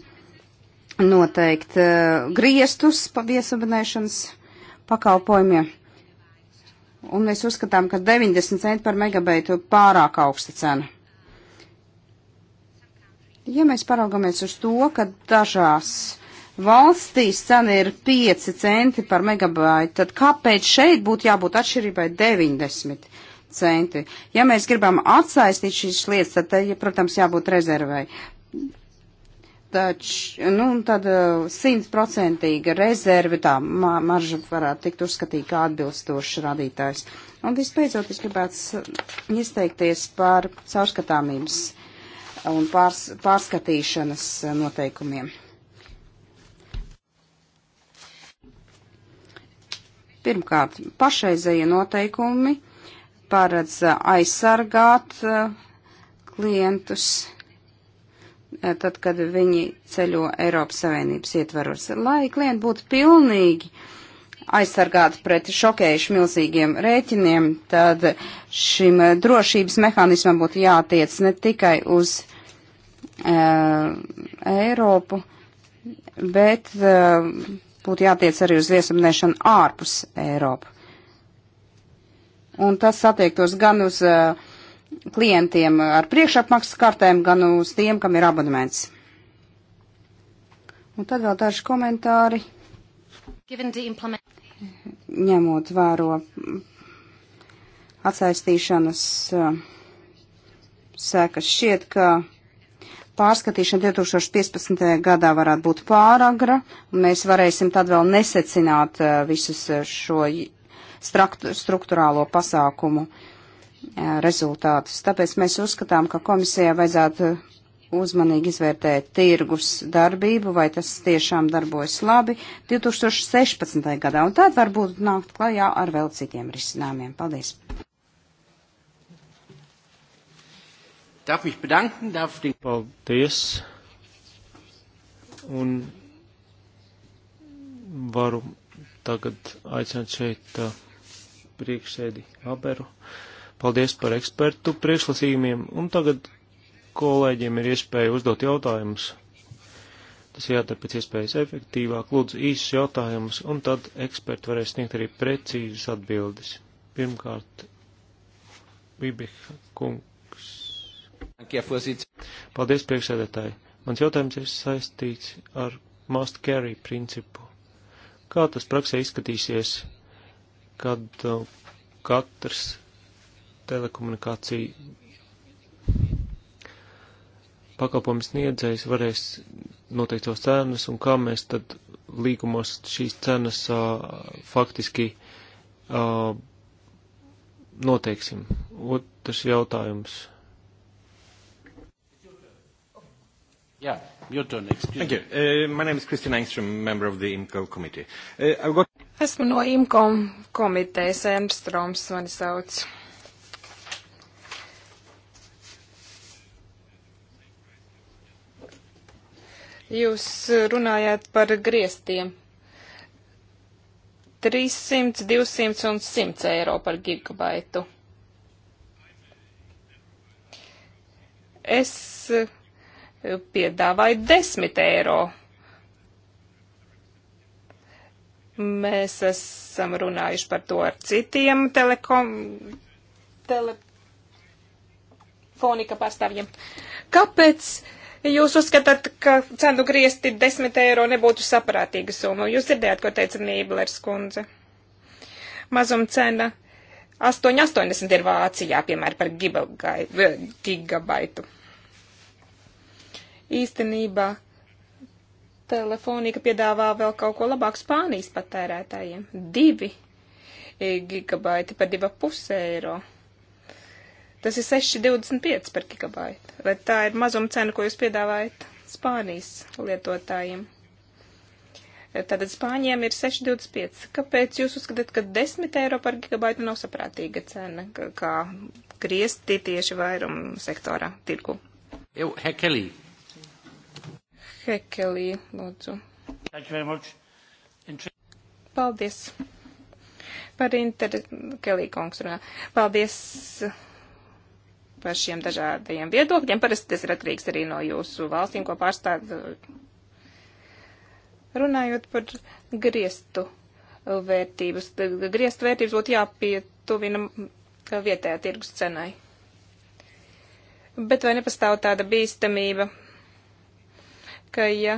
noteikt uh, griestus pa viesabunēšanas pakalpojumiem un mēs uzskatām, ka 90 centi par megabaitu pārāk augsta cena. Ja mēs paraugamies uz to, ka dažās valstīs cena ir 5 centi par megabaitu, tad kāpēc šeit būtu jābūt atšķirībai 90 centi? Ja mēs gribam atsaistīt šīs lietas, tad, ja, protams, jābūt rezervai. Taču, nu, tāda e, simtprocentīga rezerve, tā marža varētu tikt uzskatīta kā atbilstošs radītājs. Un vispēcot, es gribētu izteikties par caurskatāmības un pārs, pārskatīšanas noteikumiem. Pirmkārt, pašreizējie noteikumi paredz aizsargāt e, klientus Eh, tad, kad viņi ceļo Eiropas Savienības ietvaros, lai klienti būtu pilnīgi aizsargāti pret šokējuši milzīgiem rēķiniem, tad šim eh, drošības mehānismam būtu jātiec ne tikai uz uh, Eiropu, bet uh, būtu jātiec arī uz viesumnešanu ārpus Eiropu. Un tas attiektos gan uz uh, klientiem ar priekšapmaksas kartēm, gan uz tiem, kam ir abonements. Un tad vēl daži komentāri. Ņemot vēro atsaistīšanas sekas, šķiet, ka pārskatīšana 2015. gadā varētu būt pāragra, un mēs varēsim tad vēl nesecināt visus šo struktūrālo pasākumu uh, rezultātus. Tāpēc mēs uzskatām, ka komisijai vajadzētu uzmanīgi izvērtēt tirgus darbību, vai tas tiešām darbojas labi 2016. gadā, un tad varbūt nākt klajā ar vēl citiem risinājumiem. Paldies! Darf mich bedanken, darf den Paldies! Un varu tagad aicināt šeit priekšsēdi Aberu. Uh, Paldies par ekspertu priekšlasījumiem, un tagad kolēģiem ir iespēja uzdot jautājumus. Tas jādara pēc iespējas efektīvāk, lūdzu īsus jautājumus, un tad eksperti varēs sniegt arī precīzas atbildes. Pirmkārt, Bibiha kungs. Paldies, priekšsēdētāji. Mans jautājums ir saistīts ar must carry principu. Kā tas praksē izskatīsies, kad uh, katrs telekomunikāciju pakalpojumu sniedzējs varēs noteikt savas cenas un kā mēs tad līgumos šīs cenas uh, faktiski uh, noteiksim. Otrs jautājums. Yeah, your turn. Excuse Thank you. Uh, my name is Christian Engström, member of the IMCO committee. Uh, I've got... Esmu no IMCO komitejas, Engströms mani sauc. Uh, Jūs runājāt par griestiem. 300, 200 un 100 eiro par gigabaitu. Es eh, piedāvāju 10 eiro. Mēs esam runājuši par to ar citiem telekom, telefonika pārstāvjiem. Kāpēc? Uh, Jūs uzskatāt, ka cenu griezti 10 eiro nebūtu saprātīga summa. Jūs dzirdējāt, ko teica Nīblers kundze. Mazuma cena 8,80 ir Vācijā, piemēram, par gigabai, eh, gigabaitu. Īstenībā telefonika piedāvā vēl kaut ko labāku Spānijas patērētājiem. Divi eh, gigabaiti par 2,5 eiro. Tas ir 6,25 par gigabaitu. Vai tā ir mazuma cena, ko jūs piedāvājat Spānijas lietotājiem? Tātad Spāņiem ir 6,25. Kāpēc jūs uzskatāt, ka 10 eiro par gigabaitu nav saprātīga cena, kā griezti tieši vairumu sektorā tirgu? Jau, Hekelī. Hekelī, lūdzu. Paldies. Par inter... Kelī kungs runā. Paldies par šiem dažādajiem viedokļiem. Parasti tas ir atkarīgs arī no jūsu valstīm, ko pārstāv. Runājot par griestu vērtības, griestu vērtības būtu jāpietuvina uh, vietējā tirgus cenai. Bet vai nepastāv tāda bīstamība, ka ja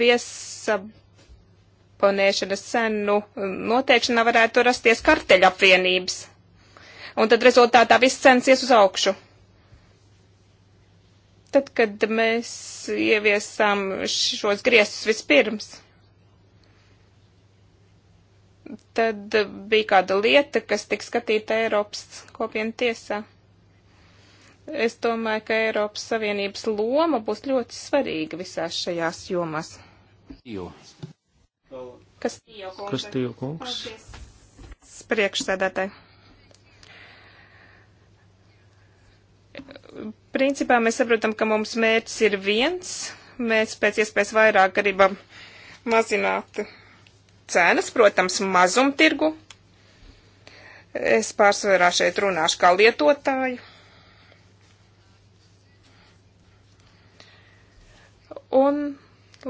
viesabonēšanas cenu noteikšanā varētu rasties karteļa apvienības? un tad rezultātā viss cenas ies uz augšu. Tad, kad mēs ieviesām šos griestus vispirms, tad bija kāda lieta, kas tika skatīta Eiropas kopienu tiesā. Es domāju, ka Eiropas Savienības loma būs ļoti svarīga visās šajās jomās. Jo. Kas tījo kungs? Kas tījo kungs? Priekšsēdētāji. Principā mēs saprotam, ka mums mērķis ir viens. Mēs pēc iespējas vairāk gribam mazināt cenas, protams, mazumtirgu. Es pārsvarā šeit runāšu kā lietotāju. Un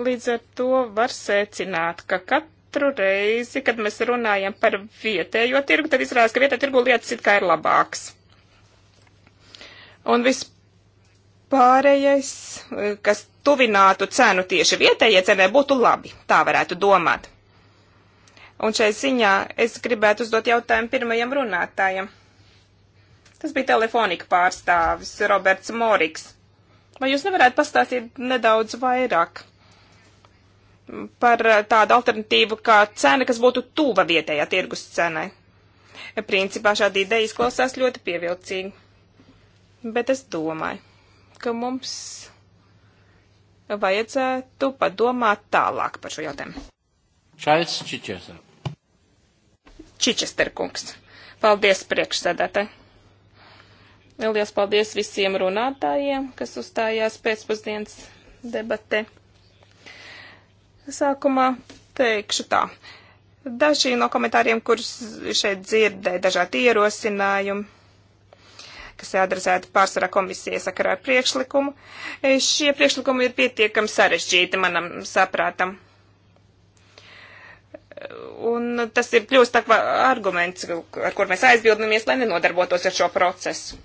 līdz ar to var secināt, ka katru reizi, kad mēs runājam par vietējo tirgu, tad izrādās, ka vietējā tirgu lietas it kā ir labāks. Un vispārējais, eh, kas tuvinātu cenu tieši vietējai cenai, būtu labi. Tā varētu domāt. Un šai ziņā es gribētu uzdot jautājumu pirmajam runātājam. Tas bija telefonika pārstāvis Roberts Moriks. Vai jūs nevarētu pastāstīt nedaudz vairāk par tādu alternatīvu kā cena, kas būtu tuva vietējā tirgus cenai? Principā šāda ideja izklausās ļoti pievilcīgi. Bet es domāju, ka mums vajadzētu padomāt tālāk par šo jautājumu. Čaļs Čičester. Čičester kungs. Paldies priekšsēdētāji. Liels paldies visiem runātājiem, kas uzstājās pēcpusdienas debatē. Sākumā teikšu tā. Daži no komentāriem, kurus šeit dzirdēju, dažādi ierosinājumi kas adresēta pārsvarā komisija sakarā ar priekšlikumu. Šie priekšlikumi ir pietiekami sarežģīti manam saprātam. Un tas ir kļūst tā kā arguments, ar kur mēs aizbildnamies, lai nenodarbotos ar šo procesu.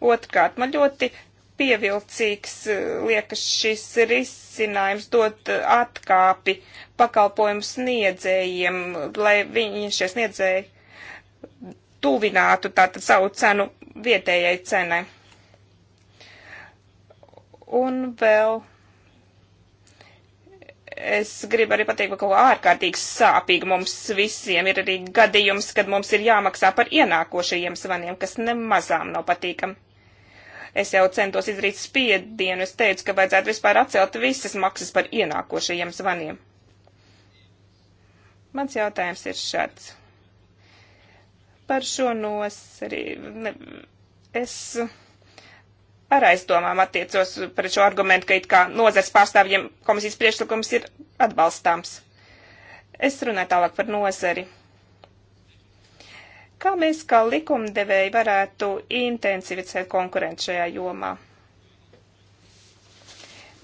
Otrkārt, man ļoti pievilcīgs eh, liekas šis risinājums dot eh, atkāpi pakalpojumu sniedzējiem, lai viņi šie sniedzēji tuvinātu tātad savu cenu vietējai cenai. Un vēl es gribu arī pateikt, ka kaut kā ārkārtīgi sāpīgi mums visiem ir arī gadījums, kad mums ir jāmaksā par ienākošajiem zvaniem, kas nemazām nav patīkami. Es jau centos izdarīt spiedienu, es teicu, ka vajadzētu vispār atcelt visas maksas par ienākošajiem zvaniem. Mans jautājums ir šāds par šo nosarību. Es ar aizdomām attiecos par šo argumentu, ka it kā nozars pārstāvjiem komisijas priekšlikums ir atbalstāms. Es runāju tālāk par nozari. Kā mēs kā likumdevēji varētu intensificēt konkurenci šajā jomā?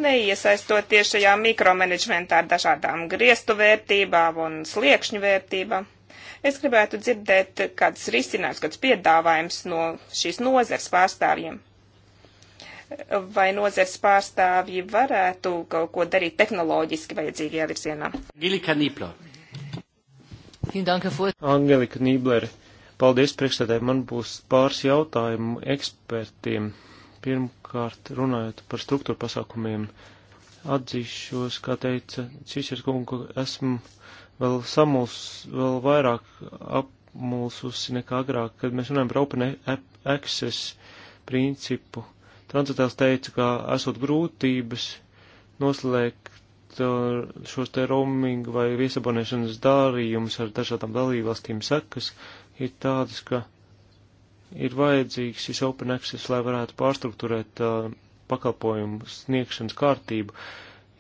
Neiesaistoties šajā mikromanagementā ar dažādām griestu vērtībām un sliekšņu vērtībām Es gribētu dzirdēt kāds risinājums, kāds piedāvājums no šīs nozars pārstāvjiem. Vai nozars pārstāvji varētu kaut ko darīt tehnoloģiski vajadzīgajā virzienā? Angelika Nīblere. Angelika Nīblere. Paldies priekšstādē. Man būs pāris jautājumu ekspertiem. Pirmkārt, runājot par struktūra pasākumiem, atzīšos, kā teica Cīsers kungu, esmu vēl samuls, vēl vairāk apmulsusi nekā agrāk, kad mēs runājam par open access principu. Transatēls teica, ka esot grūtības noslēgt uh, šos te roaming vai viesabonēšanas dārījumus ar dažādām dalībvalstīm sekas ir tādas, ka ir vajadzīgs šis open access, lai varētu pārstruktūrēt uh, pakalpojumu sniegšanas kārtību.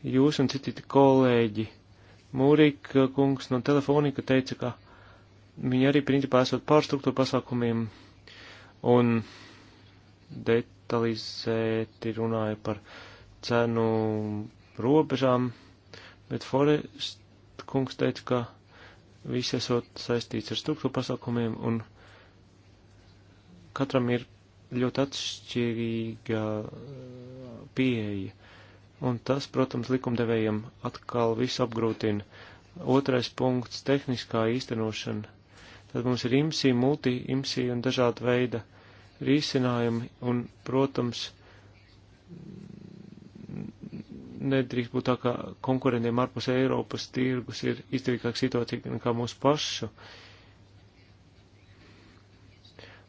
Jūs un citi kolēģi Mūrīka eh, kungs no telefonika teica, ka viņi arī principā esot pār struktūra pasākumiem un detalizēti runāja par cenu robežām, bet Forest kungs teica, ka viss esot saistīts ar struktūra pasākumiem un katram ir ļoti atšķirīga pieeja un tas, protams, likumdevējiem atkal visu apgrūtina. Otrais punkts - tehniskā īstenošana. Tad mums ir imsī, multi, imsī un dažāda veida risinājumi, un, protams, nedrīkst būt tā, ka konkurentiem ārpus Eiropas tirgus ir izdevīgāka situācija nekā mūsu pašu.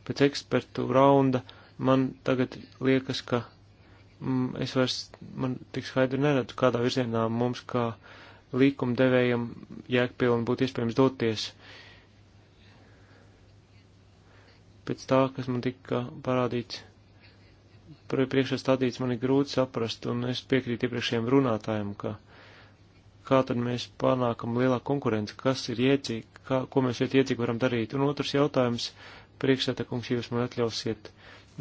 Pēc ekspertu raunda man tagad liekas, ka Mm, es vairs, man tik skaidri neredzu, kādā virzienā mums kā līkumdevējam jēgpilni būtu iespējams doties. Pēc tā, kas man tika parādīts, priekšā stādīts, man ir grūti saprast, un es piekrītu iepriekšējiem runātājiem, ka kā tad mēs panākam lielāku konkurenci, kas ir iedzīgi, kā, ko mēs šeit iedzīgi varam darīt. Un otrs jautājums, priekšsēta kungs, jūs man atļausiet,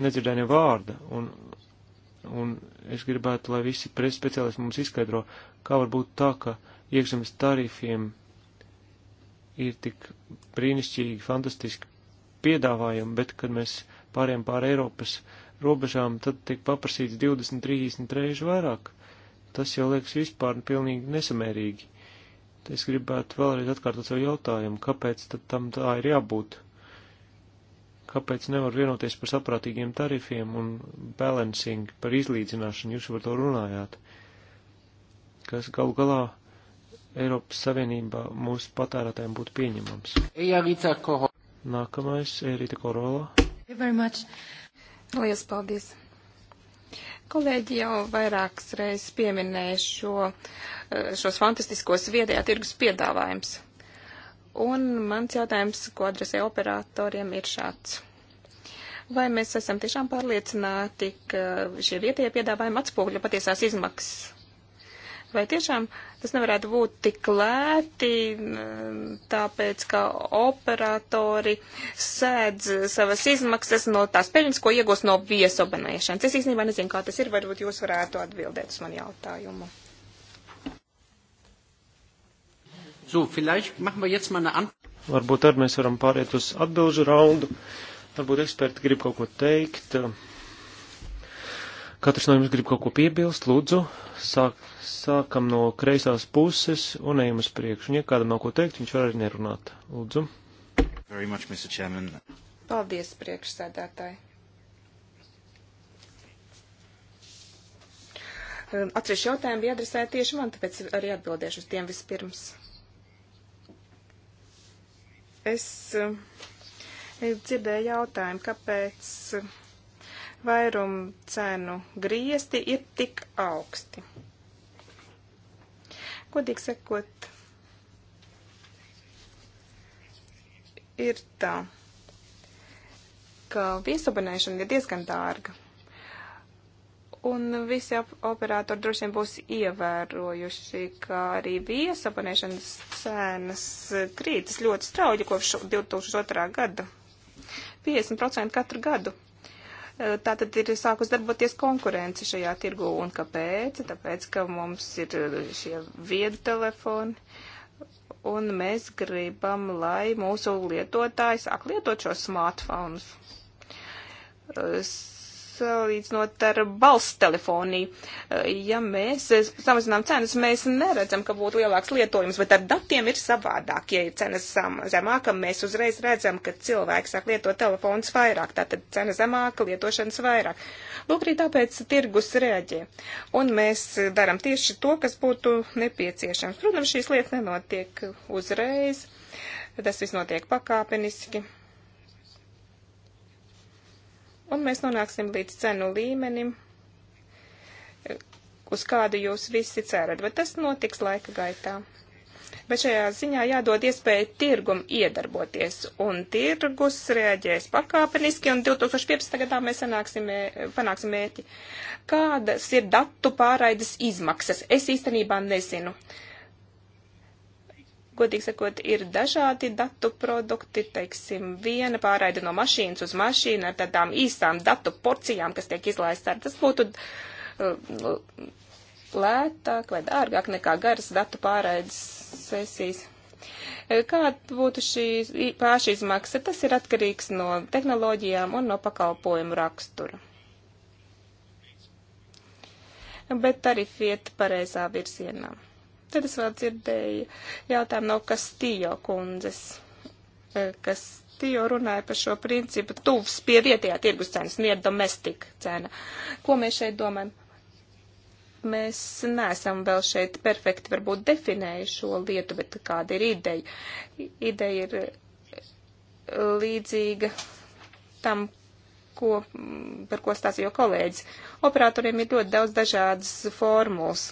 nedzirdēju vārda, un un es gribētu, lai visi preses speciālisti mums izskaidro, kā var būt tā, ka iekšzemes tarifiem ir tik brīnišķīgi, fantastiski piedāvājumi, bet, kad mēs pāriem pār Eiropas robežām, tad tiek paprasīts 20, 30 reižu vairāk. Tas jau liekas vispār pilnīgi nesamērīgi. Es gribētu vēlreiz atkārtot savu jautājumu, kāpēc tad tam tā ir jābūt? kāpēc nevar vienoties par saprātīgiem tarifiem un balancing, par izlīdzināšanu, jūs par to runājāt, kas galu galā Eiropas Savienībā mūsu patērētājiem būtu pieņemams. Nākamais ir Rita Korola. Lielas paldies! Kolēģi jau vairākas reizes pieminēja šo, eh, šos fantastiskos viedajā tirgus piedāvājums. Un mans jautājums, ko adresē operatoriem, ir šāds. Vai mēs esam tiešām pārliecināti, ka šie vietējie piedāvājumi atspoguļo patiesās izmaksas? Vai tiešām tas nevarētu būt tik lēti, mm, tāpēc, ka operatori sēdz savas izmaksas no tās peļņas, ko iegūs no viesobanēšanas? Es īstenībā nezinu, kā tas ir, varbūt jūs varētu atbildēt uz manu jautājumu. So, vielleicht machen wir jetzt mal eine Antwort. Varbūt tad mēs varam pāriet uz atbilžu raundu. Uh, Varbūt eksperti grib kaut ko teikt. Katrs no jums grib kaut ko piebilst, lūdzu, sāk, sākam no kreisās puses un ejam uz priekšu. Un, ja kādam nav ko teikt, viņš var arī nerunāt. Lūdzu. Very much, Mr. Chairman. Paldies, priekšsēdētāji. Ehm, atsevišķi jautājumi bija adresēti tieši man, tāpēc arī atbildēšu uz tiem vispirms. Es uh, Es dzirdēju jautājumu, kāpēc vairum cenu griesti ir tik augsti. Godīgi sakot, ir tā, ka viesabonēšana ir diezgan dārga. Un visi op operatori droši vien būs ievērojuši, ka arī viesabonēšanas cenas krītas ļoti strauji kopš 2002. gada 50% katru gadu. Eh, Tātad ir sākus darboties konkurence šajā tirgu. Un kāpēc? Tāpēc, ka mums ir eh, šie viedu telefoni. Un mēs gribam, lai mūsu lietotājs aklietot šos smartphones eh, salīdzinot ar balss telefoniju. Eh, ja mēs eh, samazinām cenas, mēs neredzam, ka būtu lielāks lietojums, bet ar datiem ir savādāk. Ja ir cenas zemāka, mēs uzreiz redzam, ka cilvēks sāk lietot telefonus vairāk, tātad cena zemāka, lietošanas vairāk. Lūk, arī tāpēc tirgus reaģē. Un mēs daram tieši to, kas būtu nepieciešams. Protams, šīs lietas nenotiek uzreiz. Tas viss notiek pakāpeniski un mēs nonāksim līdz cenu līmenim, uz kādu jūs visi cerat, bet tas notiks laika gaitā. Bet šajā ziņā jādod iespēja tirgum iedarboties, un tirgus reaģēs pakāpeniski, un 2015. gadā mēs sanāksim, panāksim mērķi. Kādas ir datu pārraides izmaksas? Es īstenībā nezinu. Uh, godīgi sakot, ir dažādi datu produkti, teiksim, viena pārraida no mašīnas uz mašīnu ar tādām īsām datu porcijām, kas tiek izlaista. Tas būtu uh, lētāk vai dārgāk nekā garas datu pārraides sesijas. Uh, kāda būtu šī pāršizmaksa? Tas ir atkarīgs no tehnoloģijām un no pakalpojumu rakstura. Bet tarifi iet pareizā virzienā. Tad es vēl dzirdēju jautājumu no Kastījo kundzes, e, kas Tijo runāja par šo principu tuvs pie vietējā tirgus cenas, near domestic cena. Ko mēs šeit domājam? Mēs neesam vēl šeit perfekti varbūt definējuši šo lietu, bet kāda ir ideja? Ideja ir e, līdzīga tam, ko, par ko stāstīja kolēģis. Operatoriem ir ļoti daudz dažādas formulas,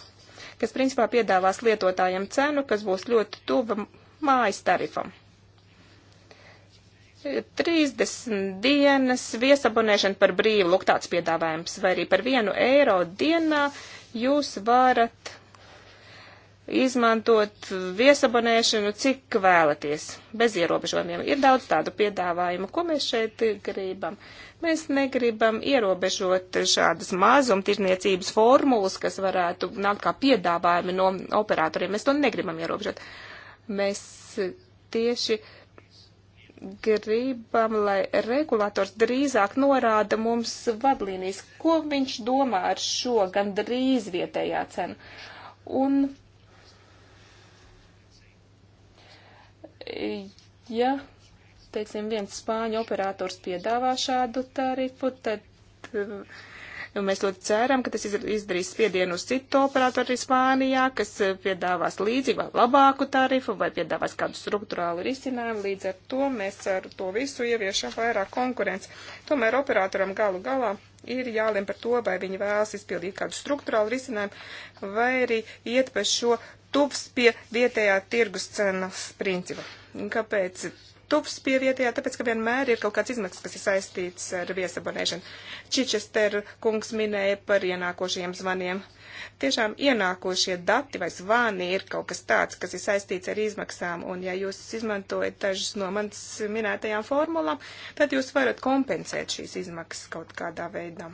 kas principā piedāvās lietotājiem cenu, kas būs ļoti tuva mājas tarifam. 30 dienas viesabonēšana par brīvu, lūk tāds piedāvājums, vai arī par vienu eiro dienā jūs varat izmantot viesabonēšanu, cik vēlaties, bez ierobežojumiem. Ir daudz tādu piedāvājumu, ko mēs šeit gribam. Mēs negribam ierobežot šādas mazumtirdzniecības formulas, kas varētu nākt kā piedāvājumi no operatoriem. Mēs to negribam ierobežot. Mēs tieši gribam, lai regulators drīzāk norāda mums vadlīnijas, ko viņš domā ar šo gan drīz vietējā cenu. Un ja, teiksim, viens spāņu operators piedāvā šādu tarifu, tad Nu, mēs ļoti ceram, ka tas izdarīs spiedienu uz citu operatoru Spānijā, kas eh, piedāvās līdzīgu vai labāku tarifu vai piedāvās kādu struktūrālu risinājumu. Līdz ar to mēs ar to visu ieviešam vairāk konkurence. Tomēr operatoram galu galā ir jālem par to, vai viņi vēlas izpildīt kādu struktūrālu risinājumu vai arī iet pa šo tuvs pie vietējā tirgus cenas principa. Kāpēc tuvs pie vietējā, tāpēc, ka vienmēr ir kaut kāds izmaksas, kas ir saistīts ar viesabonēšanu. Čičester kungs minēja par ienākošajiem zvaniem. Tiešām ienākošie dati vai zvani ir kaut kas tāds, kas ir saistīts ar izmaksām, un ja jūs izmantojat dažas no manas minētajām formulām, tad jūs varat kompensēt šīs izmaksas kaut kādā veidā.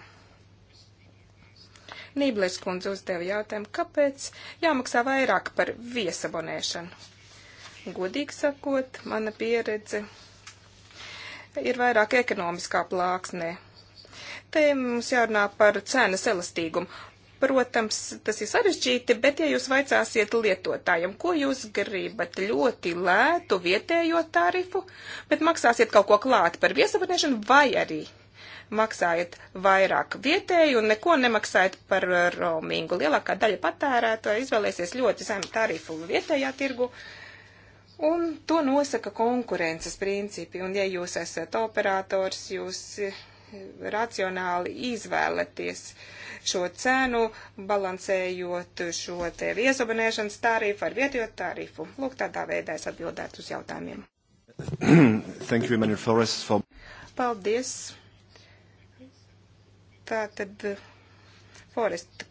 Nībles kundze uzdeva jautājumu, kāpēc jāmaksā vairāk par viesabonēšanu. Godīgi sakot, mana pieredze ir vairāk ekonomiskā plāksnē. Te mums jārunā par cenas elastīgumu. Protams, tas ir sarežģīti, bet ja jūs vaicāsiet lietotājiem, ko jūs gribat, ļoti lētu vietējo tarifu, bet maksāsiet kaut ko klāt par viesabunēšanu vai arī maksājat vairāk vietēji un neko nemaksājat par roamingu. Lielākā daļa patērētāja izvēlēsies ļoti zemu tarifu vietējā tirgu. Un to nosaka konkurences principi. Un ja jūs esat operators, jūs racionāli izvēlaties šo cenu, balansējot šo te viesobanēšanas tarifu ar vietējo tarifu. Lūk, tādā veidā es atbildētu uz jautājumiem. Thank you, Emmanuel Flores. For... Paldies Tā tad Forest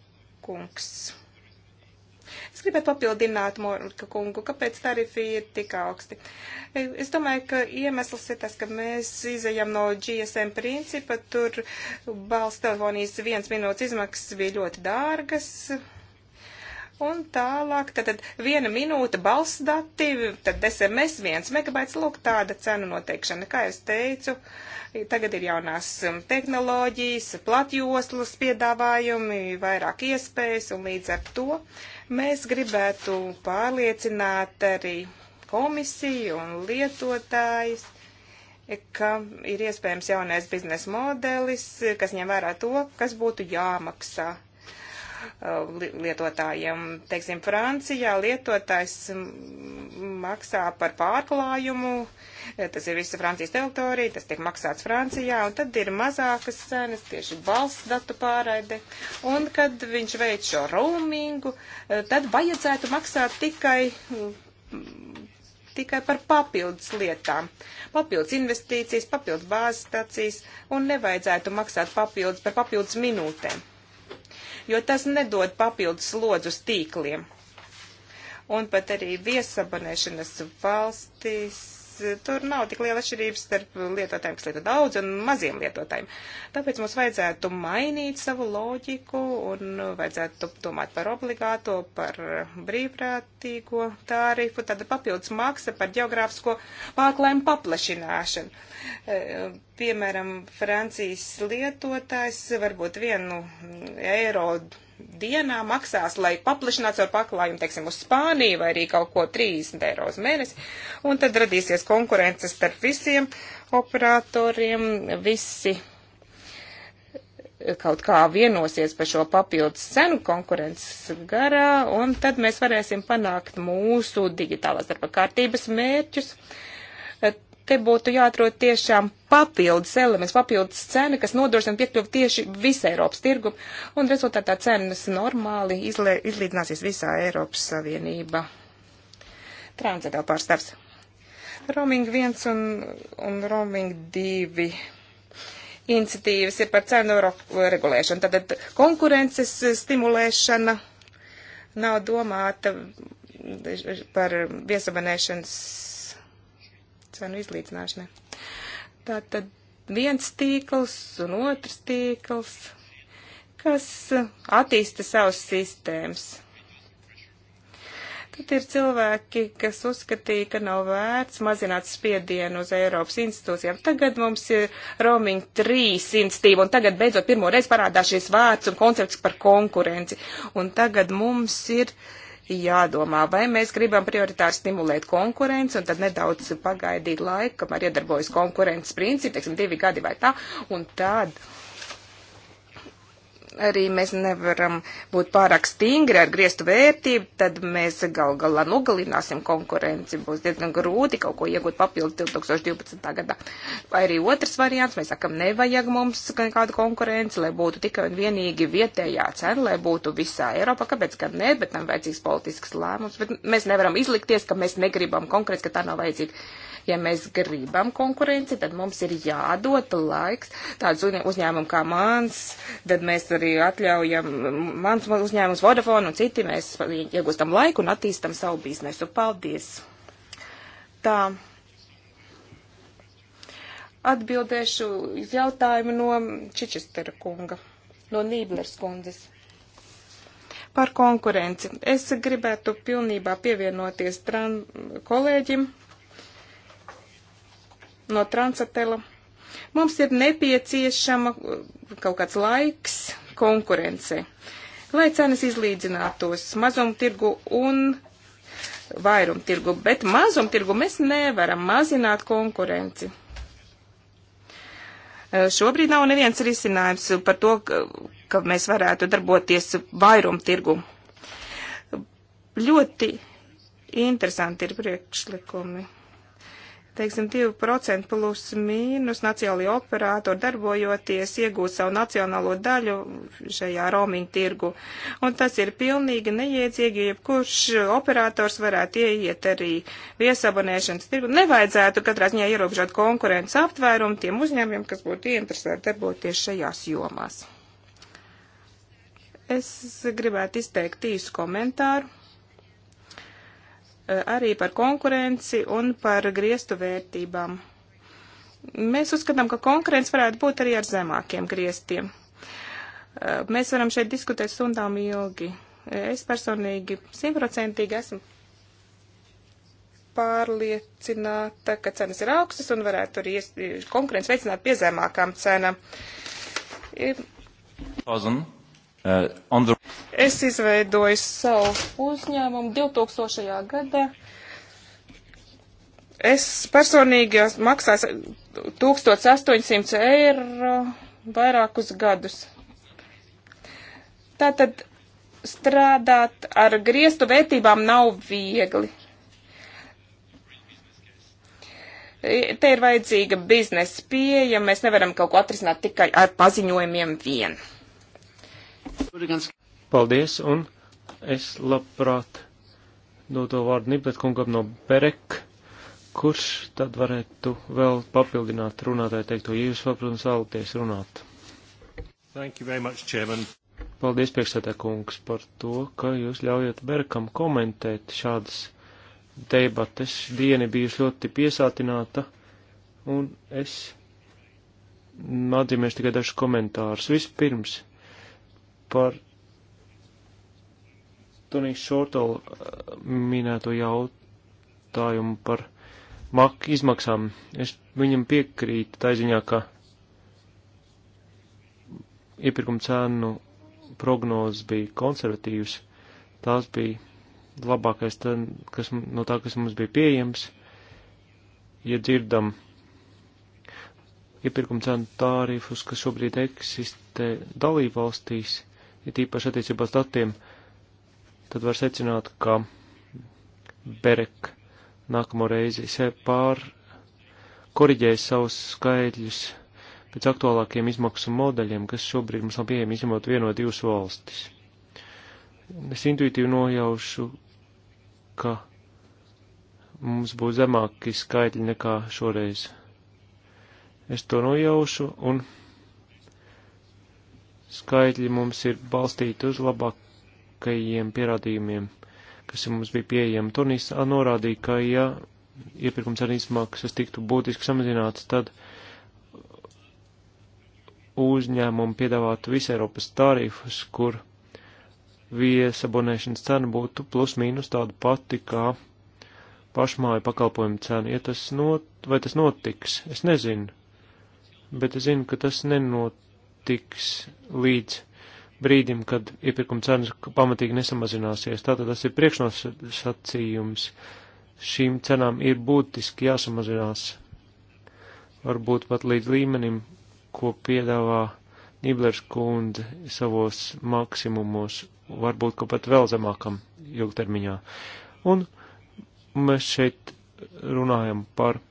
kungs. Es gribētu papildināt Morka kungu, kāpēc tarifi ir tik augsti. Es domāju, ka iemesls ir tas, ka mēs izējam no GSM principa, tur balsts telefonijas viens minūtes izmaksas bija ļoti dārgas, Un tālāk, tad, tad viena minūte balss dati, tad SMS viens megabaits, lūk, tāda cenu noteikšana. Kā es teicu, tagad ir jaunās um, tehnoloģijas, platjoslas piedāvājumi, vairāk iespējas, un līdz ar to mēs gribētu pārliecināt arī komisiju un lietotājus ka ir iespējams jaunais biznesa modelis, kas ņem vērā to, kas būtu jāmaksā. Uh, lietotājiem. Teiksim, Francijā lietotājs maksā par pārklājumu, e, tas ir visa Francijas teritorija, tas tiek maksāts Francijā, un tad ir mazākas cenas tieši valsts datu pārraide. Un, kad viņš veic šo roamingu, e, tad vajadzētu maksāt tikai tikai par papildus lietām, papildus investīcijas, papildus bāzes stācijas un nevajadzētu maksāt papildus par papildus minūtēm jo tas nedod papildus lodzus tīkliem. Un pat arī viesabonēšanas valstis Tur nav tik liela atšķirības starp lietotājiem, kas lieto daudz, un maziem lietotājiem. Tāpēc mums vajadzētu mainīt savu loģiku un vajadzētu domāt par obligāto, par brīvprātīgo tarifu, tad papildus maksa par geogrāfisko pārklājumu paplašināšanu. E, piemēram, Francijas lietotājs varbūt vienu eiro dienā maksās, lai paplašinātu savu paklājumu, teiksim, uz Spāniju vai arī kaut ko 30 eiro uz mēnesi, un tad radīsies konkurences starp visiem operatoriem, visi kaut kā vienosies par šo papildus cenu konkurences garā, un tad mēs varēsim panākt mūsu digitālās darba kārtības mērķus. Uh, te būtu jāatrod tiešām papildus elements, papildus cena, kas nodrošina piekļuvi tieši visai Eiropas tirgu, un rezultātā cenas normāli izlē, izlīdzināsies visā Eiropas Savienība. Tranzitā pārstāvs. Roaming 1 un, un Roaming 2 iniciatīvas ir par cenu regulēšanu. Tātad konkurences stimulēšana nav domāta par viesabanēšanas cenu izlīdzināšanai. Tātad viens tīkls un otrs tīkls, kas attīsta savas sistēmas. Tad ir cilvēki, kas uzskatīja, ka nav vērts mazināt spiedienu uz Eiropas institūcijām. Tagad mums ir roaming 3 institīva, un tagad beidzot pirmo reizi parādās šis vārds un koncepts par konkurenci. Un tagad mums ir uh, jādomā, vai mēs gribam prioritāri stimulēt konkurenci un tad nedaudz pagaidīt laiku, kamēr iedarbojas konkurences principi, teiksim, divi gadi vai tā, un tad. Uh, arī mēs nevaram būt pārāk stingri ar griestu vērtību, tad mēs gal galā nogalināsim konkurenci. Būs diezgan grūti kaut ko iegūt papildu 2012. gadā. Vai arī otrs variants, mēs sakam, nevajag mums kādu konkurenci, lai būtu tikai un vienīgi vietējā cena, lai būtu visā Eiropā. Kāpēc gan ne, bet tam vajadzīgs politisks lēmums. Bet mēs nevaram izlikties, ka mēs negribam konkurenci, ka tā nav vajadzīga. Ja mēs gribam konkurenci, tad mums ir jādod laiks. Tāds uzņēmums kā mans, tad mēs arī atļaujam, mans uzņēmums Vodafone un citi, mēs iegūstam laiku un attīstam savu biznesu. Paldies! Tā atbildēšu jautājumu no Čičestera kunga, no Nīblers kundzes. Par konkurenci. Es gribētu pilnībā pievienoties tran kolēģim no Transatela. Mums ir nepieciešama uh, kaut kāds laiks konkurence, lai cenas izlīdzinātos mazumtirgu un vairumtirgu, bet mazumtirgu mēs nevaram mazināt konkurenci. Uh, šobrīd nav neviens risinājums par to, ka mēs varētu darboties vairumtirgu. Ļoti interesanti ir priekšlikumi teiksim, 2% plus mīnus nacionālajie operatori darbojoties iegūt savu nacionālo daļu šajā roaming tirgu. Un tas ir pilnīgi neiedzīgi, jo jebkurš operators varētu ieiet arī viesabonēšanas tirgu. Nevajadzētu katrā ziņā ierobežot konkurences aptvērumu tiem uzņēmumiem, kas būtu ieinteresēti darboties šajās jomās. Es gribētu izteikt īsu komentāru Eh, arī par konkurenci un par griestu vērtībām. Mēs uzskatām, ka konkurence varētu būt arī ar zemākiem griestiem. Eh, mēs varam šeit diskutēt stundām ilgi. Es personīgi simtprocentīgi esmu pārliecināta, ka cenas ir augstas un varētu arī konkurence veicināt pie zemākām cenām. Pazen. Eh, Uh, the... Es izveidoju savu uzņēmumu 2000. gadā. Es personīgi maksāju 1800 eiro vairākus gadus. Tātad strādāt ar griestu vērtībām nav viegli. Te ir vajadzīga biznesa pieeja, mēs nevaram kaut ko atrisināt tikai ar paziņojumiem vien. Paldies, un es labprāt dodu vārdu Niblet kungam no Berek, kurš tad varētu vēl papildināt runātāju teikto, ja jūs vēl, protams, vēlaties runāt. Thank you very much, Chairman. Paldies, priekšsētā kungs, par to, ka jūs ļaujat Berekam komentēt šādas debates. Diena bijusi ļoti piesātināta, un es atzīmēšu tikai dažus komentārus. Vispirms par Toniju Šortolu eh, minēto jautājumu par mak izmaksām. Es viņam piekrītu tā ziņā, ka iepirkuma cēnu prognozes bija konservatīvas. Tās bija labākais tad, kas, no tā, kas mums bija pieejams. Ja dzirdam iepirkuma cenu tārifus, kas šobrīd eksistē dalībvalstīs, ir tīpaši attiecībā uz datiem, tad var secināt, ka Berek nākamo reizi pār koriģēs savus skaidļus pēc aktuālākiem izmaksu modeļiem, kas šobrīd mums nav pieejami, izņemot vieno divas valstis. Es intuitīvi nojaušu, ka mums būs zemāki skaitļi nekā šoreiz. Es to nojaušu un skaitļi mums ir balstīti uz labākajiem pierādījumiem, kas mums bija pieejami. Tunīs norādīja, ka ja iepirkums ar izmaksas tiktu būtiski samazināts, tad uzņēmumu piedāvātu visu Eiropas tarifus, kur viesabonēšanas cena būtu plus mīnus tāda pati kā pašmāju pakalpojumu cena. Ja tas not, vai tas notiks, es nezinu, bet es zinu, ka tas nenot notiks līdz brīdim, kad iepirkuma cenas pamatīgi nesamazināsies. Tātad tas ir priekšnosacījums. Šīm cenām ir būtiski jāsamazinās, varbūt pat līdz līmenim, ko piedāvā Niblers kundze savos maksimumos, varbūt kaut pat vēl zemākam ilgtermiņā. Un mēs šeit runājam par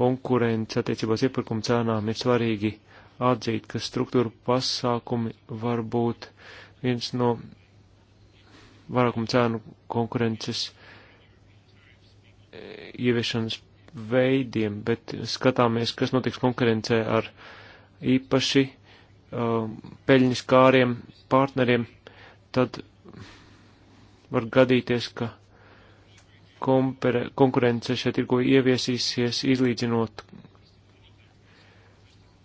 konkurence attiecībās iepirkuma cenām ir svarīgi atzīt, ka struktūra pasākumi var būt viens no vairākuma cēnu konkurences e, ieviešanas veidiem, bet skatāmies, kas notiks konkurencē ar īpaši um, e, peļņiskāriem partneriem, tad var gadīties, ka kompere, konkurence šeit ir ko ieviesīsies, izlīdzinot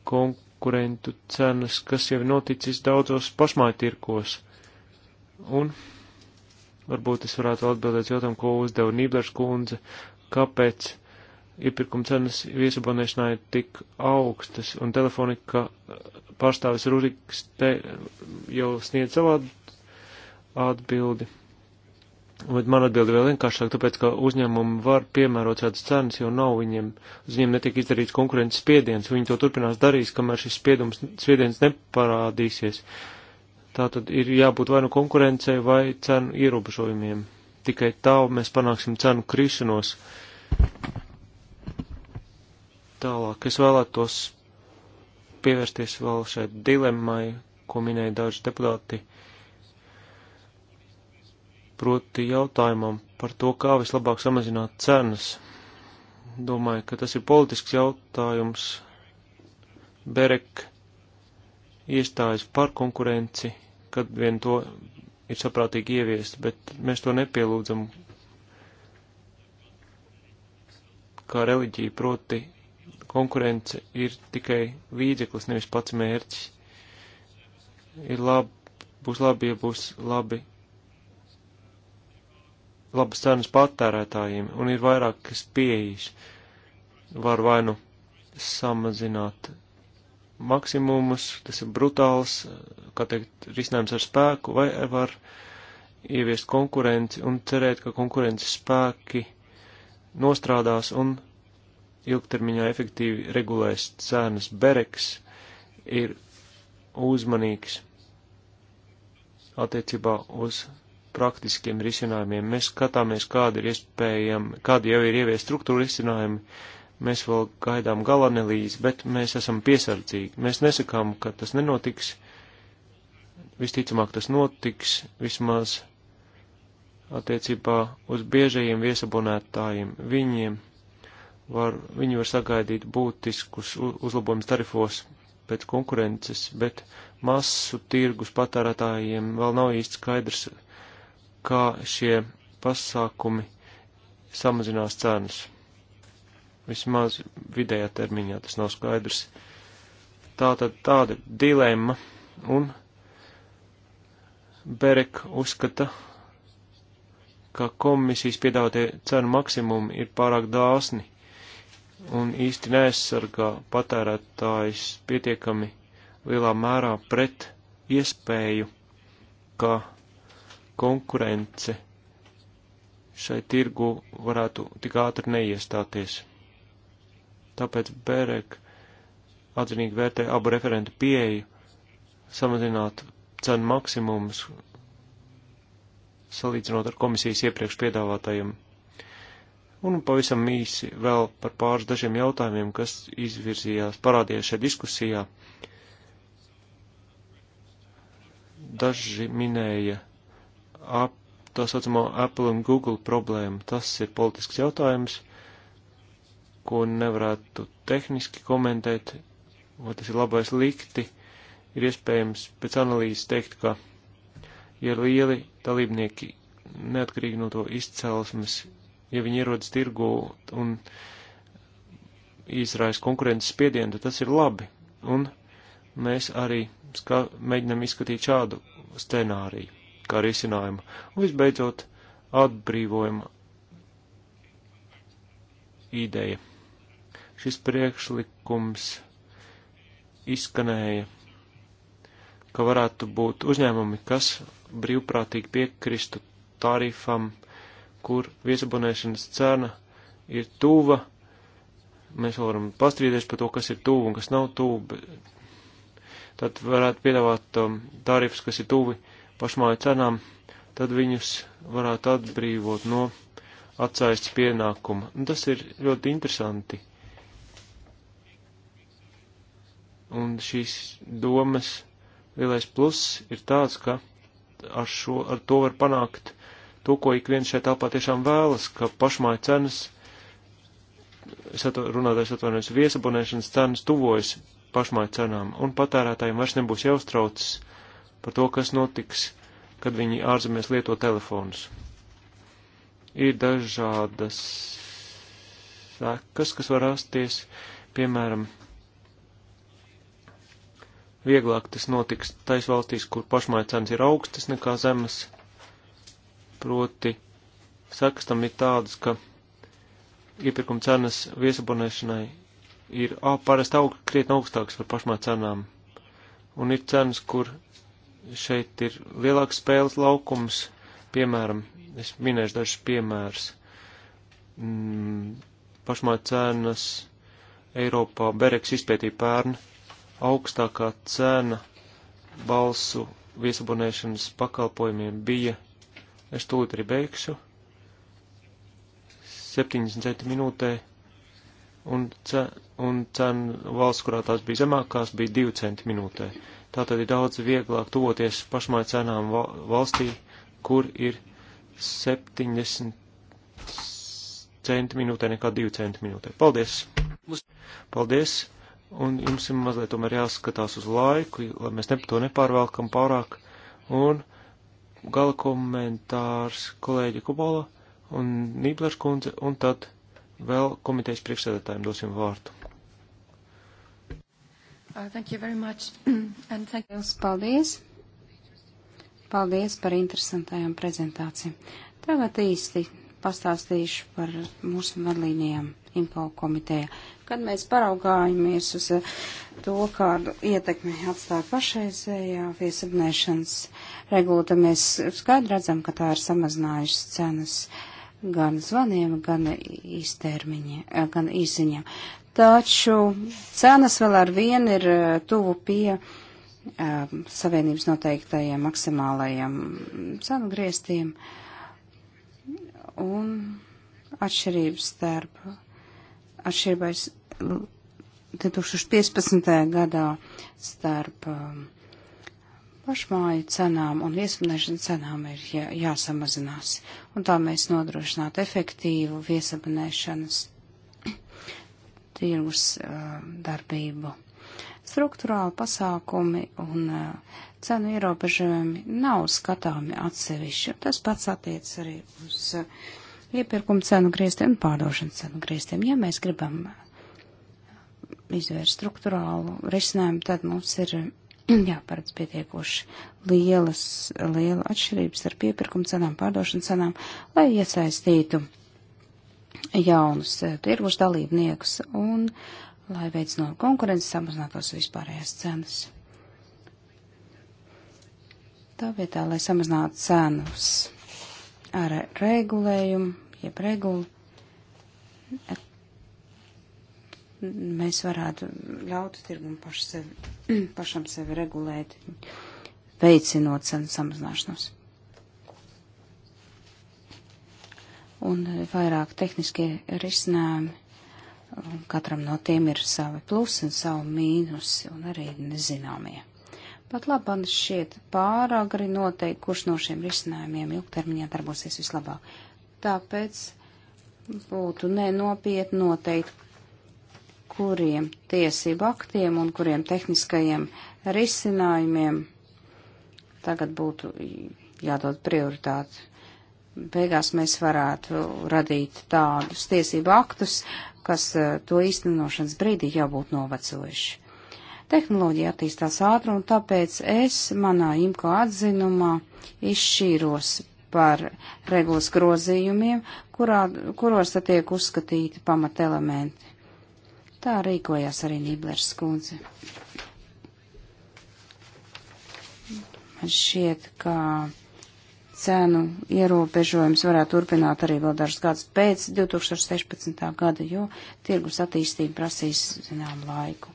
konkurences konkurentu cenas, kas jau ir noticis daudzos pašmāju tirkos. Un varbūt es varētu atbildēt jautājumu, ko uzdeva Nīblers kundze, kāpēc iepirkuma cenas viesabonēšanā ir tik augstas, un telefonika pārstāvis Ruriks te jau sniedz savu atbildi. Bet man atbildi vēl vienkāršāk, tāpēc, ka uzņēmumi var piemērot šādas cenas, jo nav viņiem, uz viņiem netiek izdarīts konkurences spiediens. Viņi to turpinās darīs, kamēr šis spiedums, spiediens neparādīsies. Tā tad ir jābūt vai nu konkurencei, vai cenu ierobežojumiem. Tikai tā mēs panāksim cenu krišanos. Tālāk es vēlētos pievērsties vēl šai dilemmai, ko minēja daži deputāti. Uh, proti jautājumam par to, kā vislabāk samazināt cenas. Domāju, ka tas ir politisks jautājums. Berek iestājas par konkurenci, kad vien to ir saprātīgi ieviest, bet mēs to nepielūdzam kā reliģija, proti konkurence ir tikai līdzeklis, nevis pats mērķis. Ir labi, būs labi, ja būs labi labas cenas patērētājiem, un ir vairākas pieejas. Var vai nu samazināt maksimumus, tas ir brutāls, kā teikt, risinājums ar spēku, vai var ieviest konkurenci un cerēt, ka konkurences spēki nostrādās un ilgtermiņā efektīvi regulēs cenas. Bereks ir uzmanīgs attiecībā uz praktiskiem risinājumiem. Mēs skatāmies, kāda ir iespējama, kāda jau ir ievies struktūra risinājumi. Mēs vēl gaidām galanelīzi, bet mēs esam piesardzīgi. Mēs nesakām, ka tas nenotiks. Visticamāk tas notiks, vismaz attiecībā uz biežajiem viesabonētājiem. Viņiem var, viņi var sagaidīt būtiskus uzlabojumus tarifos pēc konkurences, bet masu tirgus patērētājiem vēl nav īsti skaidrs, kā šie pasākumi samazinās cenas. Vismaz vidējā termiņā tas nav skaidrs. Tā tad tāda dilemma un Berek uzskata, ka komisijas piedāvātie cenu maksimumi ir pārāk dāsni un īsti neaizsargā patērētājs pietiekami lielā mērā pret iespēju, ka konkurence šai tirgu varētu tik ātri neiestāties. Tāpēc Bērek atzinīgi vērtē abu referentu pieeju samazināt cenu maksimumus, salīdzinot ar komisijas iepriekš piedāvātajiem. Un pavisam īsi vēl par pāris dažiem jautājumiem, kas izvirzījās, parādījās šajā diskusijā. Daži minēja ap, tā saucamo Apple un Google problēmu. Tas ir politisks jautājums, ko nevarētu tehniski komentēt, vai tas ir labais likti. Ir iespējams pēc analīzes teikt, ka ja lieli dalībnieki neatkarīgi no to izcelsmes, ja viņi ierodas tirgu un izraisa konkurences spiedienu, tad tas ir labi. Un mēs arī ska, mēģinam izskatīt šādu scenāriju kā risinājumu. Un visbeidzot, atbrīvojuma ideja. Šis priekšlikums izskanēja, ka varētu būt uzņēmumi, kas brīvprātīgi piekristu tarifam, kur viesabonēšanas cena ir tuva. Mēs varam pastrīdēties par to, kas ir tuvu un kas nav tuvu, bet tad varētu piedāvāt um, tarifus, kas ir tuvi pašmāju cenām, tad viņus varētu atbrīvot no atsaists pienākuma. Un tas ir ļoti interesanti. Un šīs domas lielais pluss ir tāds, ka ar, šo, ar to var panākt to, ko ik viens šeit telpā tiešām vēlas, ka pašmāju cenas, es atvar, runātais atvainojos, viesabonēšanas cenas tuvojas pašmāju cenām, un patērētājiem vairs nebūs jāuztraucas par to, kas notiks, kad viņi ārzemēs lieto telefonus. Ir dažādas sekas, kas var rasties, piemēram, vieglāk tas notiks tais valstīs, kur pašmāja cenas ir augstas nekā zemes, proti sekas tam ir tādas, ka iepirkuma cenas viesabonēšanai ir parasti aug, krietni augstākas par pašmāja cenām, un ir cenas, kur šeit ir lielāks spēles laukums. Piemēram, es minēšu dažus piemērus. Mm, pašmā cenas Eiropā Bereks izpētīja pērn augstākā cena balsu viesabonēšanas pakalpojumiem bija, es tūlīt arī beigšu, 77 minūtē, un, ce, un cena valsts, kurā tās bija zemākās, bija 2 centi minūtē. Uh, Tātad ir daudz vieglāk tuvoties pašmāju cenām valstī, kur ir 70 centi minūtē nekā 2 centi minūtē. Paldies! Paldies! Un jums ir mazliet tomēr jāskatās uz laiku, lai mēs ne, to nepārvelkam pārāk. Un gala komentārs kolēģi Kubola un Nīblers kundze, un tad vēl komitejas priekšsēdētājiem dosim vārtu. Jūs uh, paldies! Paldies par interesantajām prezentācijām. Tagad īsti pastāstīšu par mūsu vadlīnijām info komitejā. Kad mēs paraugājamies uz uh, to, kādu ietekmi atstāja pašreizējā viesabnēšanas regulta, mēs skaidri redzam, ka tā ir samazinājusi cenas gan zvaniem, gan īstermiņiem, gan īsiņiem taču cenas vēl ar vienu ir eh, tuvu pie um, savienības noteiktajiem maksimālajiem mm, cenu griestiem. Un atšķirības starp atšķirības 2015. gadā starp um, pašmāju cenām un viesabunēšanas cenām ir jā, jāsamazinās. Un tā mēs nodrošinātu efektīvu viesabunēšanas tirgus eh, darbību. Struktūrāli pasākumi un eh, cenu ierobežojumi nav skatāmi atsevišķi. Tas pats attiec arī uz eh, iepirkuma cenu grieztiem un pārdošanas cenu grieztiem. Ja mēs gribam izvērst struktūrālu risinājumu, tad mums ir jāparedz pietiekoši lielas, liela atšķirības ar piepirkuma cenām, pārdošanas cenām, lai iesaistītu jaunus eh, tirgus dalībniekus un lai veicinātu konkurences, samazinātos vispārējās cenas. Tā vietā, lai samazinātu cenas ar regulējumu, jeb regulu, mēs varētu ļaut tirgumu paš sevi, pašam sevi regulēt, veicinot cenu samazināšanos. un vairāk tehniskie risinājumi. Katram no tiem ir savi plusi un savi mīnusi un arī nezināmie. Pat labāk šķiet pāragri noteikti, kurš no šiem risinājumiem ilgtermiņā darbosies vislabāk. Tāpēc būtu nenopietni noteikt, kuriem tiesību aktiem un kuriem tehniskajiem risinājumiem tagad būtu jādod prioritāti beigās mēs varētu radīt tādus tiesību aktus, kas eh, to īstenošanas brīdī jau būtu novecojuši. Tehnoloģija attīstās ātri, un tāpēc es manā imko atzinumā izšķīros par regulas grozījumiem, kurā, kuros tad tiek uzskatīti pamatelementi. Tā rīkojās arī Nīblers skundze. Man šķiet, ka cenu ierobežojums varētu turpināt arī vēl dažus gadus pēc 2016. gada, jo tirgus attīstība prasīs zinām laiku.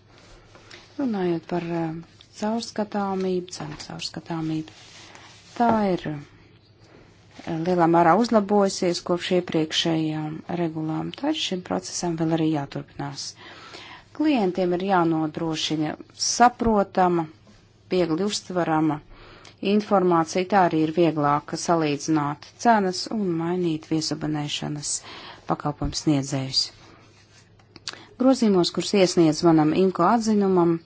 Runājot par uh, caurskatāmību, cenu caurskatāmību, tā ir uh, lielā mērā uzlabojusies kopš iepriekšējām regulām, taču šim procesam vēl arī jāturpinās. Klientiem ir jānodrošina saprotama, viegli uztverama informāciju, tā arī ir vieglāk salīdzināt cenas un mainīt viesabanēšanas pakalpojumu sniedzējus. Grozīmos, kurus iesniedz manam imko atzinumam,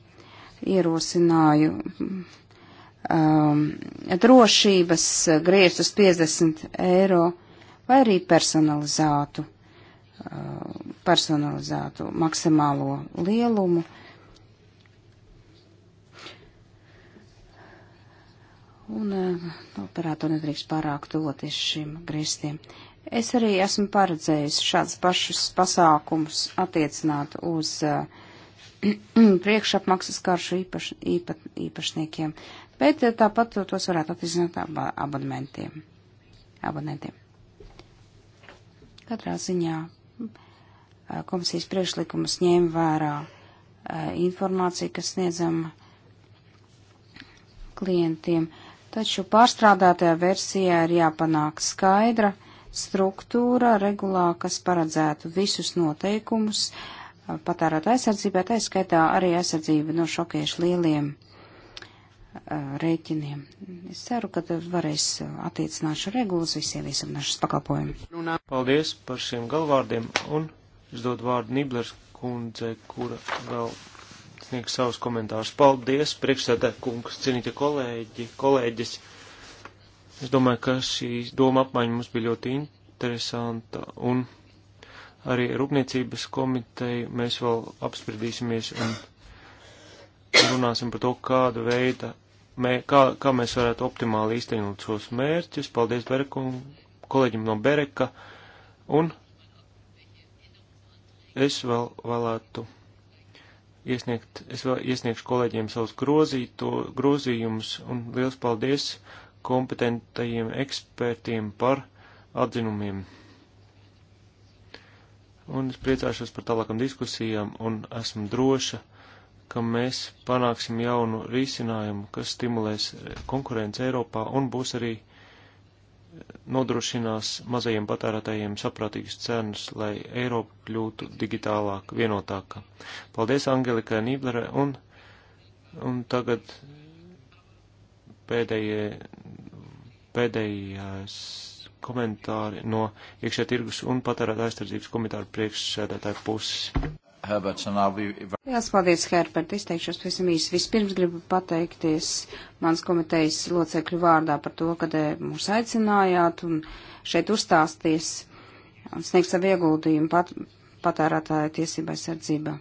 ierosināju um, drošības griežus 50 eiro vai arī personalizētu, uh, personalizētu maksimālo lielumu. Uh, un eh, operatori nedrīkst pārāk tuvoties šim grieztiem. Es arī esmu paredzējis šādus pašus pasākumus attiecināt uz uh, priekšapmaksas karšu īpaš, īpa, īpašniekiem, bet eh, tāpat tos varētu attiecināt ab abonementiem. abonentiem. Katrā ziņā komisijas priekšlikumus ņēma vērā informāciju, kas sniedzama klientiem. Uh, taču pārstrādātajā versijā ir jāpanāk skaidra struktūra regulā, kas paredzētu visus noteikumus patērēt aizsardzībai, tā skaitā arī aizsardzība no šokiešu lieliem uh, rēķiniem. Es ceru, ka varēs attiecināt šo regulu uz visiem visam našas pakalpojumiem. Paldies par šiem galvārdiem un es dodu vārdu Niblers kundzei, kura vēl sniegs savus komentārus. Paldies, priekšsēdē kungs, cienītie kolēģi, kolēģis. Es domāju, ka šī doma apmaiņa mums bija ļoti interesanta un arī Rūpniecības komiteju mēs vēl apspriedīsimies un runāsim par to, kāda veida, mē, kā, kā mēs varētu optimāli īstenot šos mērķus. Paldies Berekum, kolēģim no Bereka un es vēl vēlētu iesniegt, es vēl iesniegšu kolēģiem savus grozīto, grozījumus un liels paldies kompetentajiem ekspertiem par atzinumiem. Un es priecāšos par tālākam diskusijām un esmu droša, ka mēs panāksim jaunu risinājumu, kas stimulēs konkurenci Eiropā un būs arī nodrošinās mazajiem patērētājiem saprātīgas cenas, lai Eiropa kļūtu digitālāk, vienotāka. Paldies Angelikai Nīblere un, un tagad pēdējie, pēdējās komentāri no iekšē tirgus un patērētāja aizsardzības komentāru priekšsēdētāju puses. Herberts, un I'll be... Jā, spaldies, Herbert. Izteikšos pavisam īsi. Vispirms gribu pateikties mans komitejas locekļu vārdā par to, kad mūs aicinājāt un šeit uzstāsties un sniegt savu ieguldījumu pat, patērētāju tiesībai sardzībā.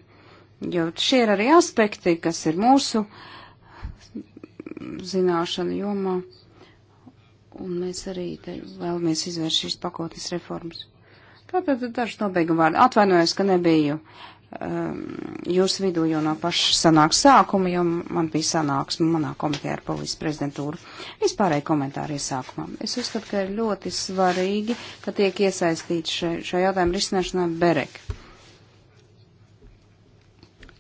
Jo šie ir arī aspekti, kas ir mūsu zināšana jomā, un mēs arī vēlamies izvērst šīs pakotnes reformas. Tātad dažs nobeiguma vārdi. Atvainojos, ka nebiju Um, jūsu vidū jau no paša sanāks sākuma, jo man bija sanāksme manā komitē ar polijas prezidentūru. Vispārēji komentāri iesākumā. Es uzskatu, ka ir ļoti svarīgi, ka tiek iesaistīts šai, šai jautājumu risināšanā Berek.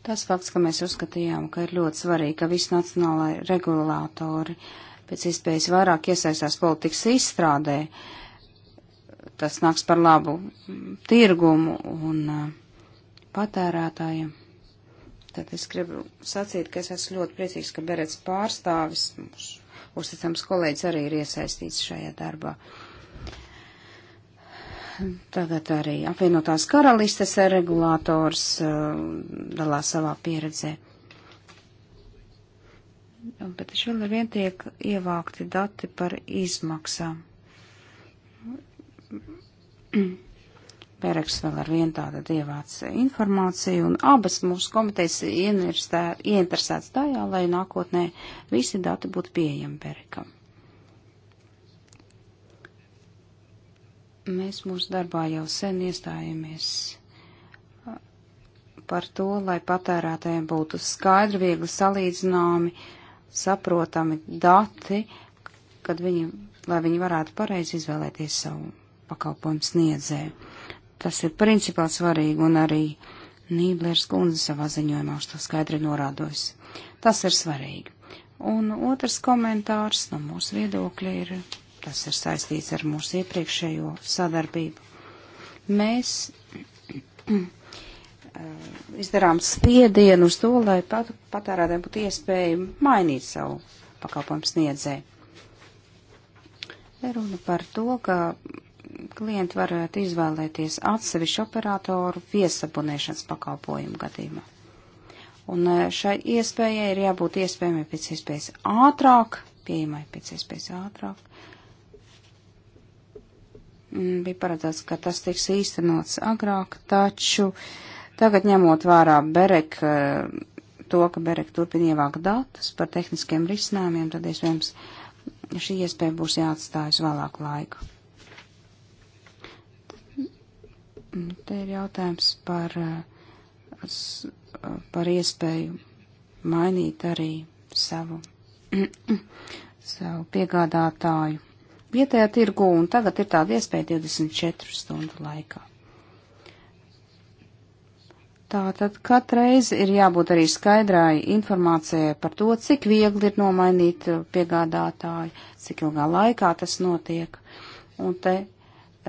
Tas fakts, ka mēs uzskatījām, ka ir ļoti svarīgi, ka visi nacionālai regulātori pēc iespējas vairāk iesaistās politikas izstrādē, tas nāks par labu tirgumu un uh, patērētājiem. Tad es gribu sacīt, ka es esmu ļoti priecīgs, ka Berets pārstāvis, uzticams kolēģis arī ir iesaistīts šajā darbā. Tagad arī apvienotās karalistes regulators uh, dalās savā pieredzē. Bet šeit ar vien tiek ievākti dati par izmaksām Pereks vēl ar vienu tādu dievāts informāciju, un abas mūsu komitejas ieinteresētas tajā, lai nākotnē visi dati būtu pieejami Perekam. Mēs mūsu darbā jau sen iestājamies par to, lai patērētājiem būtu skaidri, viegli salīdzināmi, saprotami dati, kad viņi, lai viņi varētu pareizi izvēlēties savu pakalpojumu sniedzēju. Tas ir principā svarīgi un arī Nīblers kundze savā ziņojumā uz to skaidri norādojas. Tas ir svarīgi. Un otrs komentārs no mūsu viedokļa ir, tas ir saistīts ar mūsu iepriekšējo sadarbību. Mēs izdarām spiedienu uz to, lai pat, patērētājiem būtu iespēja mainīt savu pakalpojumu sniedzēju. Runa par to, ka klienti varētu izvēlēties atsevišķu operatoru viesabunēšanas pakalpojumu gadījumā. Un e, šai iespējai ir jābūt iespējamai pēc iespējas ātrāk, pieejamai pēc iespējas ātrāk. Mm, bija paredzēts, ka tas tiks īstenots agrāk, taču tagad ņemot vērā Berek, e, to, ka Berek turpina ievākt datus par tehniskiem risinājumiem, tad iespējams šī iespēja būs jāatstāj uz vēlāku laiku. Te ir jautājums par, eh, eh, par iespēju mainīt arī savu, savu piegādātāju vietējā tirgu, un tagad ir tāda iespēja 24 stundu laikā. Tātad katreiz ir jābūt arī skaidrai informācijai par to, cik viegli ir nomainīt eh, piegādātāju, cik ilgā laikā tas notiek. Un te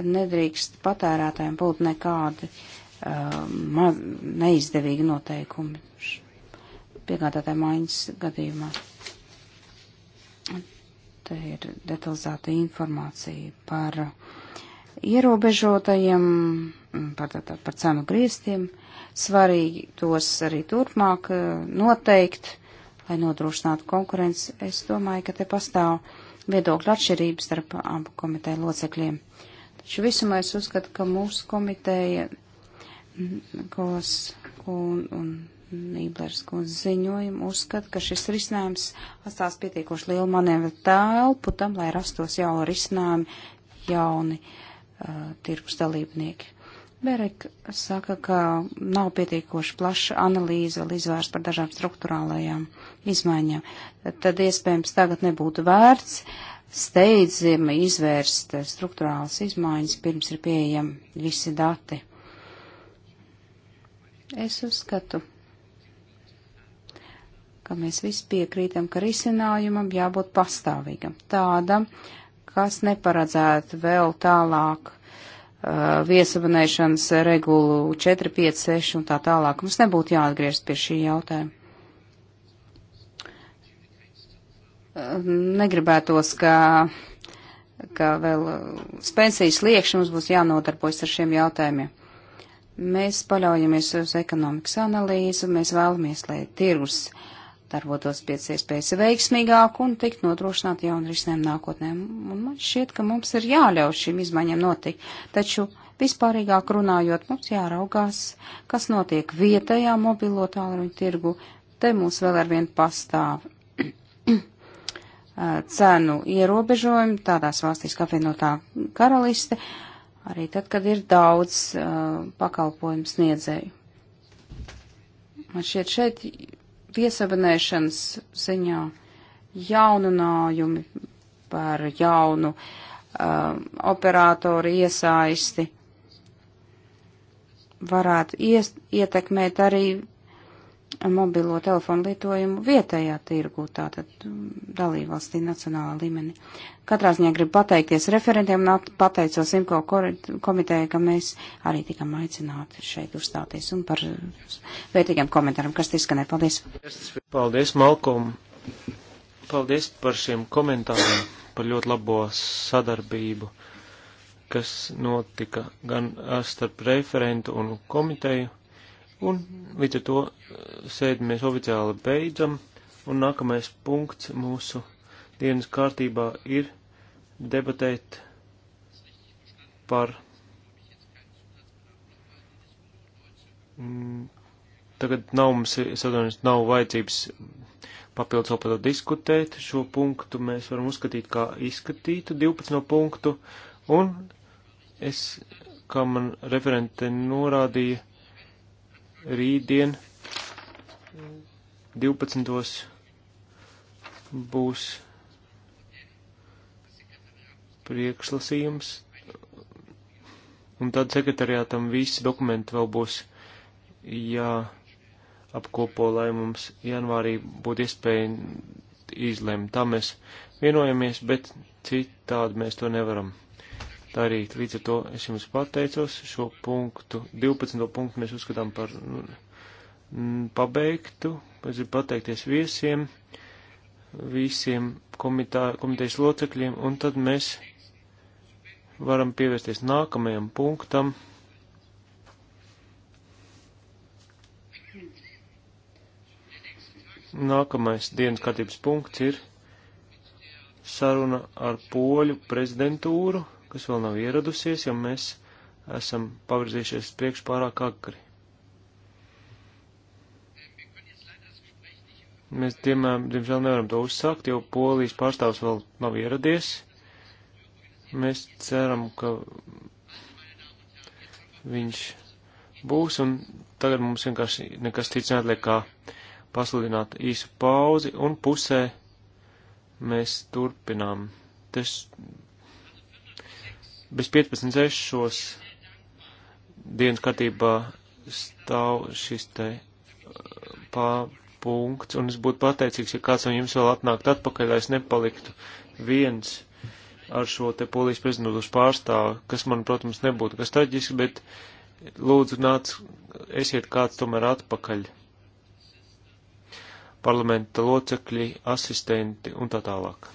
nedrīkst patērētājiem būt nekādi uh, neizdevīgi noteikumi piegādātāja maiņas gadījumā. Te ir detalizēta informācija par ierobežotajiem, par, tā, par cenu griestiem. Svarīgi tos arī turpmāk noteikt, lai nodrošinātu konkurenci. Es domāju, ka te pastāv viedokļu atšķirības starp abu komiteju locekļiem. Uh, Taču visumā es uzskatu, ka mūsu komiteja, kos un, un Nīblers kundze ziņojumu, uzskata, ka šis risinājums atstās pietiekoši lielu manevru telpu tam, lai rastos jau risinājumi jauni uh, tirgus dalībnieki. Berek saka, ka nav pietiekoši plaša analīze vēl izvērsta par dažām struktūrālajām izmaiņām. Tad iespējams tagad nebūtu vērts uh, steidzami izvērst struktūrāls izmaiņas, pirms ir pieejami visi dati. Es uzskatu, ka mēs visi piekrītam, ka risinājumam jābūt pastāvīgam, tādam, kas neparedzētu vēl tālāk uh, viesabunēšanas regulu 4, 5, 6 un tā tālāk. Mums nebūtu jāatgriezt pie šī jautājuma. negribētos, ka, ka vēl uh, spēcīs liekšņi mums būs jānodarbojas ar šiem jautājumiem. Mēs paļaujamies uz ekonomikas analīzu, mēs vēlamies, lai tirgus darbotos pēc iespējas veiksmīgāk un tikt nodrošināt jaunu risinājumu nākotnē. Un man šķiet, ka mums ir jāļauj šīm izmaiņām notikt. Taču vispārīgāk runājot, mums jāraugās, kas notiek vietējā mobilo tālruņu tirgu. Te mūs vēl arvien pastāv cenu ierobežojumi tādās valstīs kā vienotā karaliste, arī tad, kad ir daudz uh, pakalpojumu sniedzēju. Man šķiet šeit viesabinēšanas ziņā jaununājumi par jaunu uh, operātoru iesaisti varētu ies, ietekmēt arī mobilo telefonu lietojumu vietējā tirgu, tātad mm, dalībvalstī nacionālā līmenī. Katrā ziņā gribu pateikties referentiem un pateicos Imko komiteja, ka mēs arī tikam aicināti šeit uzstāties un par vērtīgiem komentāriem, kas izskanē. Paldies! Paldies, Malkom! Paldies par šiem komentāriem, par ļoti labo sadarbību, kas notika gan starp referentu un komiteju Un līdz ar to eh, sēdi mēs oficiāli beidzam, un nākamais punkts mūsu dienas kārtībā ir debatēt par mm, tagad nav mums, es atvainojos, nav vajadzības papildus vēl par to diskutēt. Šo punktu mēs varam uzskatīt kā izskatītu 12 no punktu, un es, kā man referente norādīja, rītdien 12. būs priekšlasījums, un tad sekretariātam visi dokumenti vēl būs jāapkopo, lai mums janvārī būtu iespēja izlemt. Tā mēs vienojamies, bet citādi mēs to nevaram darīt. Līdz ar to es jums pateicos. Šo punktu, 12. punktu mēs uzskatām par nu, pabeigtu. Es gribu pateikties viesiem, visiem komitā, komitejas locekļiem, un tad mēs varam pievērsties nākamajam punktam. Nākamais dienas kārtības punkts ir saruna ar poļu prezidentūru kas vēl nav ieradusies, jo mēs esam pavirzījušies priekš pārāk agri. Mēs, diemžēl, nevaram to uzsākt, jo polijas pārstāvs vēl nav ieradies. Mēs ceram, ka viņš būs, un tagad mums vienkārši nekas cits neatliek kā pasludināt īsu pauzi, un pusē mēs turpinām. Tas Bez 15.6. dienas kārtībā stāv šis te uh, pārpunkts, un es būtu pateicīgs, ja kāds no jums vēl atnākt atpakaļ, lai es nepaliktu viens ar šo te polijas prezidentūras pārstāvu, kas man, protams, nebūtu kas traģiski, bet lūdzu nāc, esiet kāds tomēr atpakaļ. Parlamenta locekļi, asistenti un tā tālāk.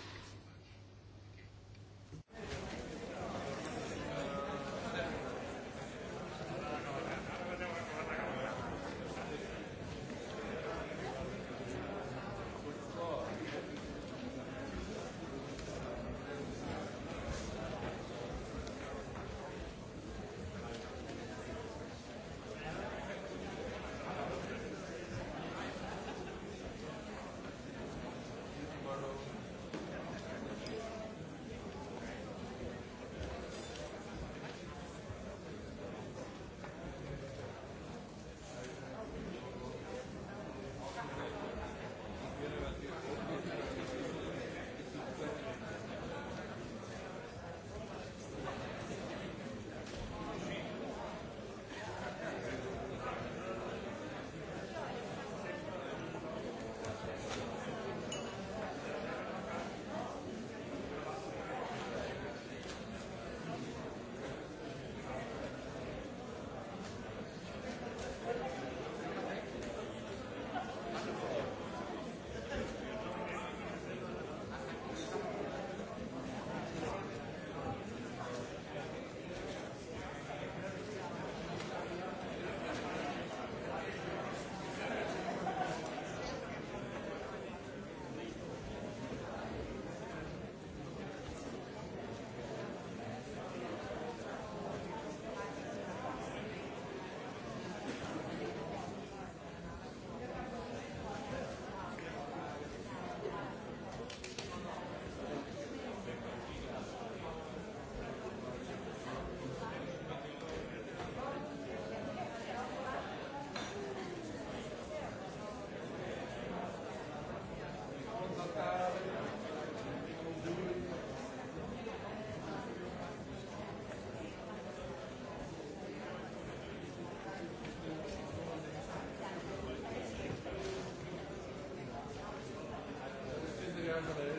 Gracias.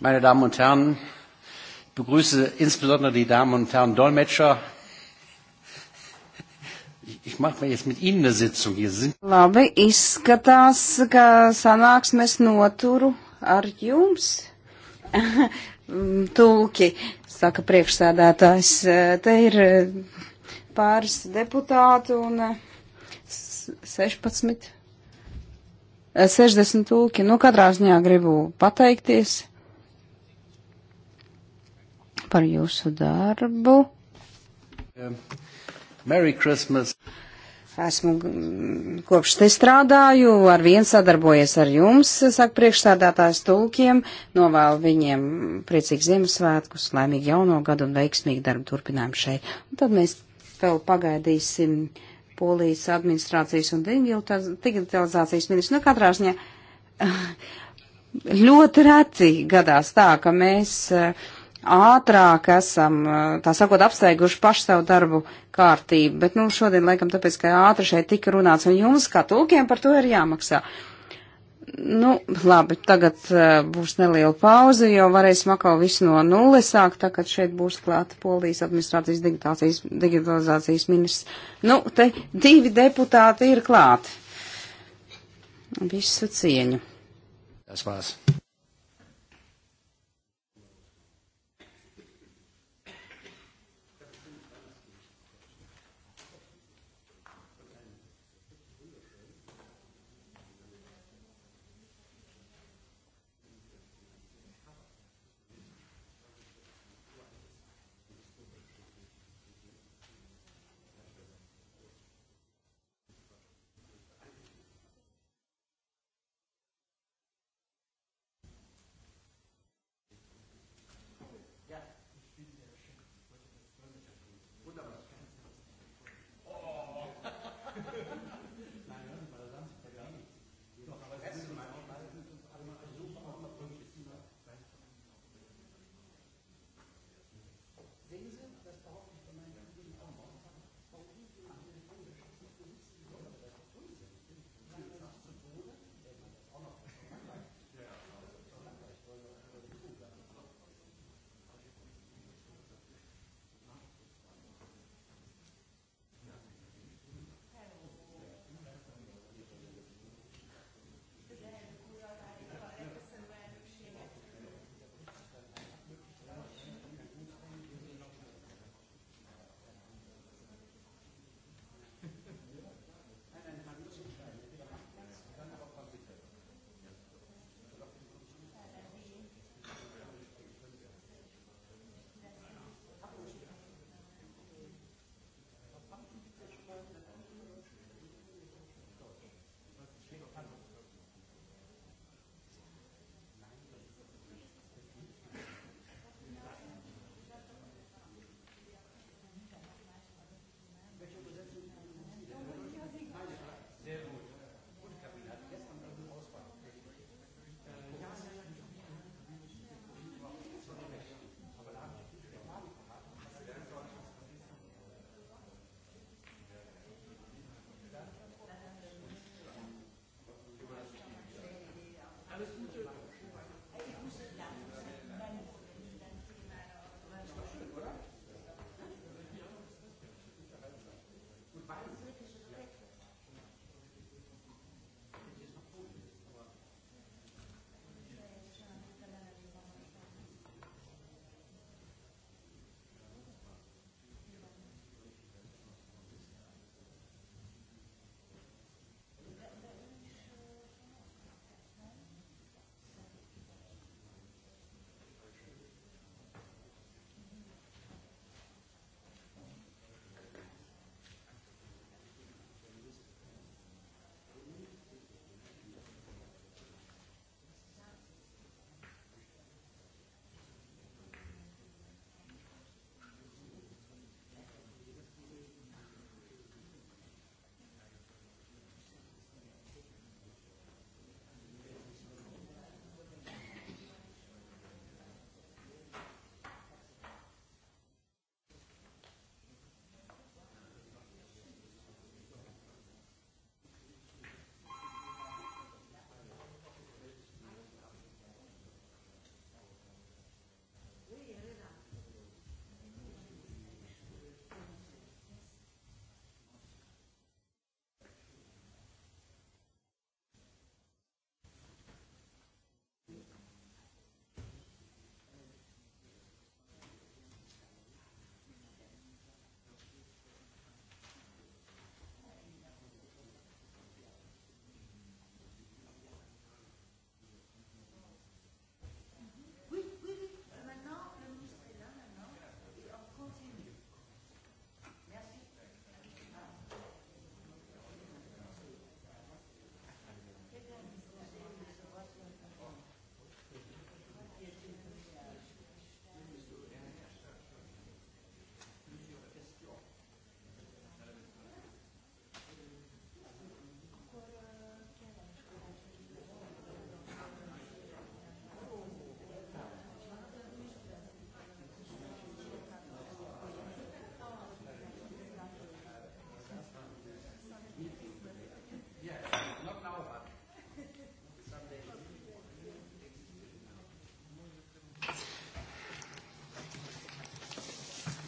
meine Damen und Herren. Ich begrüße insbesondere die Damen und Herren Dolmetscher. Ich, ich mache mir jetzt mit Ihnen eine Sitzung. Hier sind Labi, izskatās, ka sanāksmes noturu ar jums. Tulki, saka priekšsēdētājs, te ir pāris deputātu un 16. 60 tūki. Nu, katrā ziņā gribu pateikties par jūsu darbu. Merry Christmas! Esmu mm, kopš te strādāju, ar vienu sadarbojies ar jums, saka priekšstādātājs tulkiem, novēlu viņiem priecīgu Ziemassvētkus, laimīgu jauno gadu un veiksmīgu darbu turpinājumu šeit. Un tad mēs vēl pagaidīsim Polijas administrācijas un digitalizācijas ministru. Nu, katrā ziņā ļoti reti gadās tā, ka mēs. Uh, ātrāk esam, tā sakot, apsteiguši pašu savu darbu kārtību, bet, nu, šodien, laikam, tāpēc, ka ātri šeit tika runāts, un jums, kā tūkiem, par to ir jāmaksā. Nu, labi, tagad uh, būs neliela pauze, jo varēsim atkal visu no nulles sākt, tā kad šeit būs klāta Polijas administrācijas digitalizācijas, digitalizācijas ministrs. Nu, te divi deputāti ir klāti. Visu cieņu. Tas vārds.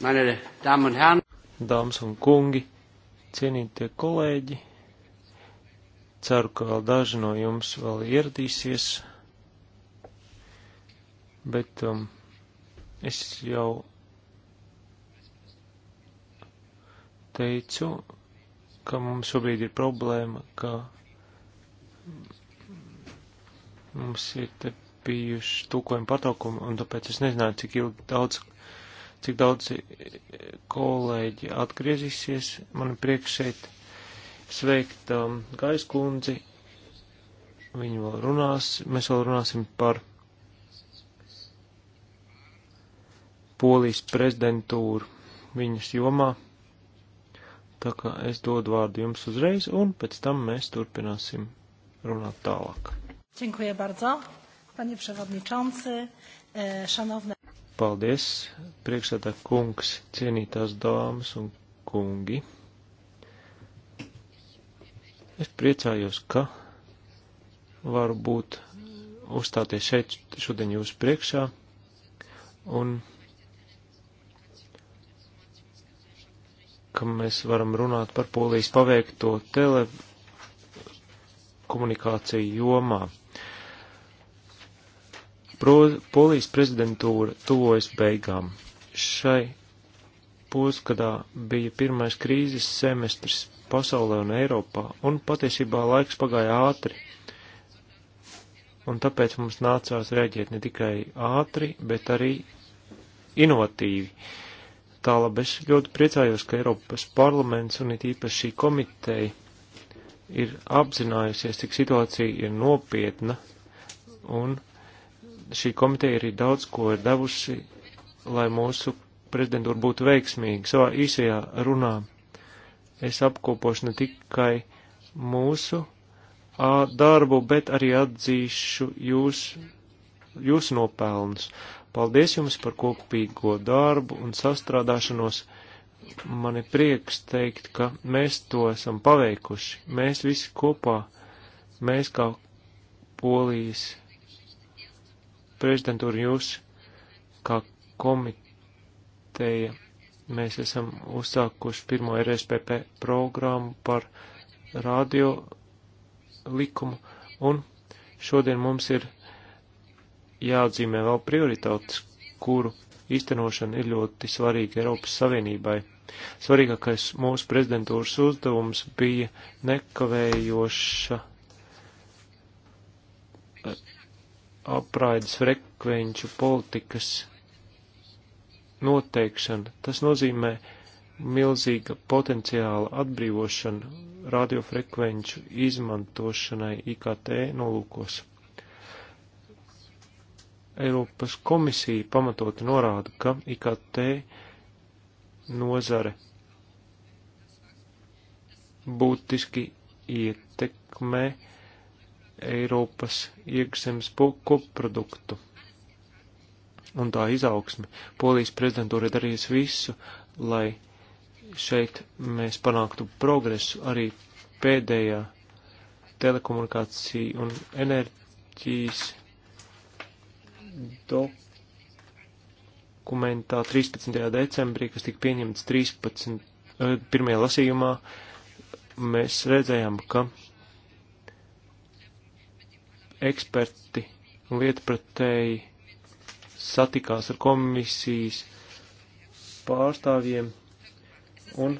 Meine Damen un Herren, dāmas un kungi, cienītie kolēģi, ceru, ka vēl daži no jums vēl ieradīsies, bet um, es jau teicu, ka mums šobrīd ir problēma, ka mums ir te bijuši tūkojumi pārtraukumi, un tāpēc es nezināju, cik ilgi daudz cik daudz e, kolēģi atgriezīsies. Man prieks šeit sveikt um, Gais kundzi. Viņi vēl runās, mēs vēl runāsim par polijas prezidentūru viņas jomā. Tā kā es dodu vārdu jums uzreiz, un pēc tam mēs turpināsim runāt tālāk. Dziękuję bardzo, panie przewodniczący, e, szanowne paldies, priekšsēdā kungs, cienītās dāmas un kungi. Es priecājos, ka varu būt uzstāties šeit šodien jūsu priekšā un ka mēs varam runāt par polijas paveikto telekomunikāciju jomā. Pro, polijas prezidentūra tuvojas beigām. Šai pusgadā bija pirmais krīzes semestris pasaulē un Eiropā, un patiesībā laiks pagāja ātri, un tāpēc mums nācās rēģēt ne tikai ātri, bet arī inovatīvi. Tālāk es ļoti priecājos, ka Eiropas parlaments un it īpaši šī komiteja ir apzinājusies, cik situācija ir nopietna un šī komiteja arī daudz ko ir devusi, lai mūsu prezidentūra būtu veiksmīga. Savā īsajā runā es apkopošu ne tikai mūsu darbu, bet arī atzīšu jūs, jūs nopelnus. Paldies jums par kopīgo darbu un sastrādāšanos. Man ir prieks teikt, ka mēs to esam paveikuši. Mēs visi kopā, mēs kā polijas prezidentūra jūs kā komiteja, mēs esam uzsākuši pirmo RSPP programmu par radio likumu, un šodien mums ir jāatzīmē vēl prioritātes, kuru īstenošana ir ļoti svarīga Eiropas Savienībai. Svarīgākais mūsu prezidentūras uzdevums bija nekavējoša apraides frekvenču politikas noteikšana. Tas nozīmē milzīga potenciāla atbrīvošana radiofrekvenču izmantošanai IKT nolūkos. Eiropas komisija pamatoti norāda, ka IKT nozare būtiski ietekmē Eiropas iekšzemes koproduktu un tā izaugsmi. Polijas prezidentūra ir darījusi visu, lai šeit mēs panāktu progresu arī pēdējā telekomunikācija un enerģijas dokumentā 13. decembrī, kas tika pieņemts 13. Eh, pirmajā lasījumā, mēs redzējām, ka eksperti lietpratēji satikās ar komisijas pārstāvjiem un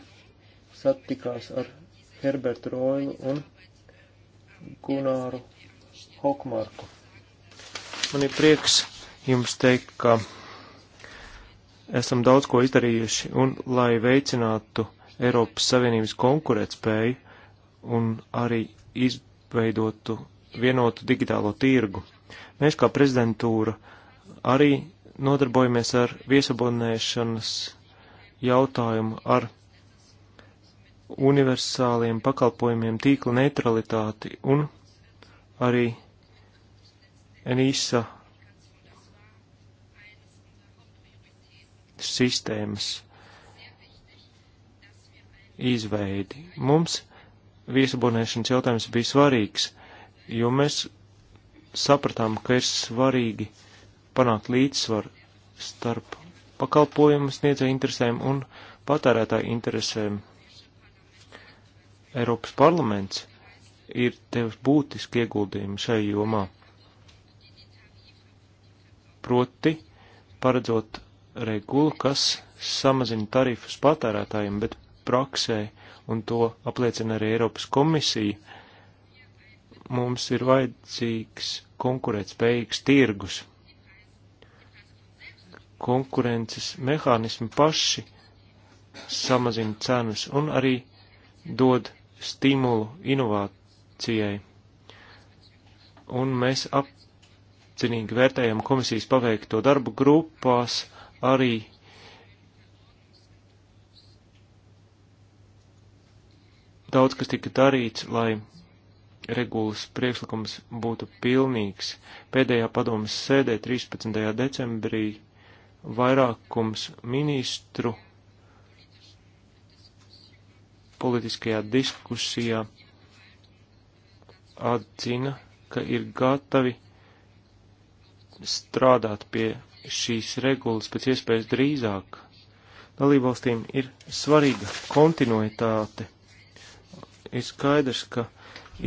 satikās ar Herbertu Roilu un Gunāru Hokmarku. Man ir prieks jums teikt, ka esam daudz ko izdarījuši un lai veicinātu Eiropas Savienības konkurētspēju un arī izveidotu vienotu digitālo tirgu. Mēs kā prezidentūra arī nodarbojamies ar viesabonēšanas jautājumu ar universāliem pakalpojumiem tīkla neutralitāti un arī NISA sistēmas izveidi. Mums viesabonēšanas jautājums bija svarīgs jo mēs sapratām, ka ir svarīgi panākt līdzsvaru starp pakalpojumu sniedzēju interesēm un patērētāju interesēm. Eiropas parlaments ir tevis būtiski ieguldījumi šai jomā. Proti, paredzot regulu, kas samazina tarifus patērētājiem, bet praksē, un to apliecina arī Eiropas komisija, mums ir vajadzīgs konkurētspējīgs tirgus. Konkurences mehānismi paši samazina cenas un arī dod stimulu inovācijai. Un mēs apcinīgi vērtējam komisijas paveikto darbu grupās arī daudz, kas tika darīts, lai regulas priekšlikums būtu pilnīgs. Pēdējā padomas sēdē 13. decembrī vairākums ministru politiskajā diskusijā atzina, ka ir gatavi strādāt pie šīs regulas pēc iespējas drīzāk. Dalībvalstīm ir svarīga kontinuitāte. Ir skaidrs, ka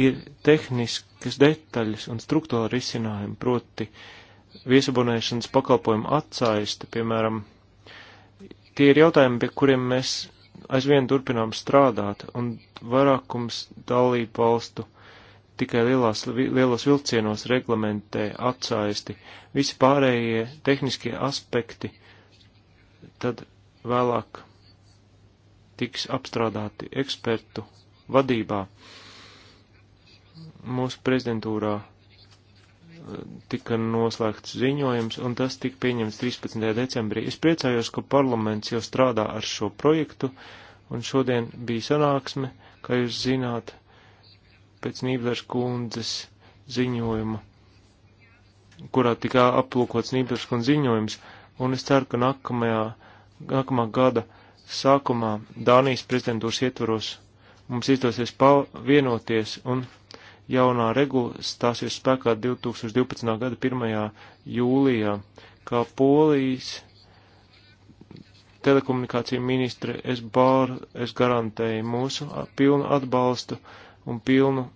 ir tehniskas detaļas un struktūra risinājumi, proti viesabonēšanas pakalpojumu atsaiste, piemēram, tie ir jautājumi, pie kuriem mēs aizvien turpinām strādāt, un vairākums dalību valstu tikai lielās, lielos vilcienos reglamentē atsaisti. Visi pārējie tehniskie aspekti tad vēlāk tiks apstrādāti ekspertu vadībā mūsu prezidentūrā eh, tika noslēgts ziņojums, un tas tika pieņemts 13. decembrī. Es priecājos, ka parlaments jau strādā ar šo projektu, un šodien bija sanāksme, kā jūs zināt, pēc Nībdars kundzes ziņojuma, kurā tika aplūkots Nībdars kundzes ziņojums, un es ceru, ka nākamajā, nākamā gada sākumā Dānijas prezidentūras ietvaros mums izdosies vienoties un jaunā regula stāsies spēkā 2012. gada 1. jūlijā, kā polijas telekomunikācija ministre es bāru, es garantēju mūsu pilnu atbalstu un pilnu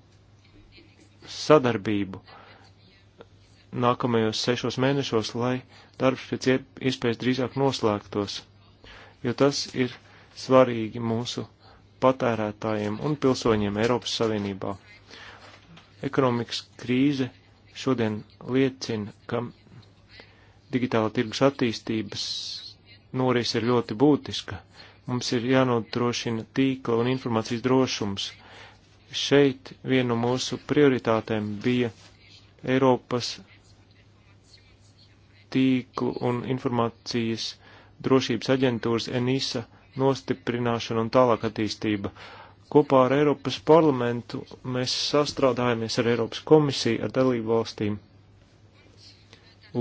sadarbību nākamajos sešos mēnešos, lai darbs pēc iespējas drīzāk noslēgtos, jo tas ir svarīgi mūsu patērētājiem un pilsoņiem Eiropas Savienībā. Ekonomikas krīze šodien liecina, ka digitāla tirgus attīstības noris ir ļoti būtiska. Mums ir jānodrošina tīkla un informācijas drošums. Šeit viena no mūsu prioritātēm bija Eiropas tīklu un informācijas drošības aģentūras ENISA nostiprināšana un tālāk attīstība. Kopā ar Eiropas parlamentu mēs sastrādājamies ar Eiropas komisiju, ar dalību valstīm.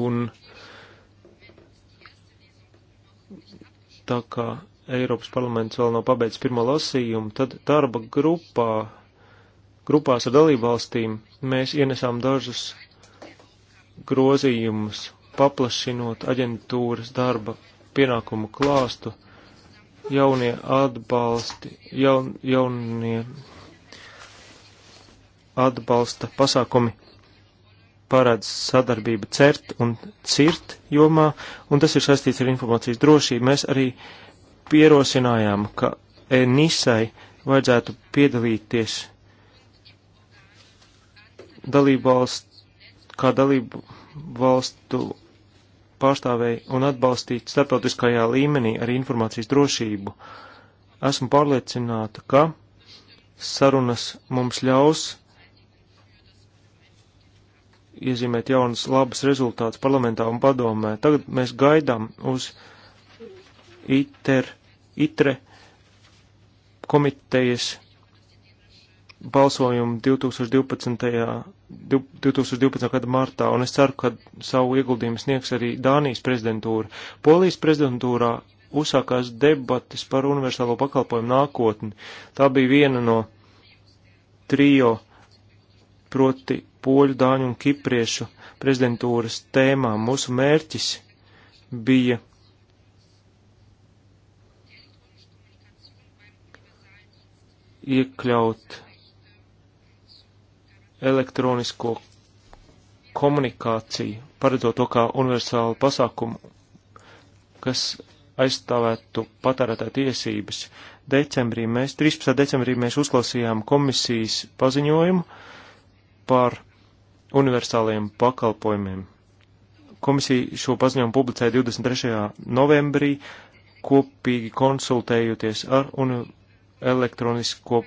Un tā kā Eiropas parlaments vēl nav pabeidz pirmo lasījumu, tad darba grupā, grupās ar dalību valstīm mēs ienesām dažus grozījumus, paplašinot aģentūras darba pienākumu klāstu jaunie atbalsti, jaun, jaunie atbalsta pasākumi paredz sadarbību CERT un CIRT jomā, un tas ir saistīts ar informācijas drošību. Mēs arī pierosinājām, ka NISai vajadzētu piedalīties dalību valstu, kā dalību valstu pārstāvēji un atbalstīt starptautiskajā līmenī arī informācijas drošību. Esmu pārliecināta, ka sarunas mums ļaus iezīmēt jaunas labas rezultātus parlamentā un padomē. Tagad mēs gaidām uz ITER, ITRE komitejas balsojumu 2012. 2012. gada martā, un es ceru, ka savu ieguldījumu sniegs arī Dānijas prezidentūra. Polijas prezidentūrā uzsākās debatas par universālo pakalpojumu nākotni. Tā bija viena no trijo, proti poļu, dāņu un kipriešu prezidentūras tēmām. Mūsu mērķis bija iekļaut elektronisko komunikāciju, paredzot to kā universālu pasākumu, kas aizstāvētu patērētāju tiesības. Decembrī mēs, 13. decembrī mēs uzklausījām komisijas paziņojumu par universāliem pakalpojumiem. Komisija šo paziņojumu publicēja 23. novembrī, kopīgi konsultējoties ar un elektronisko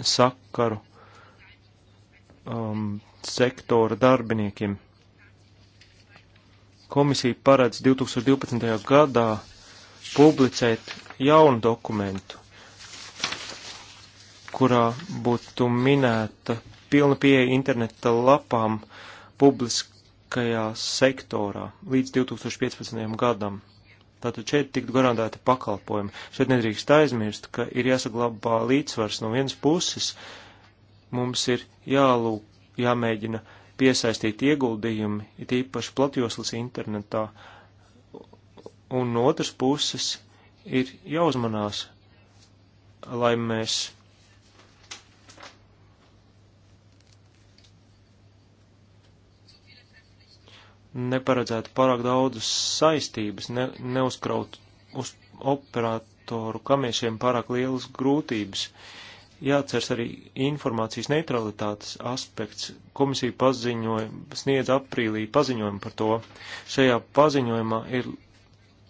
sakaru um, sektora darbiniekiem. Komisija paredz 2012. gadā publicēt jaunu dokumentu, kurā būtu minēta pilna pieeja interneta lapām publiskajā sektorā līdz 2015. gadam. Tātad šeit tiktu garantēta pakalpojumi. Šeit nedrīkst aizmirst, ka ir jāsaglabā līdzsvars no vienas puses, uh, mums ir jālūk, jāmēģina piesaistīt ieguldījumi, it īpaši platjoslas internetā, un no otras puses ir jāuzmanās, lai mēs neparedzētu pārāk daudzas saistības, ne, neuzkraut uz operatoru kamiešiem pārāk lielas grūtības. Uh, jāatceras arī informācijas neutralitātes aspekts. Komisija paziņoja, sniedz aprīlī paziņojumu par to. Šajā paziņojumā ir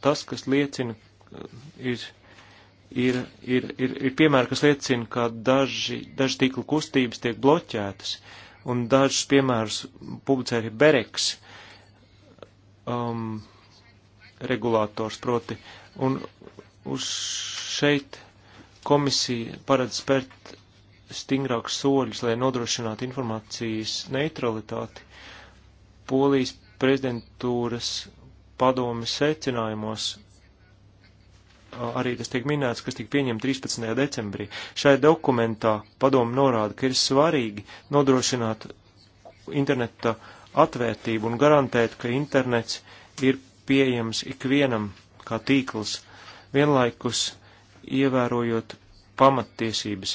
tas, kas liecina, ir, ir, ir, ir, ir piemēri, kas liecina, ka daži, daži tīkla kustības tiek bloķētas, un dažus piemērus publicē arī Bereks um, regulators proti. Un uz šeit Komisija paredz spērt stingrākus soļus, lai nodrošinātu informācijas neutralitāti. Polijas prezidentūras padomes secinājumos arī tas tiek minēts, kas tika pieņemts 13. decembrī. Šai dokumentā padomu norāda, ka ir svarīgi nodrošināt interneta atvērtību un garantēt, ka internets ir pieejams ikvienam kā tīkls. Vienlaikus ievērojot pamattiesības,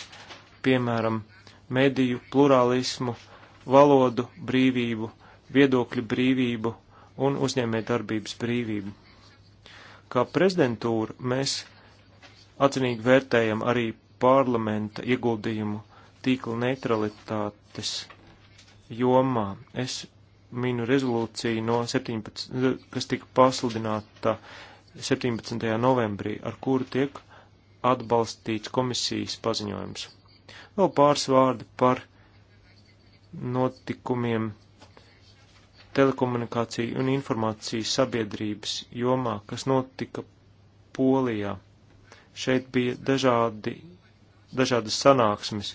piemēram, mediju plurālismu, valodu brīvību, viedokļu brīvību un uzņēmējdarbības brīvību. Kā prezidentūra mēs atzinīgi vērtējam arī parlamenta ieguldījumu tīkla neutralitātes jomā. Es minu rezolūciju no 17, kas tika pasludināta 17. novembrī, ar kuru tiek atbalstīts komisijas paziņojums. Vēl pāris vārdi par notikumiem telekomunikāciju un informācijas sabiedrības jomā, kas notika Polijā. Šeit bija dažādi, dažādas sanāksmes.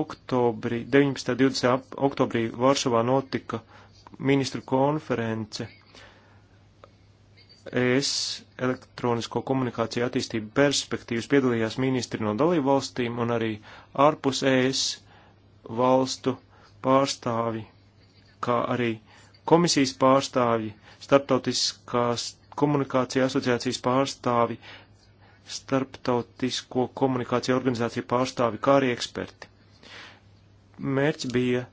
Oktobrī, 19. 20. oktobrī Varšavā notika ministru konference ES elektronisko komunikāciju attīstību perspektīvas piedalījās ministri no dalību valstīm un arī ārpus ES valstu pārstāvi, kā arī komisijas pārstāvi, starptautiskās komunikācija asociācijas pārstāvi, starptautisko komunikāciju organizāciju pārstāvi, kā arī eksperti. Mērķis bija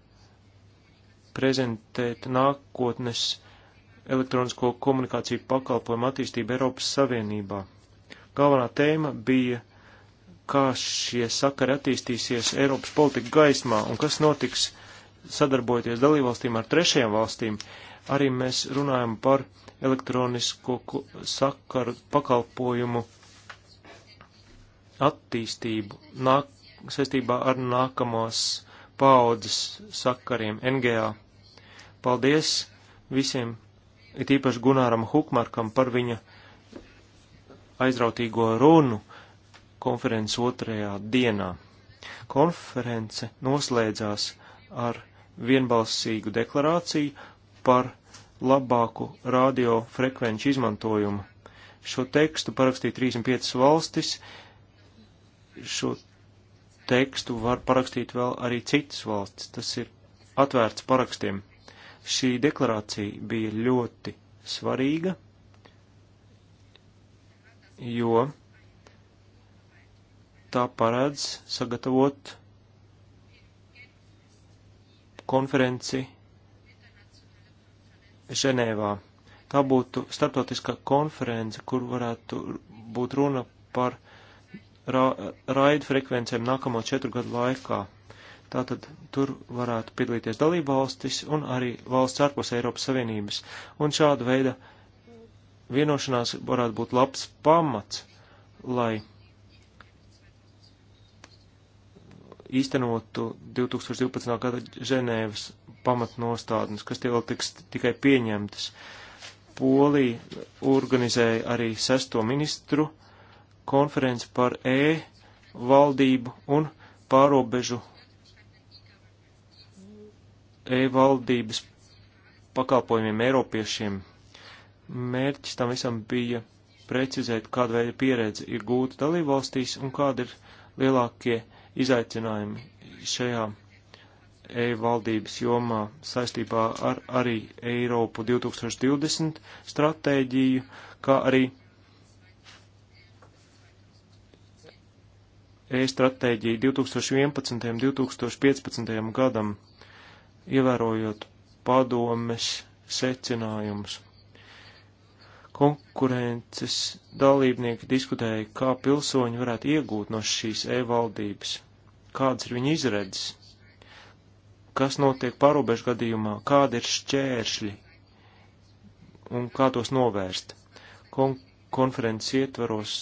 prezentēt nākotnes elektronisko komunikāciju pakalpojumu attīstību Eiropas Savienībā. Galvenā tēma bija, kā šie sakari attīstīsies Eiropas politika gaismā un kas notiks sadarbojoties dalībvalstīm ar trešajām valstīm. Arī mēs runājam par elektronisko sakaru pakalpojumu attīstību nāk, saistībā ar nākamās paudzes sakariem NGA. Paldies visiem it īpaši Gunāram Hukmarkam par viņa aizrautīgo runu konferences otrajā dienā. Konference noslēdzās ar vienbalsīgu deklarāciju par labāku radiofrekvenču izmantojumu. Šo tekstu parakstīja 35 valstis, šo tekstu var parakstīt vēl arī citas valstis. Tas ir atvērts parakstiem. Šī deklarācija bija ļoti svarīga, jo tā paredz sagatavot konferenci Ženēvā. Tā būtu starptautiskā konference, kur varētu būt runa par ra raidfrekvencēm nākamo četru gadu laikā. Tātad tur varētu piedalīties dalībvalstis un arī valsts ārpus Eiropas Savienības. Un šāda veida vienošanās varētu būt labs pamats, lai īstenotu 2012. gada Ženēvas pamatnostādnes, kas tie vēl tiks tikai pieņemtas. Polija organizēja arī sesto ministru konferenci par e-valdību un pārobežu e-valdības pakalpojumiem Eiropiešiem. Mērķis tam visam bija precizēt, kāda veida pieredze ir gūta dalībvalstīs un kāda ir lielākie izaicinājumi šajā e-valdības jomā saistībā ar arī Eiropu 2020 stratēģiju, kā arī e-stratēģiju 2011. un 2015. gadam ievērojot padomes secinājumus. Konkurences dalībnieki diskutēja, kā pilsoņi varētu iegūt no šīs e-valdības, kādas ir viņa izredzes, kas notiek pārobežu gadījumā, kādi ir šķēršļi un kā tos novērst. Kon konferences ietvaros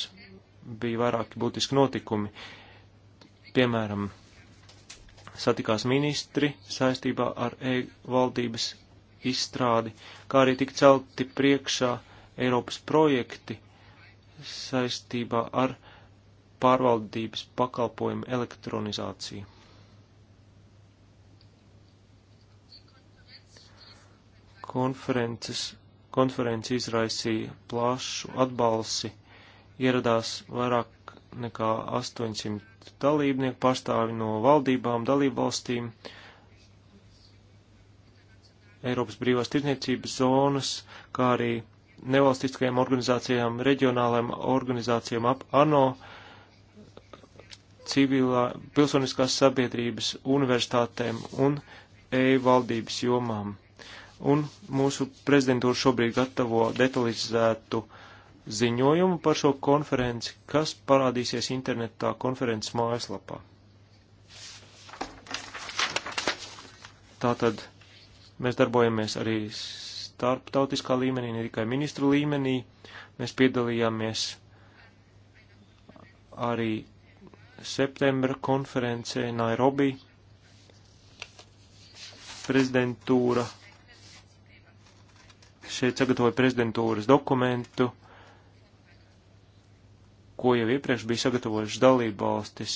bija vairāki būtiski notikumi, piemēram, satikās ministri saistībā ar e-valdības izstrādi, kā arī tik celti priekšā Eiropas projekti saistībā ar pārvaldības pakalpojumu elektronizāciju. Konferences, konferences izraisīja plašu atbalsi, ieradās vairāk nekā 800 dalībnieku pārstāvi no valdībām, dalību valstīm, Eiropas brīvās tirdzniecības zonas, kā arī nevalstiskajām organizācijām, reģionālajām organizācijām ap ANO, civilā, pilsoniskās sabiedrības, universitātēm un e-valdības jomām. Un mūsu prezidentūra šobrīd gatavo detalizētu uh, ziņojumu par šo konferenci, kas parādīsies internetā konferences mājaslapā. Tātad mēs darbojamies arī starptautiskā līmenī, ne tikai ministru līmenī. Mēs piedalījāmies arī septembra konferencē Nairobi. Prezidentūra šeit sagatavoja prezidentūras dokumentu ko jau iepriekš bija sagatavojušas dalība valstis.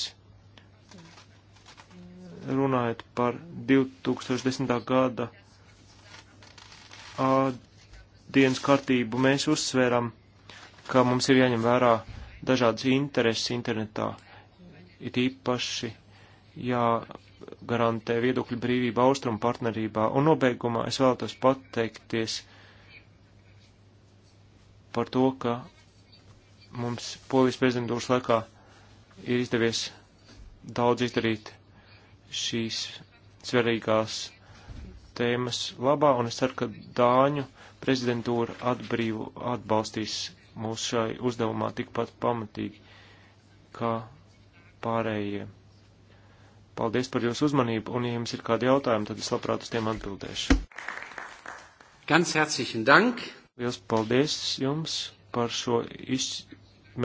Runājot par 2010. gada a, dienas kārtību, mēs uzsveram, ka mums ir jāņem vērā dažādas intereses internetā. It īpaši jāgarantē viedokļu brīvība austrumu partnerībā. Un nobeigumā es vēlētos pateikties par to, ka mums polijas prezidentūras laikā ir izdevies daudz izdarīt šīs svarīgās tēmas labā, un es ceru, ka Dāņu prezidentūra atbrīvu atbalstīs mūs šai uzdevumā tikpat pamatīgi kā pārējiem. Paldies par jūsu uzmanību, un ja jums ir kādi jautājumi, tad es labprāt uz tiem atbildēšu. Ganz herzlichen Dank! Liels paldies jums par šo iz,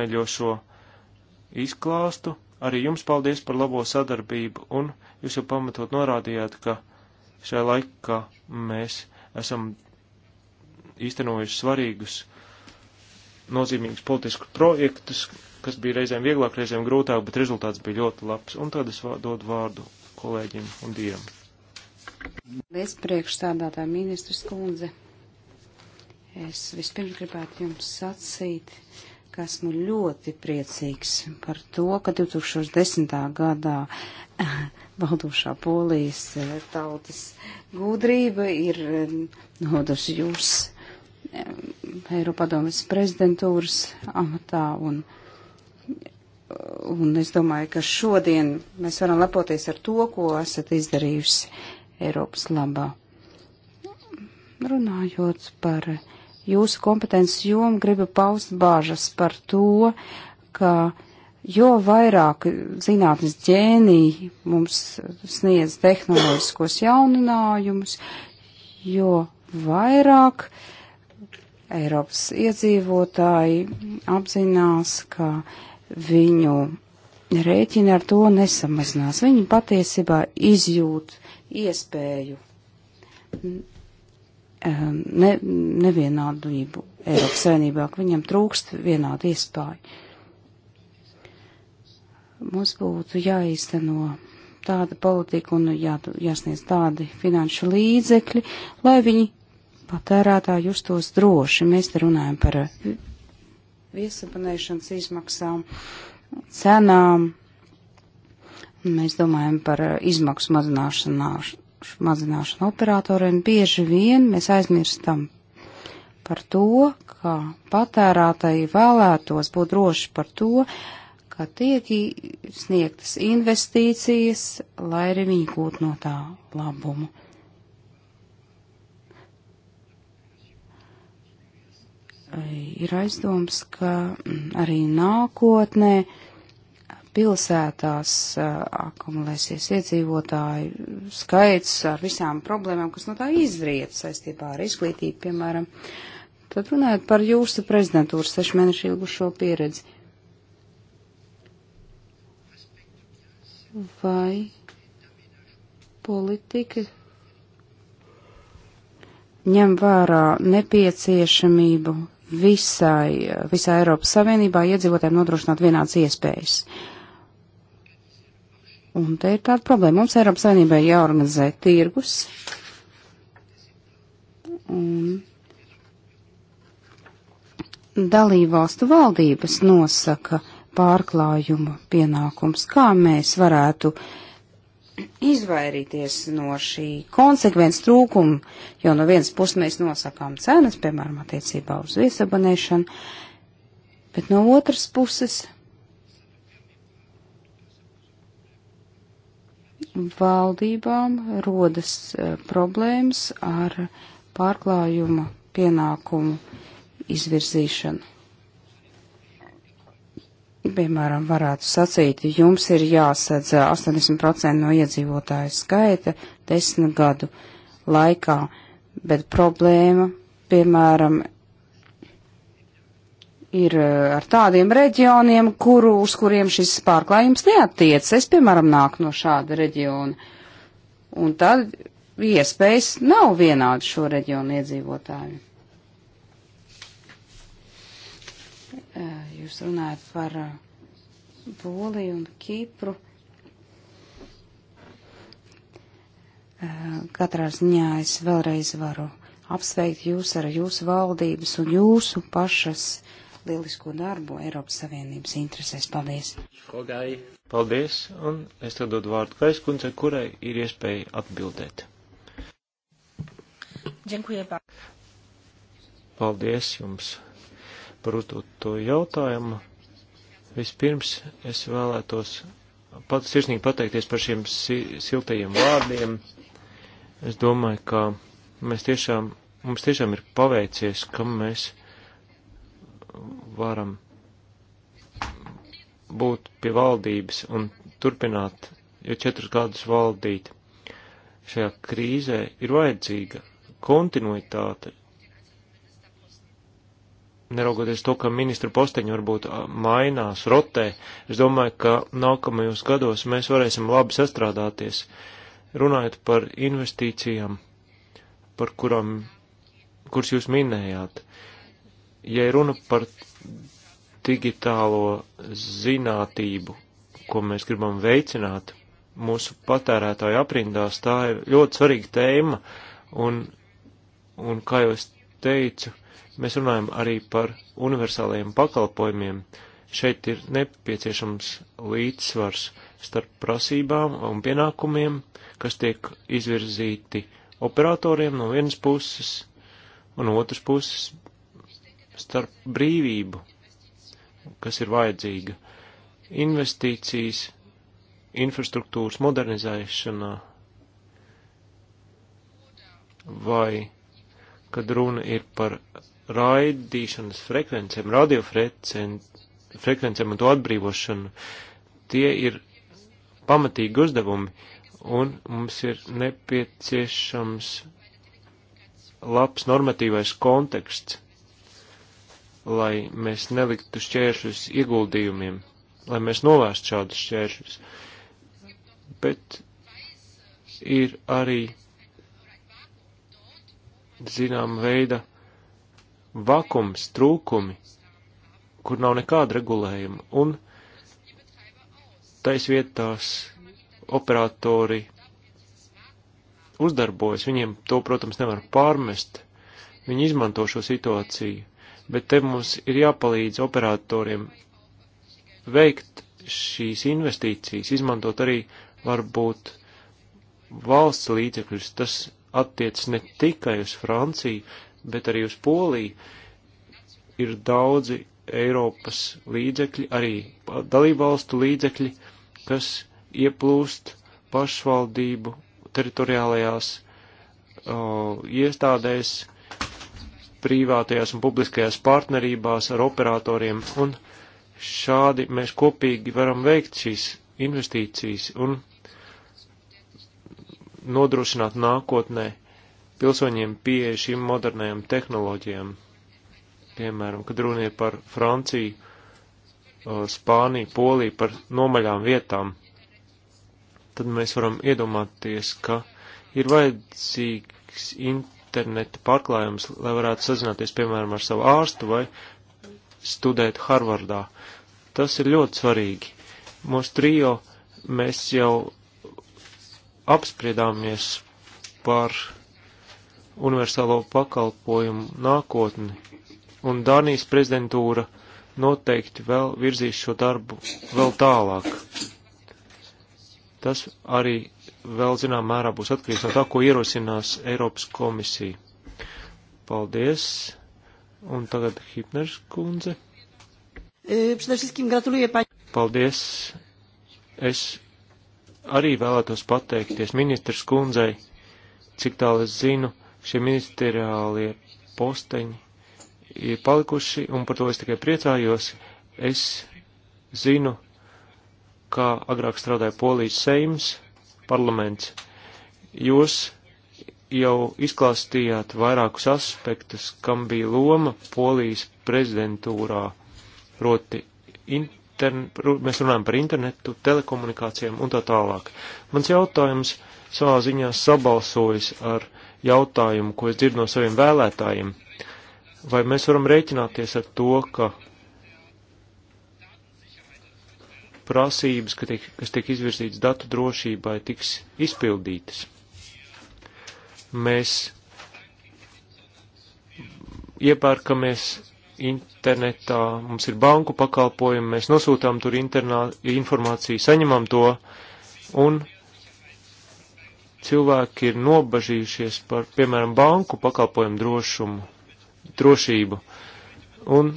meļošo izklāstu. Arī jums paldies par labo sadarbību, un jūs jau pamatot norādījāt, ka šajā laikā mēs esam īstenojuši svarīgus, nozīmīgus politiskus projektus, kas bija reizēm vieglāk, reizēm grūtāk, bet rezultāts bija ļoti labs. Un tad es dodu vārdu kolēģim un dievam. Lies priekšstādātā ministrs kundze, es vispirms gribētu jums sacīt, uh, ka esmu ļoti priecīgs par to, ka 2010. gadā eh, valdošā polijas eh, tautas gudrība ir eh, nodas jūs Eiropadomes prezidentūras amatā un, un es domāju, ka šodien mēs varam lepoties ar to, ko esat izdarījusi Eiropas labā. Runājot par uh, jūsu kompetences jomu, gribu paust bāžas par to, ka jo vairāk zinātnes ģēniji mums sniedz tehnoloģiskos jauninājumus, jo vairāk Eiropas iedzīvotāji apzinās, ka viņu rēķini ar to nesamazinās. Viņi patiesībā izjūt iespēju Ehm, ne, nevienādību Eiropas Savienībā, ka viņam trūkst vienādu iespēju. Mums būtu jāīsteno tāda politika un jā, jāsniedz tādi finanšu līdzekļi, lai viņi patērētāji justos droši. Mēs te runājam par viesapanēšanas izmaksām, cenām. Mēs domājam par izmaksu mazināšanās, mazināšanu operatoriem, bieži vien mēs aizmirstam par to, ka patērētāji vēlētos būt droši par to, ka tiek sniegtas investīcijas, lai arī viņi gūtu no tā labumu. Ir aizdoms, ka mm, arī nākotnē uh, pilsētās akumulēsies iedzīvotāju skaits ar visām problēmām, kas no tā izriet saistībā ar izglītību, piemēram. Tad runājot par jūsu prezidentūras sešu mēnešu ilgušo pieredzi. Vai politika ņem vērā nepieciešamību visai, visai Eiropas Savienībā iedzīvotājiem nodrošināt vienādas iespējas? Uh, Un te ir tāda problēma. Mums Eiropas Savienībai jāorganizē tirgus. Un dalībvalstu valdības nosaka pārklājuma pienākums, kā mēs varētu izvairīties no šī konsekvences trūkuma, jo no vienas puses mēs nosakām cenas, piemēram, attiecībā uz viesabonēšanu, bet no otras puses valdībām rodas e, problēmas ar pārklājuma pienākumu izvirzīšanu. Piemēram, varētu sacīt, jums ir jāsadz 80% no iedzīvotāju skaita desmit gadu laikā, bet problēma, piemēram, ir eh, ar tādiem reģioniem, kuru, uz kuriem šis pārklājums neatiec. Es, piemēram, nāku no šāda reģiona. Un tad iespējas nav vienādi šo reģionu iedzīvotāju. Eh, jūs runājat par eh, Poliju un Kipru. Katrā ziņā es vēlreiz varu apsveikt jūs ar jūsu valdības un jūsu pašas lielisko darbu Eiropas Savienības interesēs. Paldies! Paldies, un es tad dodu vārdu Kaiskundze, kurai ir iespēja atbildēt. Paldies jums par uzdoto jautājumu. Vispirms es vēlētos pats sirsnīgi pateikties par šiem si siltajiem vārdiem. Es domāju, ka mēs tiešām, mums tiešām ir paveicies, ka mēs varam būt pie valdības un turpināt jau četrus gadus valdīt šajā krīzē, ir vajadzīga kontinuitāte. Neraugoties to, ka ministru posteņi varbūt mainās, rotē, es domāju, ka nākamajos gados mēs varēsim labi sastrādāties, runājot par investīcijām, par kurām, kuras jūs minējāt. Uh, ja runa par digitālo zinātību, ko mēs gribam veicināt mūsu patērētāju aprindās, tā ir ļoti svarīga tēma, un, un kā jau es teicu, mēs runājam arī par universālajiem pakalpojumiem. Šeit ir nepieciešams līdzsvars starp prasībām un pienākumiem, kas tiek izvirzīti operatoriem no vienas puses, un otras puses starp brīvību, kas ir vajadzīga, investīcijas, infrastruktūras modernizēšanā, vai kad runa ir par raidīšanas frekvencēm, radiofrekvencēm un to atbrīvošanu, tie ir pamatīgi uzdevumi, un mums ir nepieciešams labs normatīvais konteksts lai mēs neliktu šķēršļus ieguldījumiem, lai mēs novērstu šādus šķēršļus. Bet ir arī zinām veida vakums, trūkumi, kur nav nekāda regulējuma, un taisvietās operatori uzdarbojas, viņiem to, protams, nevar pārmest, viņi izmanto šo situāciju bet te mums ir jāpalīdz operatoriem veikt šīs investīcijas, izmantot arī varbūt valsts līdzekļus. Tas attiec ne tikai uz Franciju, bet arī uz Poliju. Ir daudzi Eiropas līdzekļi, arī dalībvalstu līdzekļi, kas ieplūst pašvaldību teritoriālajās o, iestādēs, privātajās un publiskajās partnerībās ar operatoriem, un šādi mēs kopīgi varam veikt šīs investīcijas un nodrošināt nākotnē pilsoņiem pieeja šīm modernajām tehnoloģijām. Piemēram, kad runa ir par Franciju, Spāniju, Poliju, par nomaļām vietām, tad mēs varam iedomāties, ka ir vajadzīgs in interneta pārklājums, lai varētu sazināties, piemēram, ar savu ārstu vai studēt Harvardā. Tas ir ļoti svarīgi. Mūsu trijo mēs jau apspriedāmies par universālo pakalpojumu nākotni, un Dānijas prezidentūra noteikti vēl virzīs šo darbu vēl tālāk. Tas arī vēl zinām mērā būs atkarīgs no tā, ko ierosinās Eiropas komisija. Paldies! Un tagad Hipners kundze. E, Paldies! Es arī vēlētos pateikties ministrs kundzei, cik tālu es zinu, šie ministeriālie posteņi ir palikuši, un par to es tikai priecājos. Es zinu, kā agrāk strādāja Polijas Seims, parlaments. Jūs jau izklāstījāt vairākus aspektus, kam bija loma Polijas prezidentūrā, proti intern, mēs runājam par internetu, telekomunikācijām un tā tālāk. Mans jautājums savā ziņā sabalsojas ar jautājumu, ko es dzirdu no saviem vēlētājiem. Vai mēs varam rēķināties ar to, ka prasības, ka tiek, kas tiek izvirzītas datu drošībai, tiks izpildītas. Mēs iepērkamies internetā, mums ir banku pakalpojumi, mēs nosūtām tur internā, informāciju, saņemam to, un cilvēki ir nobažījušies par, piemēram, banku pakalpojumu drošumu, drošību, un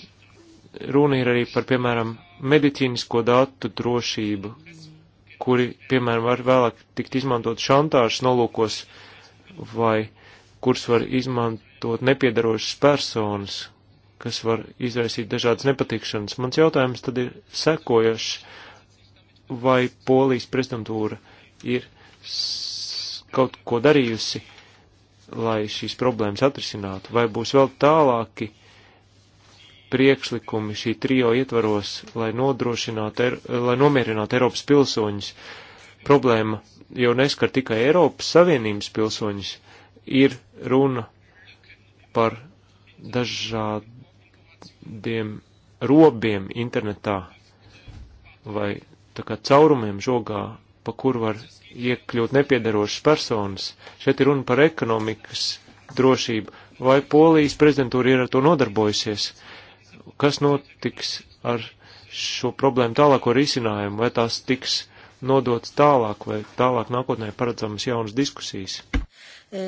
runa ir arī par, piemēram, medicīnisko datu drošību, kuri, piemēram, var vēlāk tikt izmantot šantāžas nolūkos vai kurus var izmantot nepiedarošas personas, kas var izraisīt dažādas nepatikšanas. Mans jautājums tad ir sekojošs, vai Polijas prezidentūra ir kaut ko darījusi, lai šīs problēmas atrisinātu, vai būs vēl tālāki priekšlikumi šī trijo ietvaros, lai nodrošinātu, lai nomierinātu Eiropas pilsoņus, problēma jau neskar tikai Eiropas Savienības pilsoņus, ir runa par dažādiem robiem internetā vai tā kā caurumiem žogā, pa kur var iekļūt nepiedarošas personas. Šeit ir runa par ekonomikas drošību, vai Polijas prezidentūra ir ar to nodarbojusies kas notiks ar šo problēmu tālāko risinājumu, vai tās tiks nodots tālāk, vai tālāk nākotnē paredzamas jaunas diskusijas. E,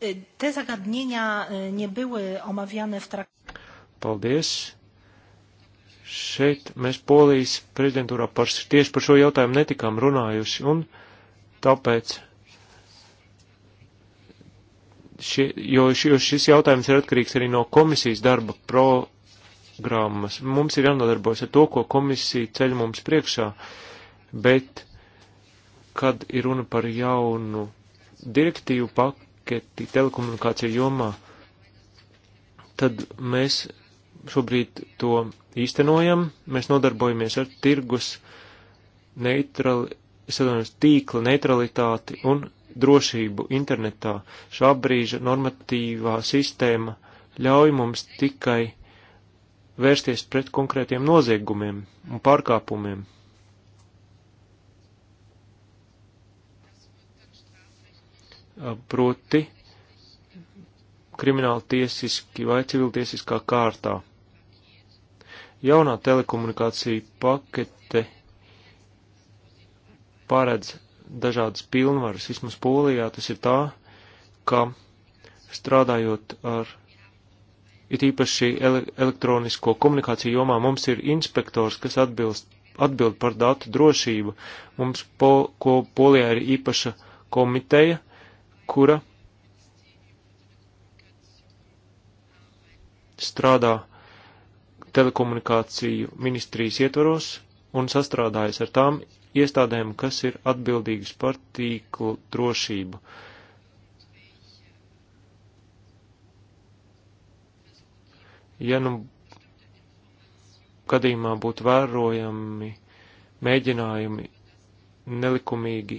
e, te zagadnienia e, nebyły omawiane w traktacie. Paldies. Šeit mēs Polijas prezidentūrā par, tieši par šo jautājumu netikām runājuši, un tāpēc, šie, jo, jo šis jautājums ir atkarīgs arī no komisijas darba pro, programmas. Mums ir jānodarbojas ar to, ko komisija ceļ mums priekšā, bet, kad ir runa par jaunu direktīvu paketi telekomunikāciju jomā, tad mēs šobrīd to īstenojam, mēs nodarbojamies ar tirgus neutrali, sadarbojums tīkla neutralitāti un drošību internetā. Šā brīža normatīvā sistēma ļauj mums tikai vērsties pret konkrētiem noziegumiem un pārkāpumiem. Proti krimināli tiesiski vai civiltiesiskā kārtā. Jaunā telekomunikācija pakete paredz dažādas pilnvaras, vismaz polijā tas ir tā, ka strādājot ar it īpaši ele elektronisko komunikāciju jomā mums ir inspektors, kas atbilst, atbild par datu drošību. Mums po, ko Polijā ir īpaša komiteja, kura strādā telekomunikāciju ministrijas ietvaros un sastrādājas ar tām iestādēm, kas ir atbildīgas par tīklu drošību. Uh, ja nu gadījumā būtu vērojami mēģinājumi nelikumīgi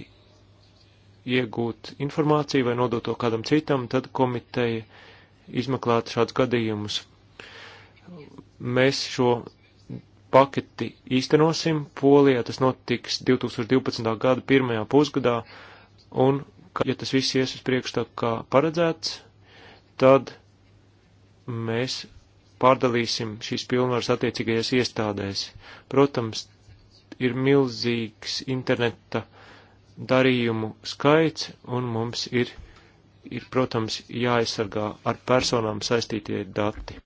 iegūt informāciju vai nodot to kādam citam, tad komiteja izmeklētu šādus gadījumus. Mēs šo paketi īstenosim. Polijā tas notiks 2012. gada pirmajā pusgadā, un, ja tas viss ies uz priekšu tā kā paredzēts, tad mēs pārdalīsim šīs pilnvaras attiecīgajās iestādēs. Protams, ir milzīgs interneta darījumu skaits, un mums ir, ir protams, jāaizsargā ar personām saistītie dati.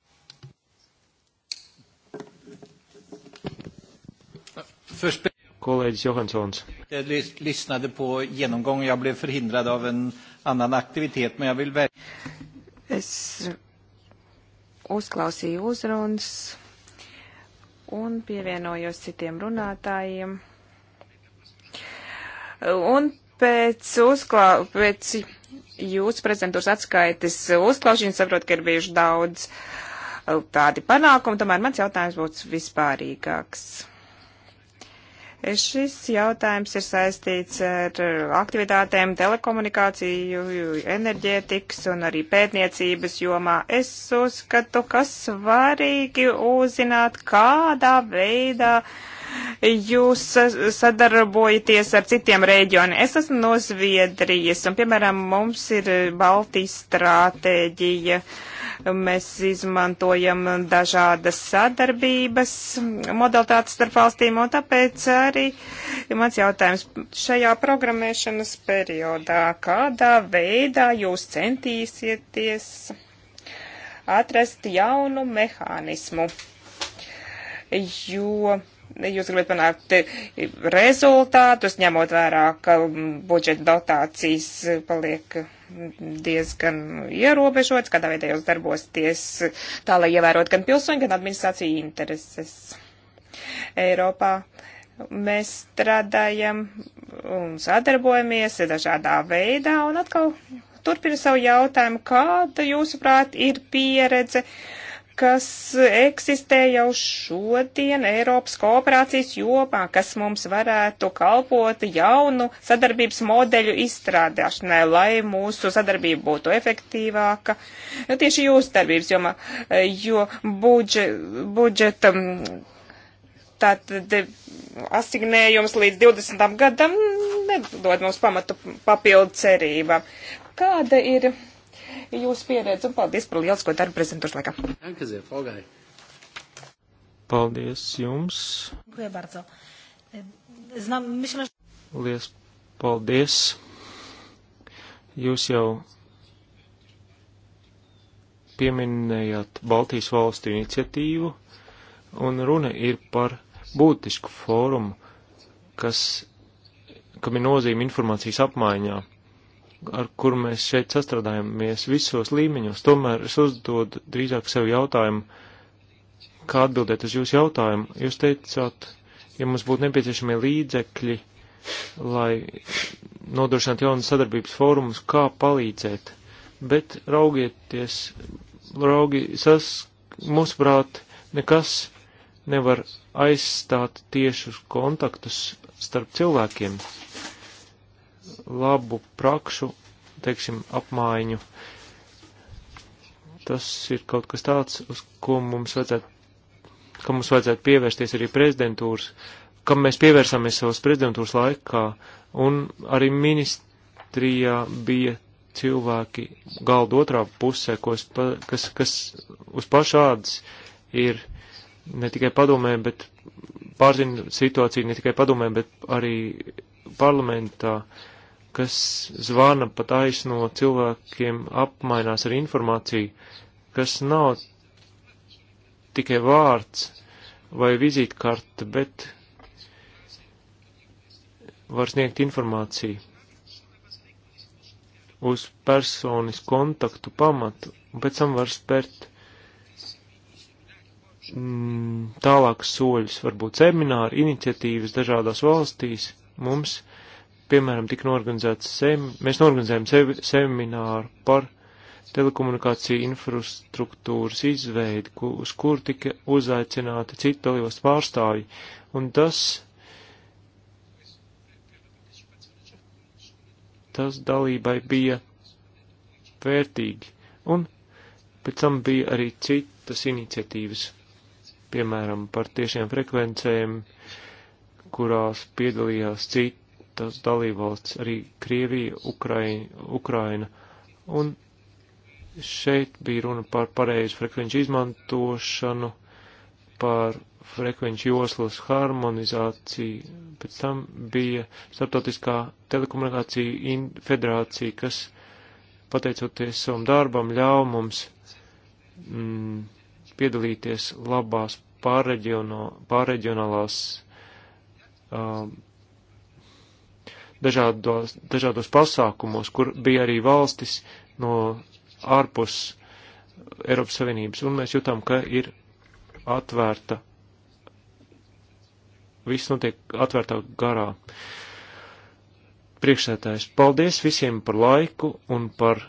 Kolēģis Johansons. Lyssnade på genomgång, jag blev förhindrad av en annan aktivitet, men jag vill verkligen uzklausīju uzrunas un pievienojos citiem runātājiem. Un pēc, uzklā, pēc jūsu prezentūras atskaites uzklausīšanas saprotu, ka ir bijuši daudz uh, tādi panākumi, tomēr mans jautājums būs vispārīgāks Šis jautājums ir saistīts ar uh, aktivitātēm telekomunikāciju, enerģētikas un arī pētniecības jomā. Es uzskatu, ka svarīgi uzzināt, kādā veidā uh, jūs sadarbojaties ar citiem reģioniem. Es esmu no Zviedrijas, un, piemēram, mums ir Baltijas stratēģija. Mēs izmantojam dažādas sadarbības modalitātes starp valstīm, un tāpēc arī mans jautājums šajā programmēšanas periodā, kādā veidā jūs centīsieties atrast jaunu mehānismu, jo jūs gribat panākt e, rezultātus, ņemot vērā, ka budžeta dotācijas paliek diezgan ierobežots, kādā veidā jūs darbosties tā, lai ievērot gan pilsoņu, gan administrāciju intereses. Eiropā mēs strādājam un sadarbojamies dažādā veidā un atkal turpina savu jautājumu, kāda jūsuprāt ir pieredze kas eksistē jau šodien Eiropas kooperācijas jomā, kas mums varētu kalpot jaunu sadarbības modeļu izstrādāšanai, lai mūsu sadarbība būtu efektīvāka. Nu, tieši jūsu darbības jomā, jo budže, budžeta. Tātad asignējums līdz 20. gadam nedod mums pamatu papildu cerību. Kāda ir jūsu pieredzi un paldies par lielisko darbu prezentūras laikā. Paldies jums. E, Lies paldies. Jūs jau pieminējāt Baltijas valstu iniciatīvu, un runa ir par būtisku fórumu, kas, kam ir nozīme informācijas apmaiņā ar kur mēs šeit sastrādājamies visos līmeņos. Tomēr es uzdodu drīzāk sev jautājumu, kā atbildēt uz jūsu jautājumu. Jūs teicāt, ja mums būtu nepieciešamie līdzekļi, lai nodrošinātu jaunas sadarbības fórumus, kā palīdzēt. Bet raugieties, raugi, sas, mūsuprāt, nekas nevar aizstāt tiešus kontaktus starp cilvēkiem labu prakšu, teiksim, apmaiņu. Tas ir kaut kas tāds, uz ko mums vajadzētu, ka mums vajadzētu pievērsties arī prezidentūras, kam mēs pievērsāmies savas prezidentūras laikā, un arī ministrijā bija cilvēki galda otrā pusē, pa, kas, kas uz pašādas ir ne tikai padomē, bet pārzina situāciju ne tikai padomē, bet arī parlamentā. Uh, kas zvana pat aizno cilvēkiem, apmainās ar informāciju, kas nav tikai vārds vai vizītkarte, bet var sniegt informāciju uz personas kontaktu pamatu, un pēc tam var spērt mm, tālākas soļus, varbūt semināri, iniciatīvas dažādās valstīs. Mums piemēram, tika norganizēts, sem, mēs norganizējam se, semināru par telekomunikāciju infrastruktūras izveidi, ku, uz kur tika uzaicināti citu dalībvalstu pārstāvji, un tas, tas dalībai bija vērtīgi, un pēc tam bija arī citas iniciatīvas, piemēram, par tiešiem frekvencēm, kurās piedalījās citi citas dalībvalsts, arī Krievija, Ukraina, Ukraina. Un šeit bija runa par pareizu frekvenču izmantošanu, par frekvenču joslas harmonizāciju, pēc tam bija Startautiskā telekomunikācija federācija, kas, pateicoties savam darbam, ļauj mums mm, piedalīties labās pārreģionālās um, dažādos, dažādos pasākumos, kur bija arī valstis no ārpus Eiropas Savienības, un mēs jutām, ka ir atvērta, viss notiek atvērtā garā. Priekšsētājs, paldies visiem par laiku un par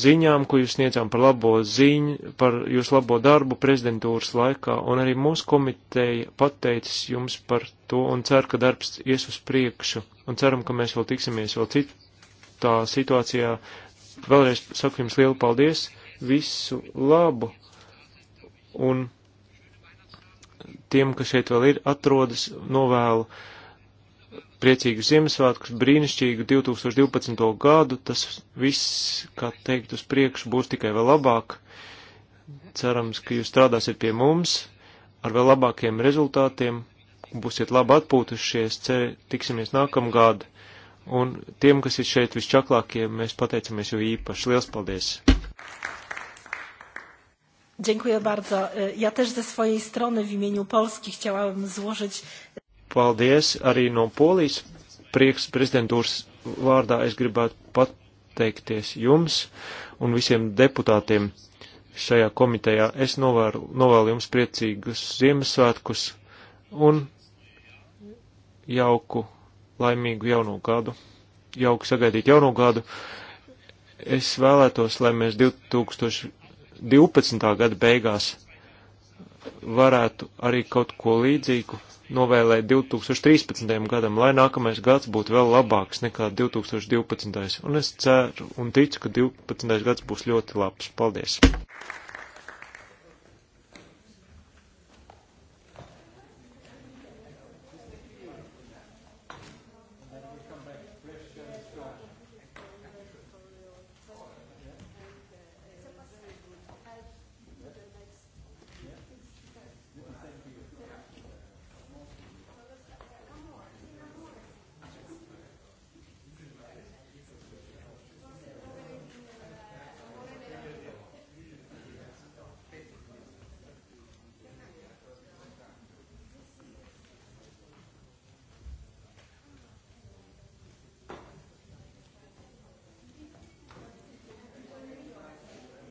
ziņām, ko jūs sniedzām par labo ziņu, par jūsu labo darbu prezidentūras laikā, un arī mūsu komiteja pateicis jums par to un cer, ka darbs ies uz priekšu, un ceram, ka mēs vēl tiksimies vēl citā situācijā. Vēlreiz saku jums lielu paldies, visu labu, un tiem, kas šeit vēl ir, atrodas, novēlu priecīgu Ziemassvētkus, brīnišķīgu 2012. gadu. Tas viss, kā teikt, uz priekšu būs tikai vēl labāk. Cerams, ka jūs strādāsiet pie mums ar vēl labākiem rezultātiem, būsiet labi atpūtušies, cer, tiksimies nākamgad. Un tiem, kas ir šeit visčaklākie, mēs pateicamies jau īpaši. Liels paldies! Dziękuję bardzo. Ja też ze swojej strony w imieniu Polski chciałabym złożyć Paldies arī no Polijas. Prieks prezidentūras vārdā es gribētu pateikties jums un visiem deputātiem šajā komitejā. Es novēru, novēlu jums priecīgus Ziemassvētkus un jauku, laimīgu jauno gadu, jauku sagaidīt jauno gadu. Es vēlētos, lai mēs 2012. gada beigās varētu arī kaut ko līdzīgu novēlēt 2013. gadam, lai nākamais gads būtu vēl labāks nekā 2012. Un es ceru un ticu, ka 2012. gads būs ļoti labs. Paldies!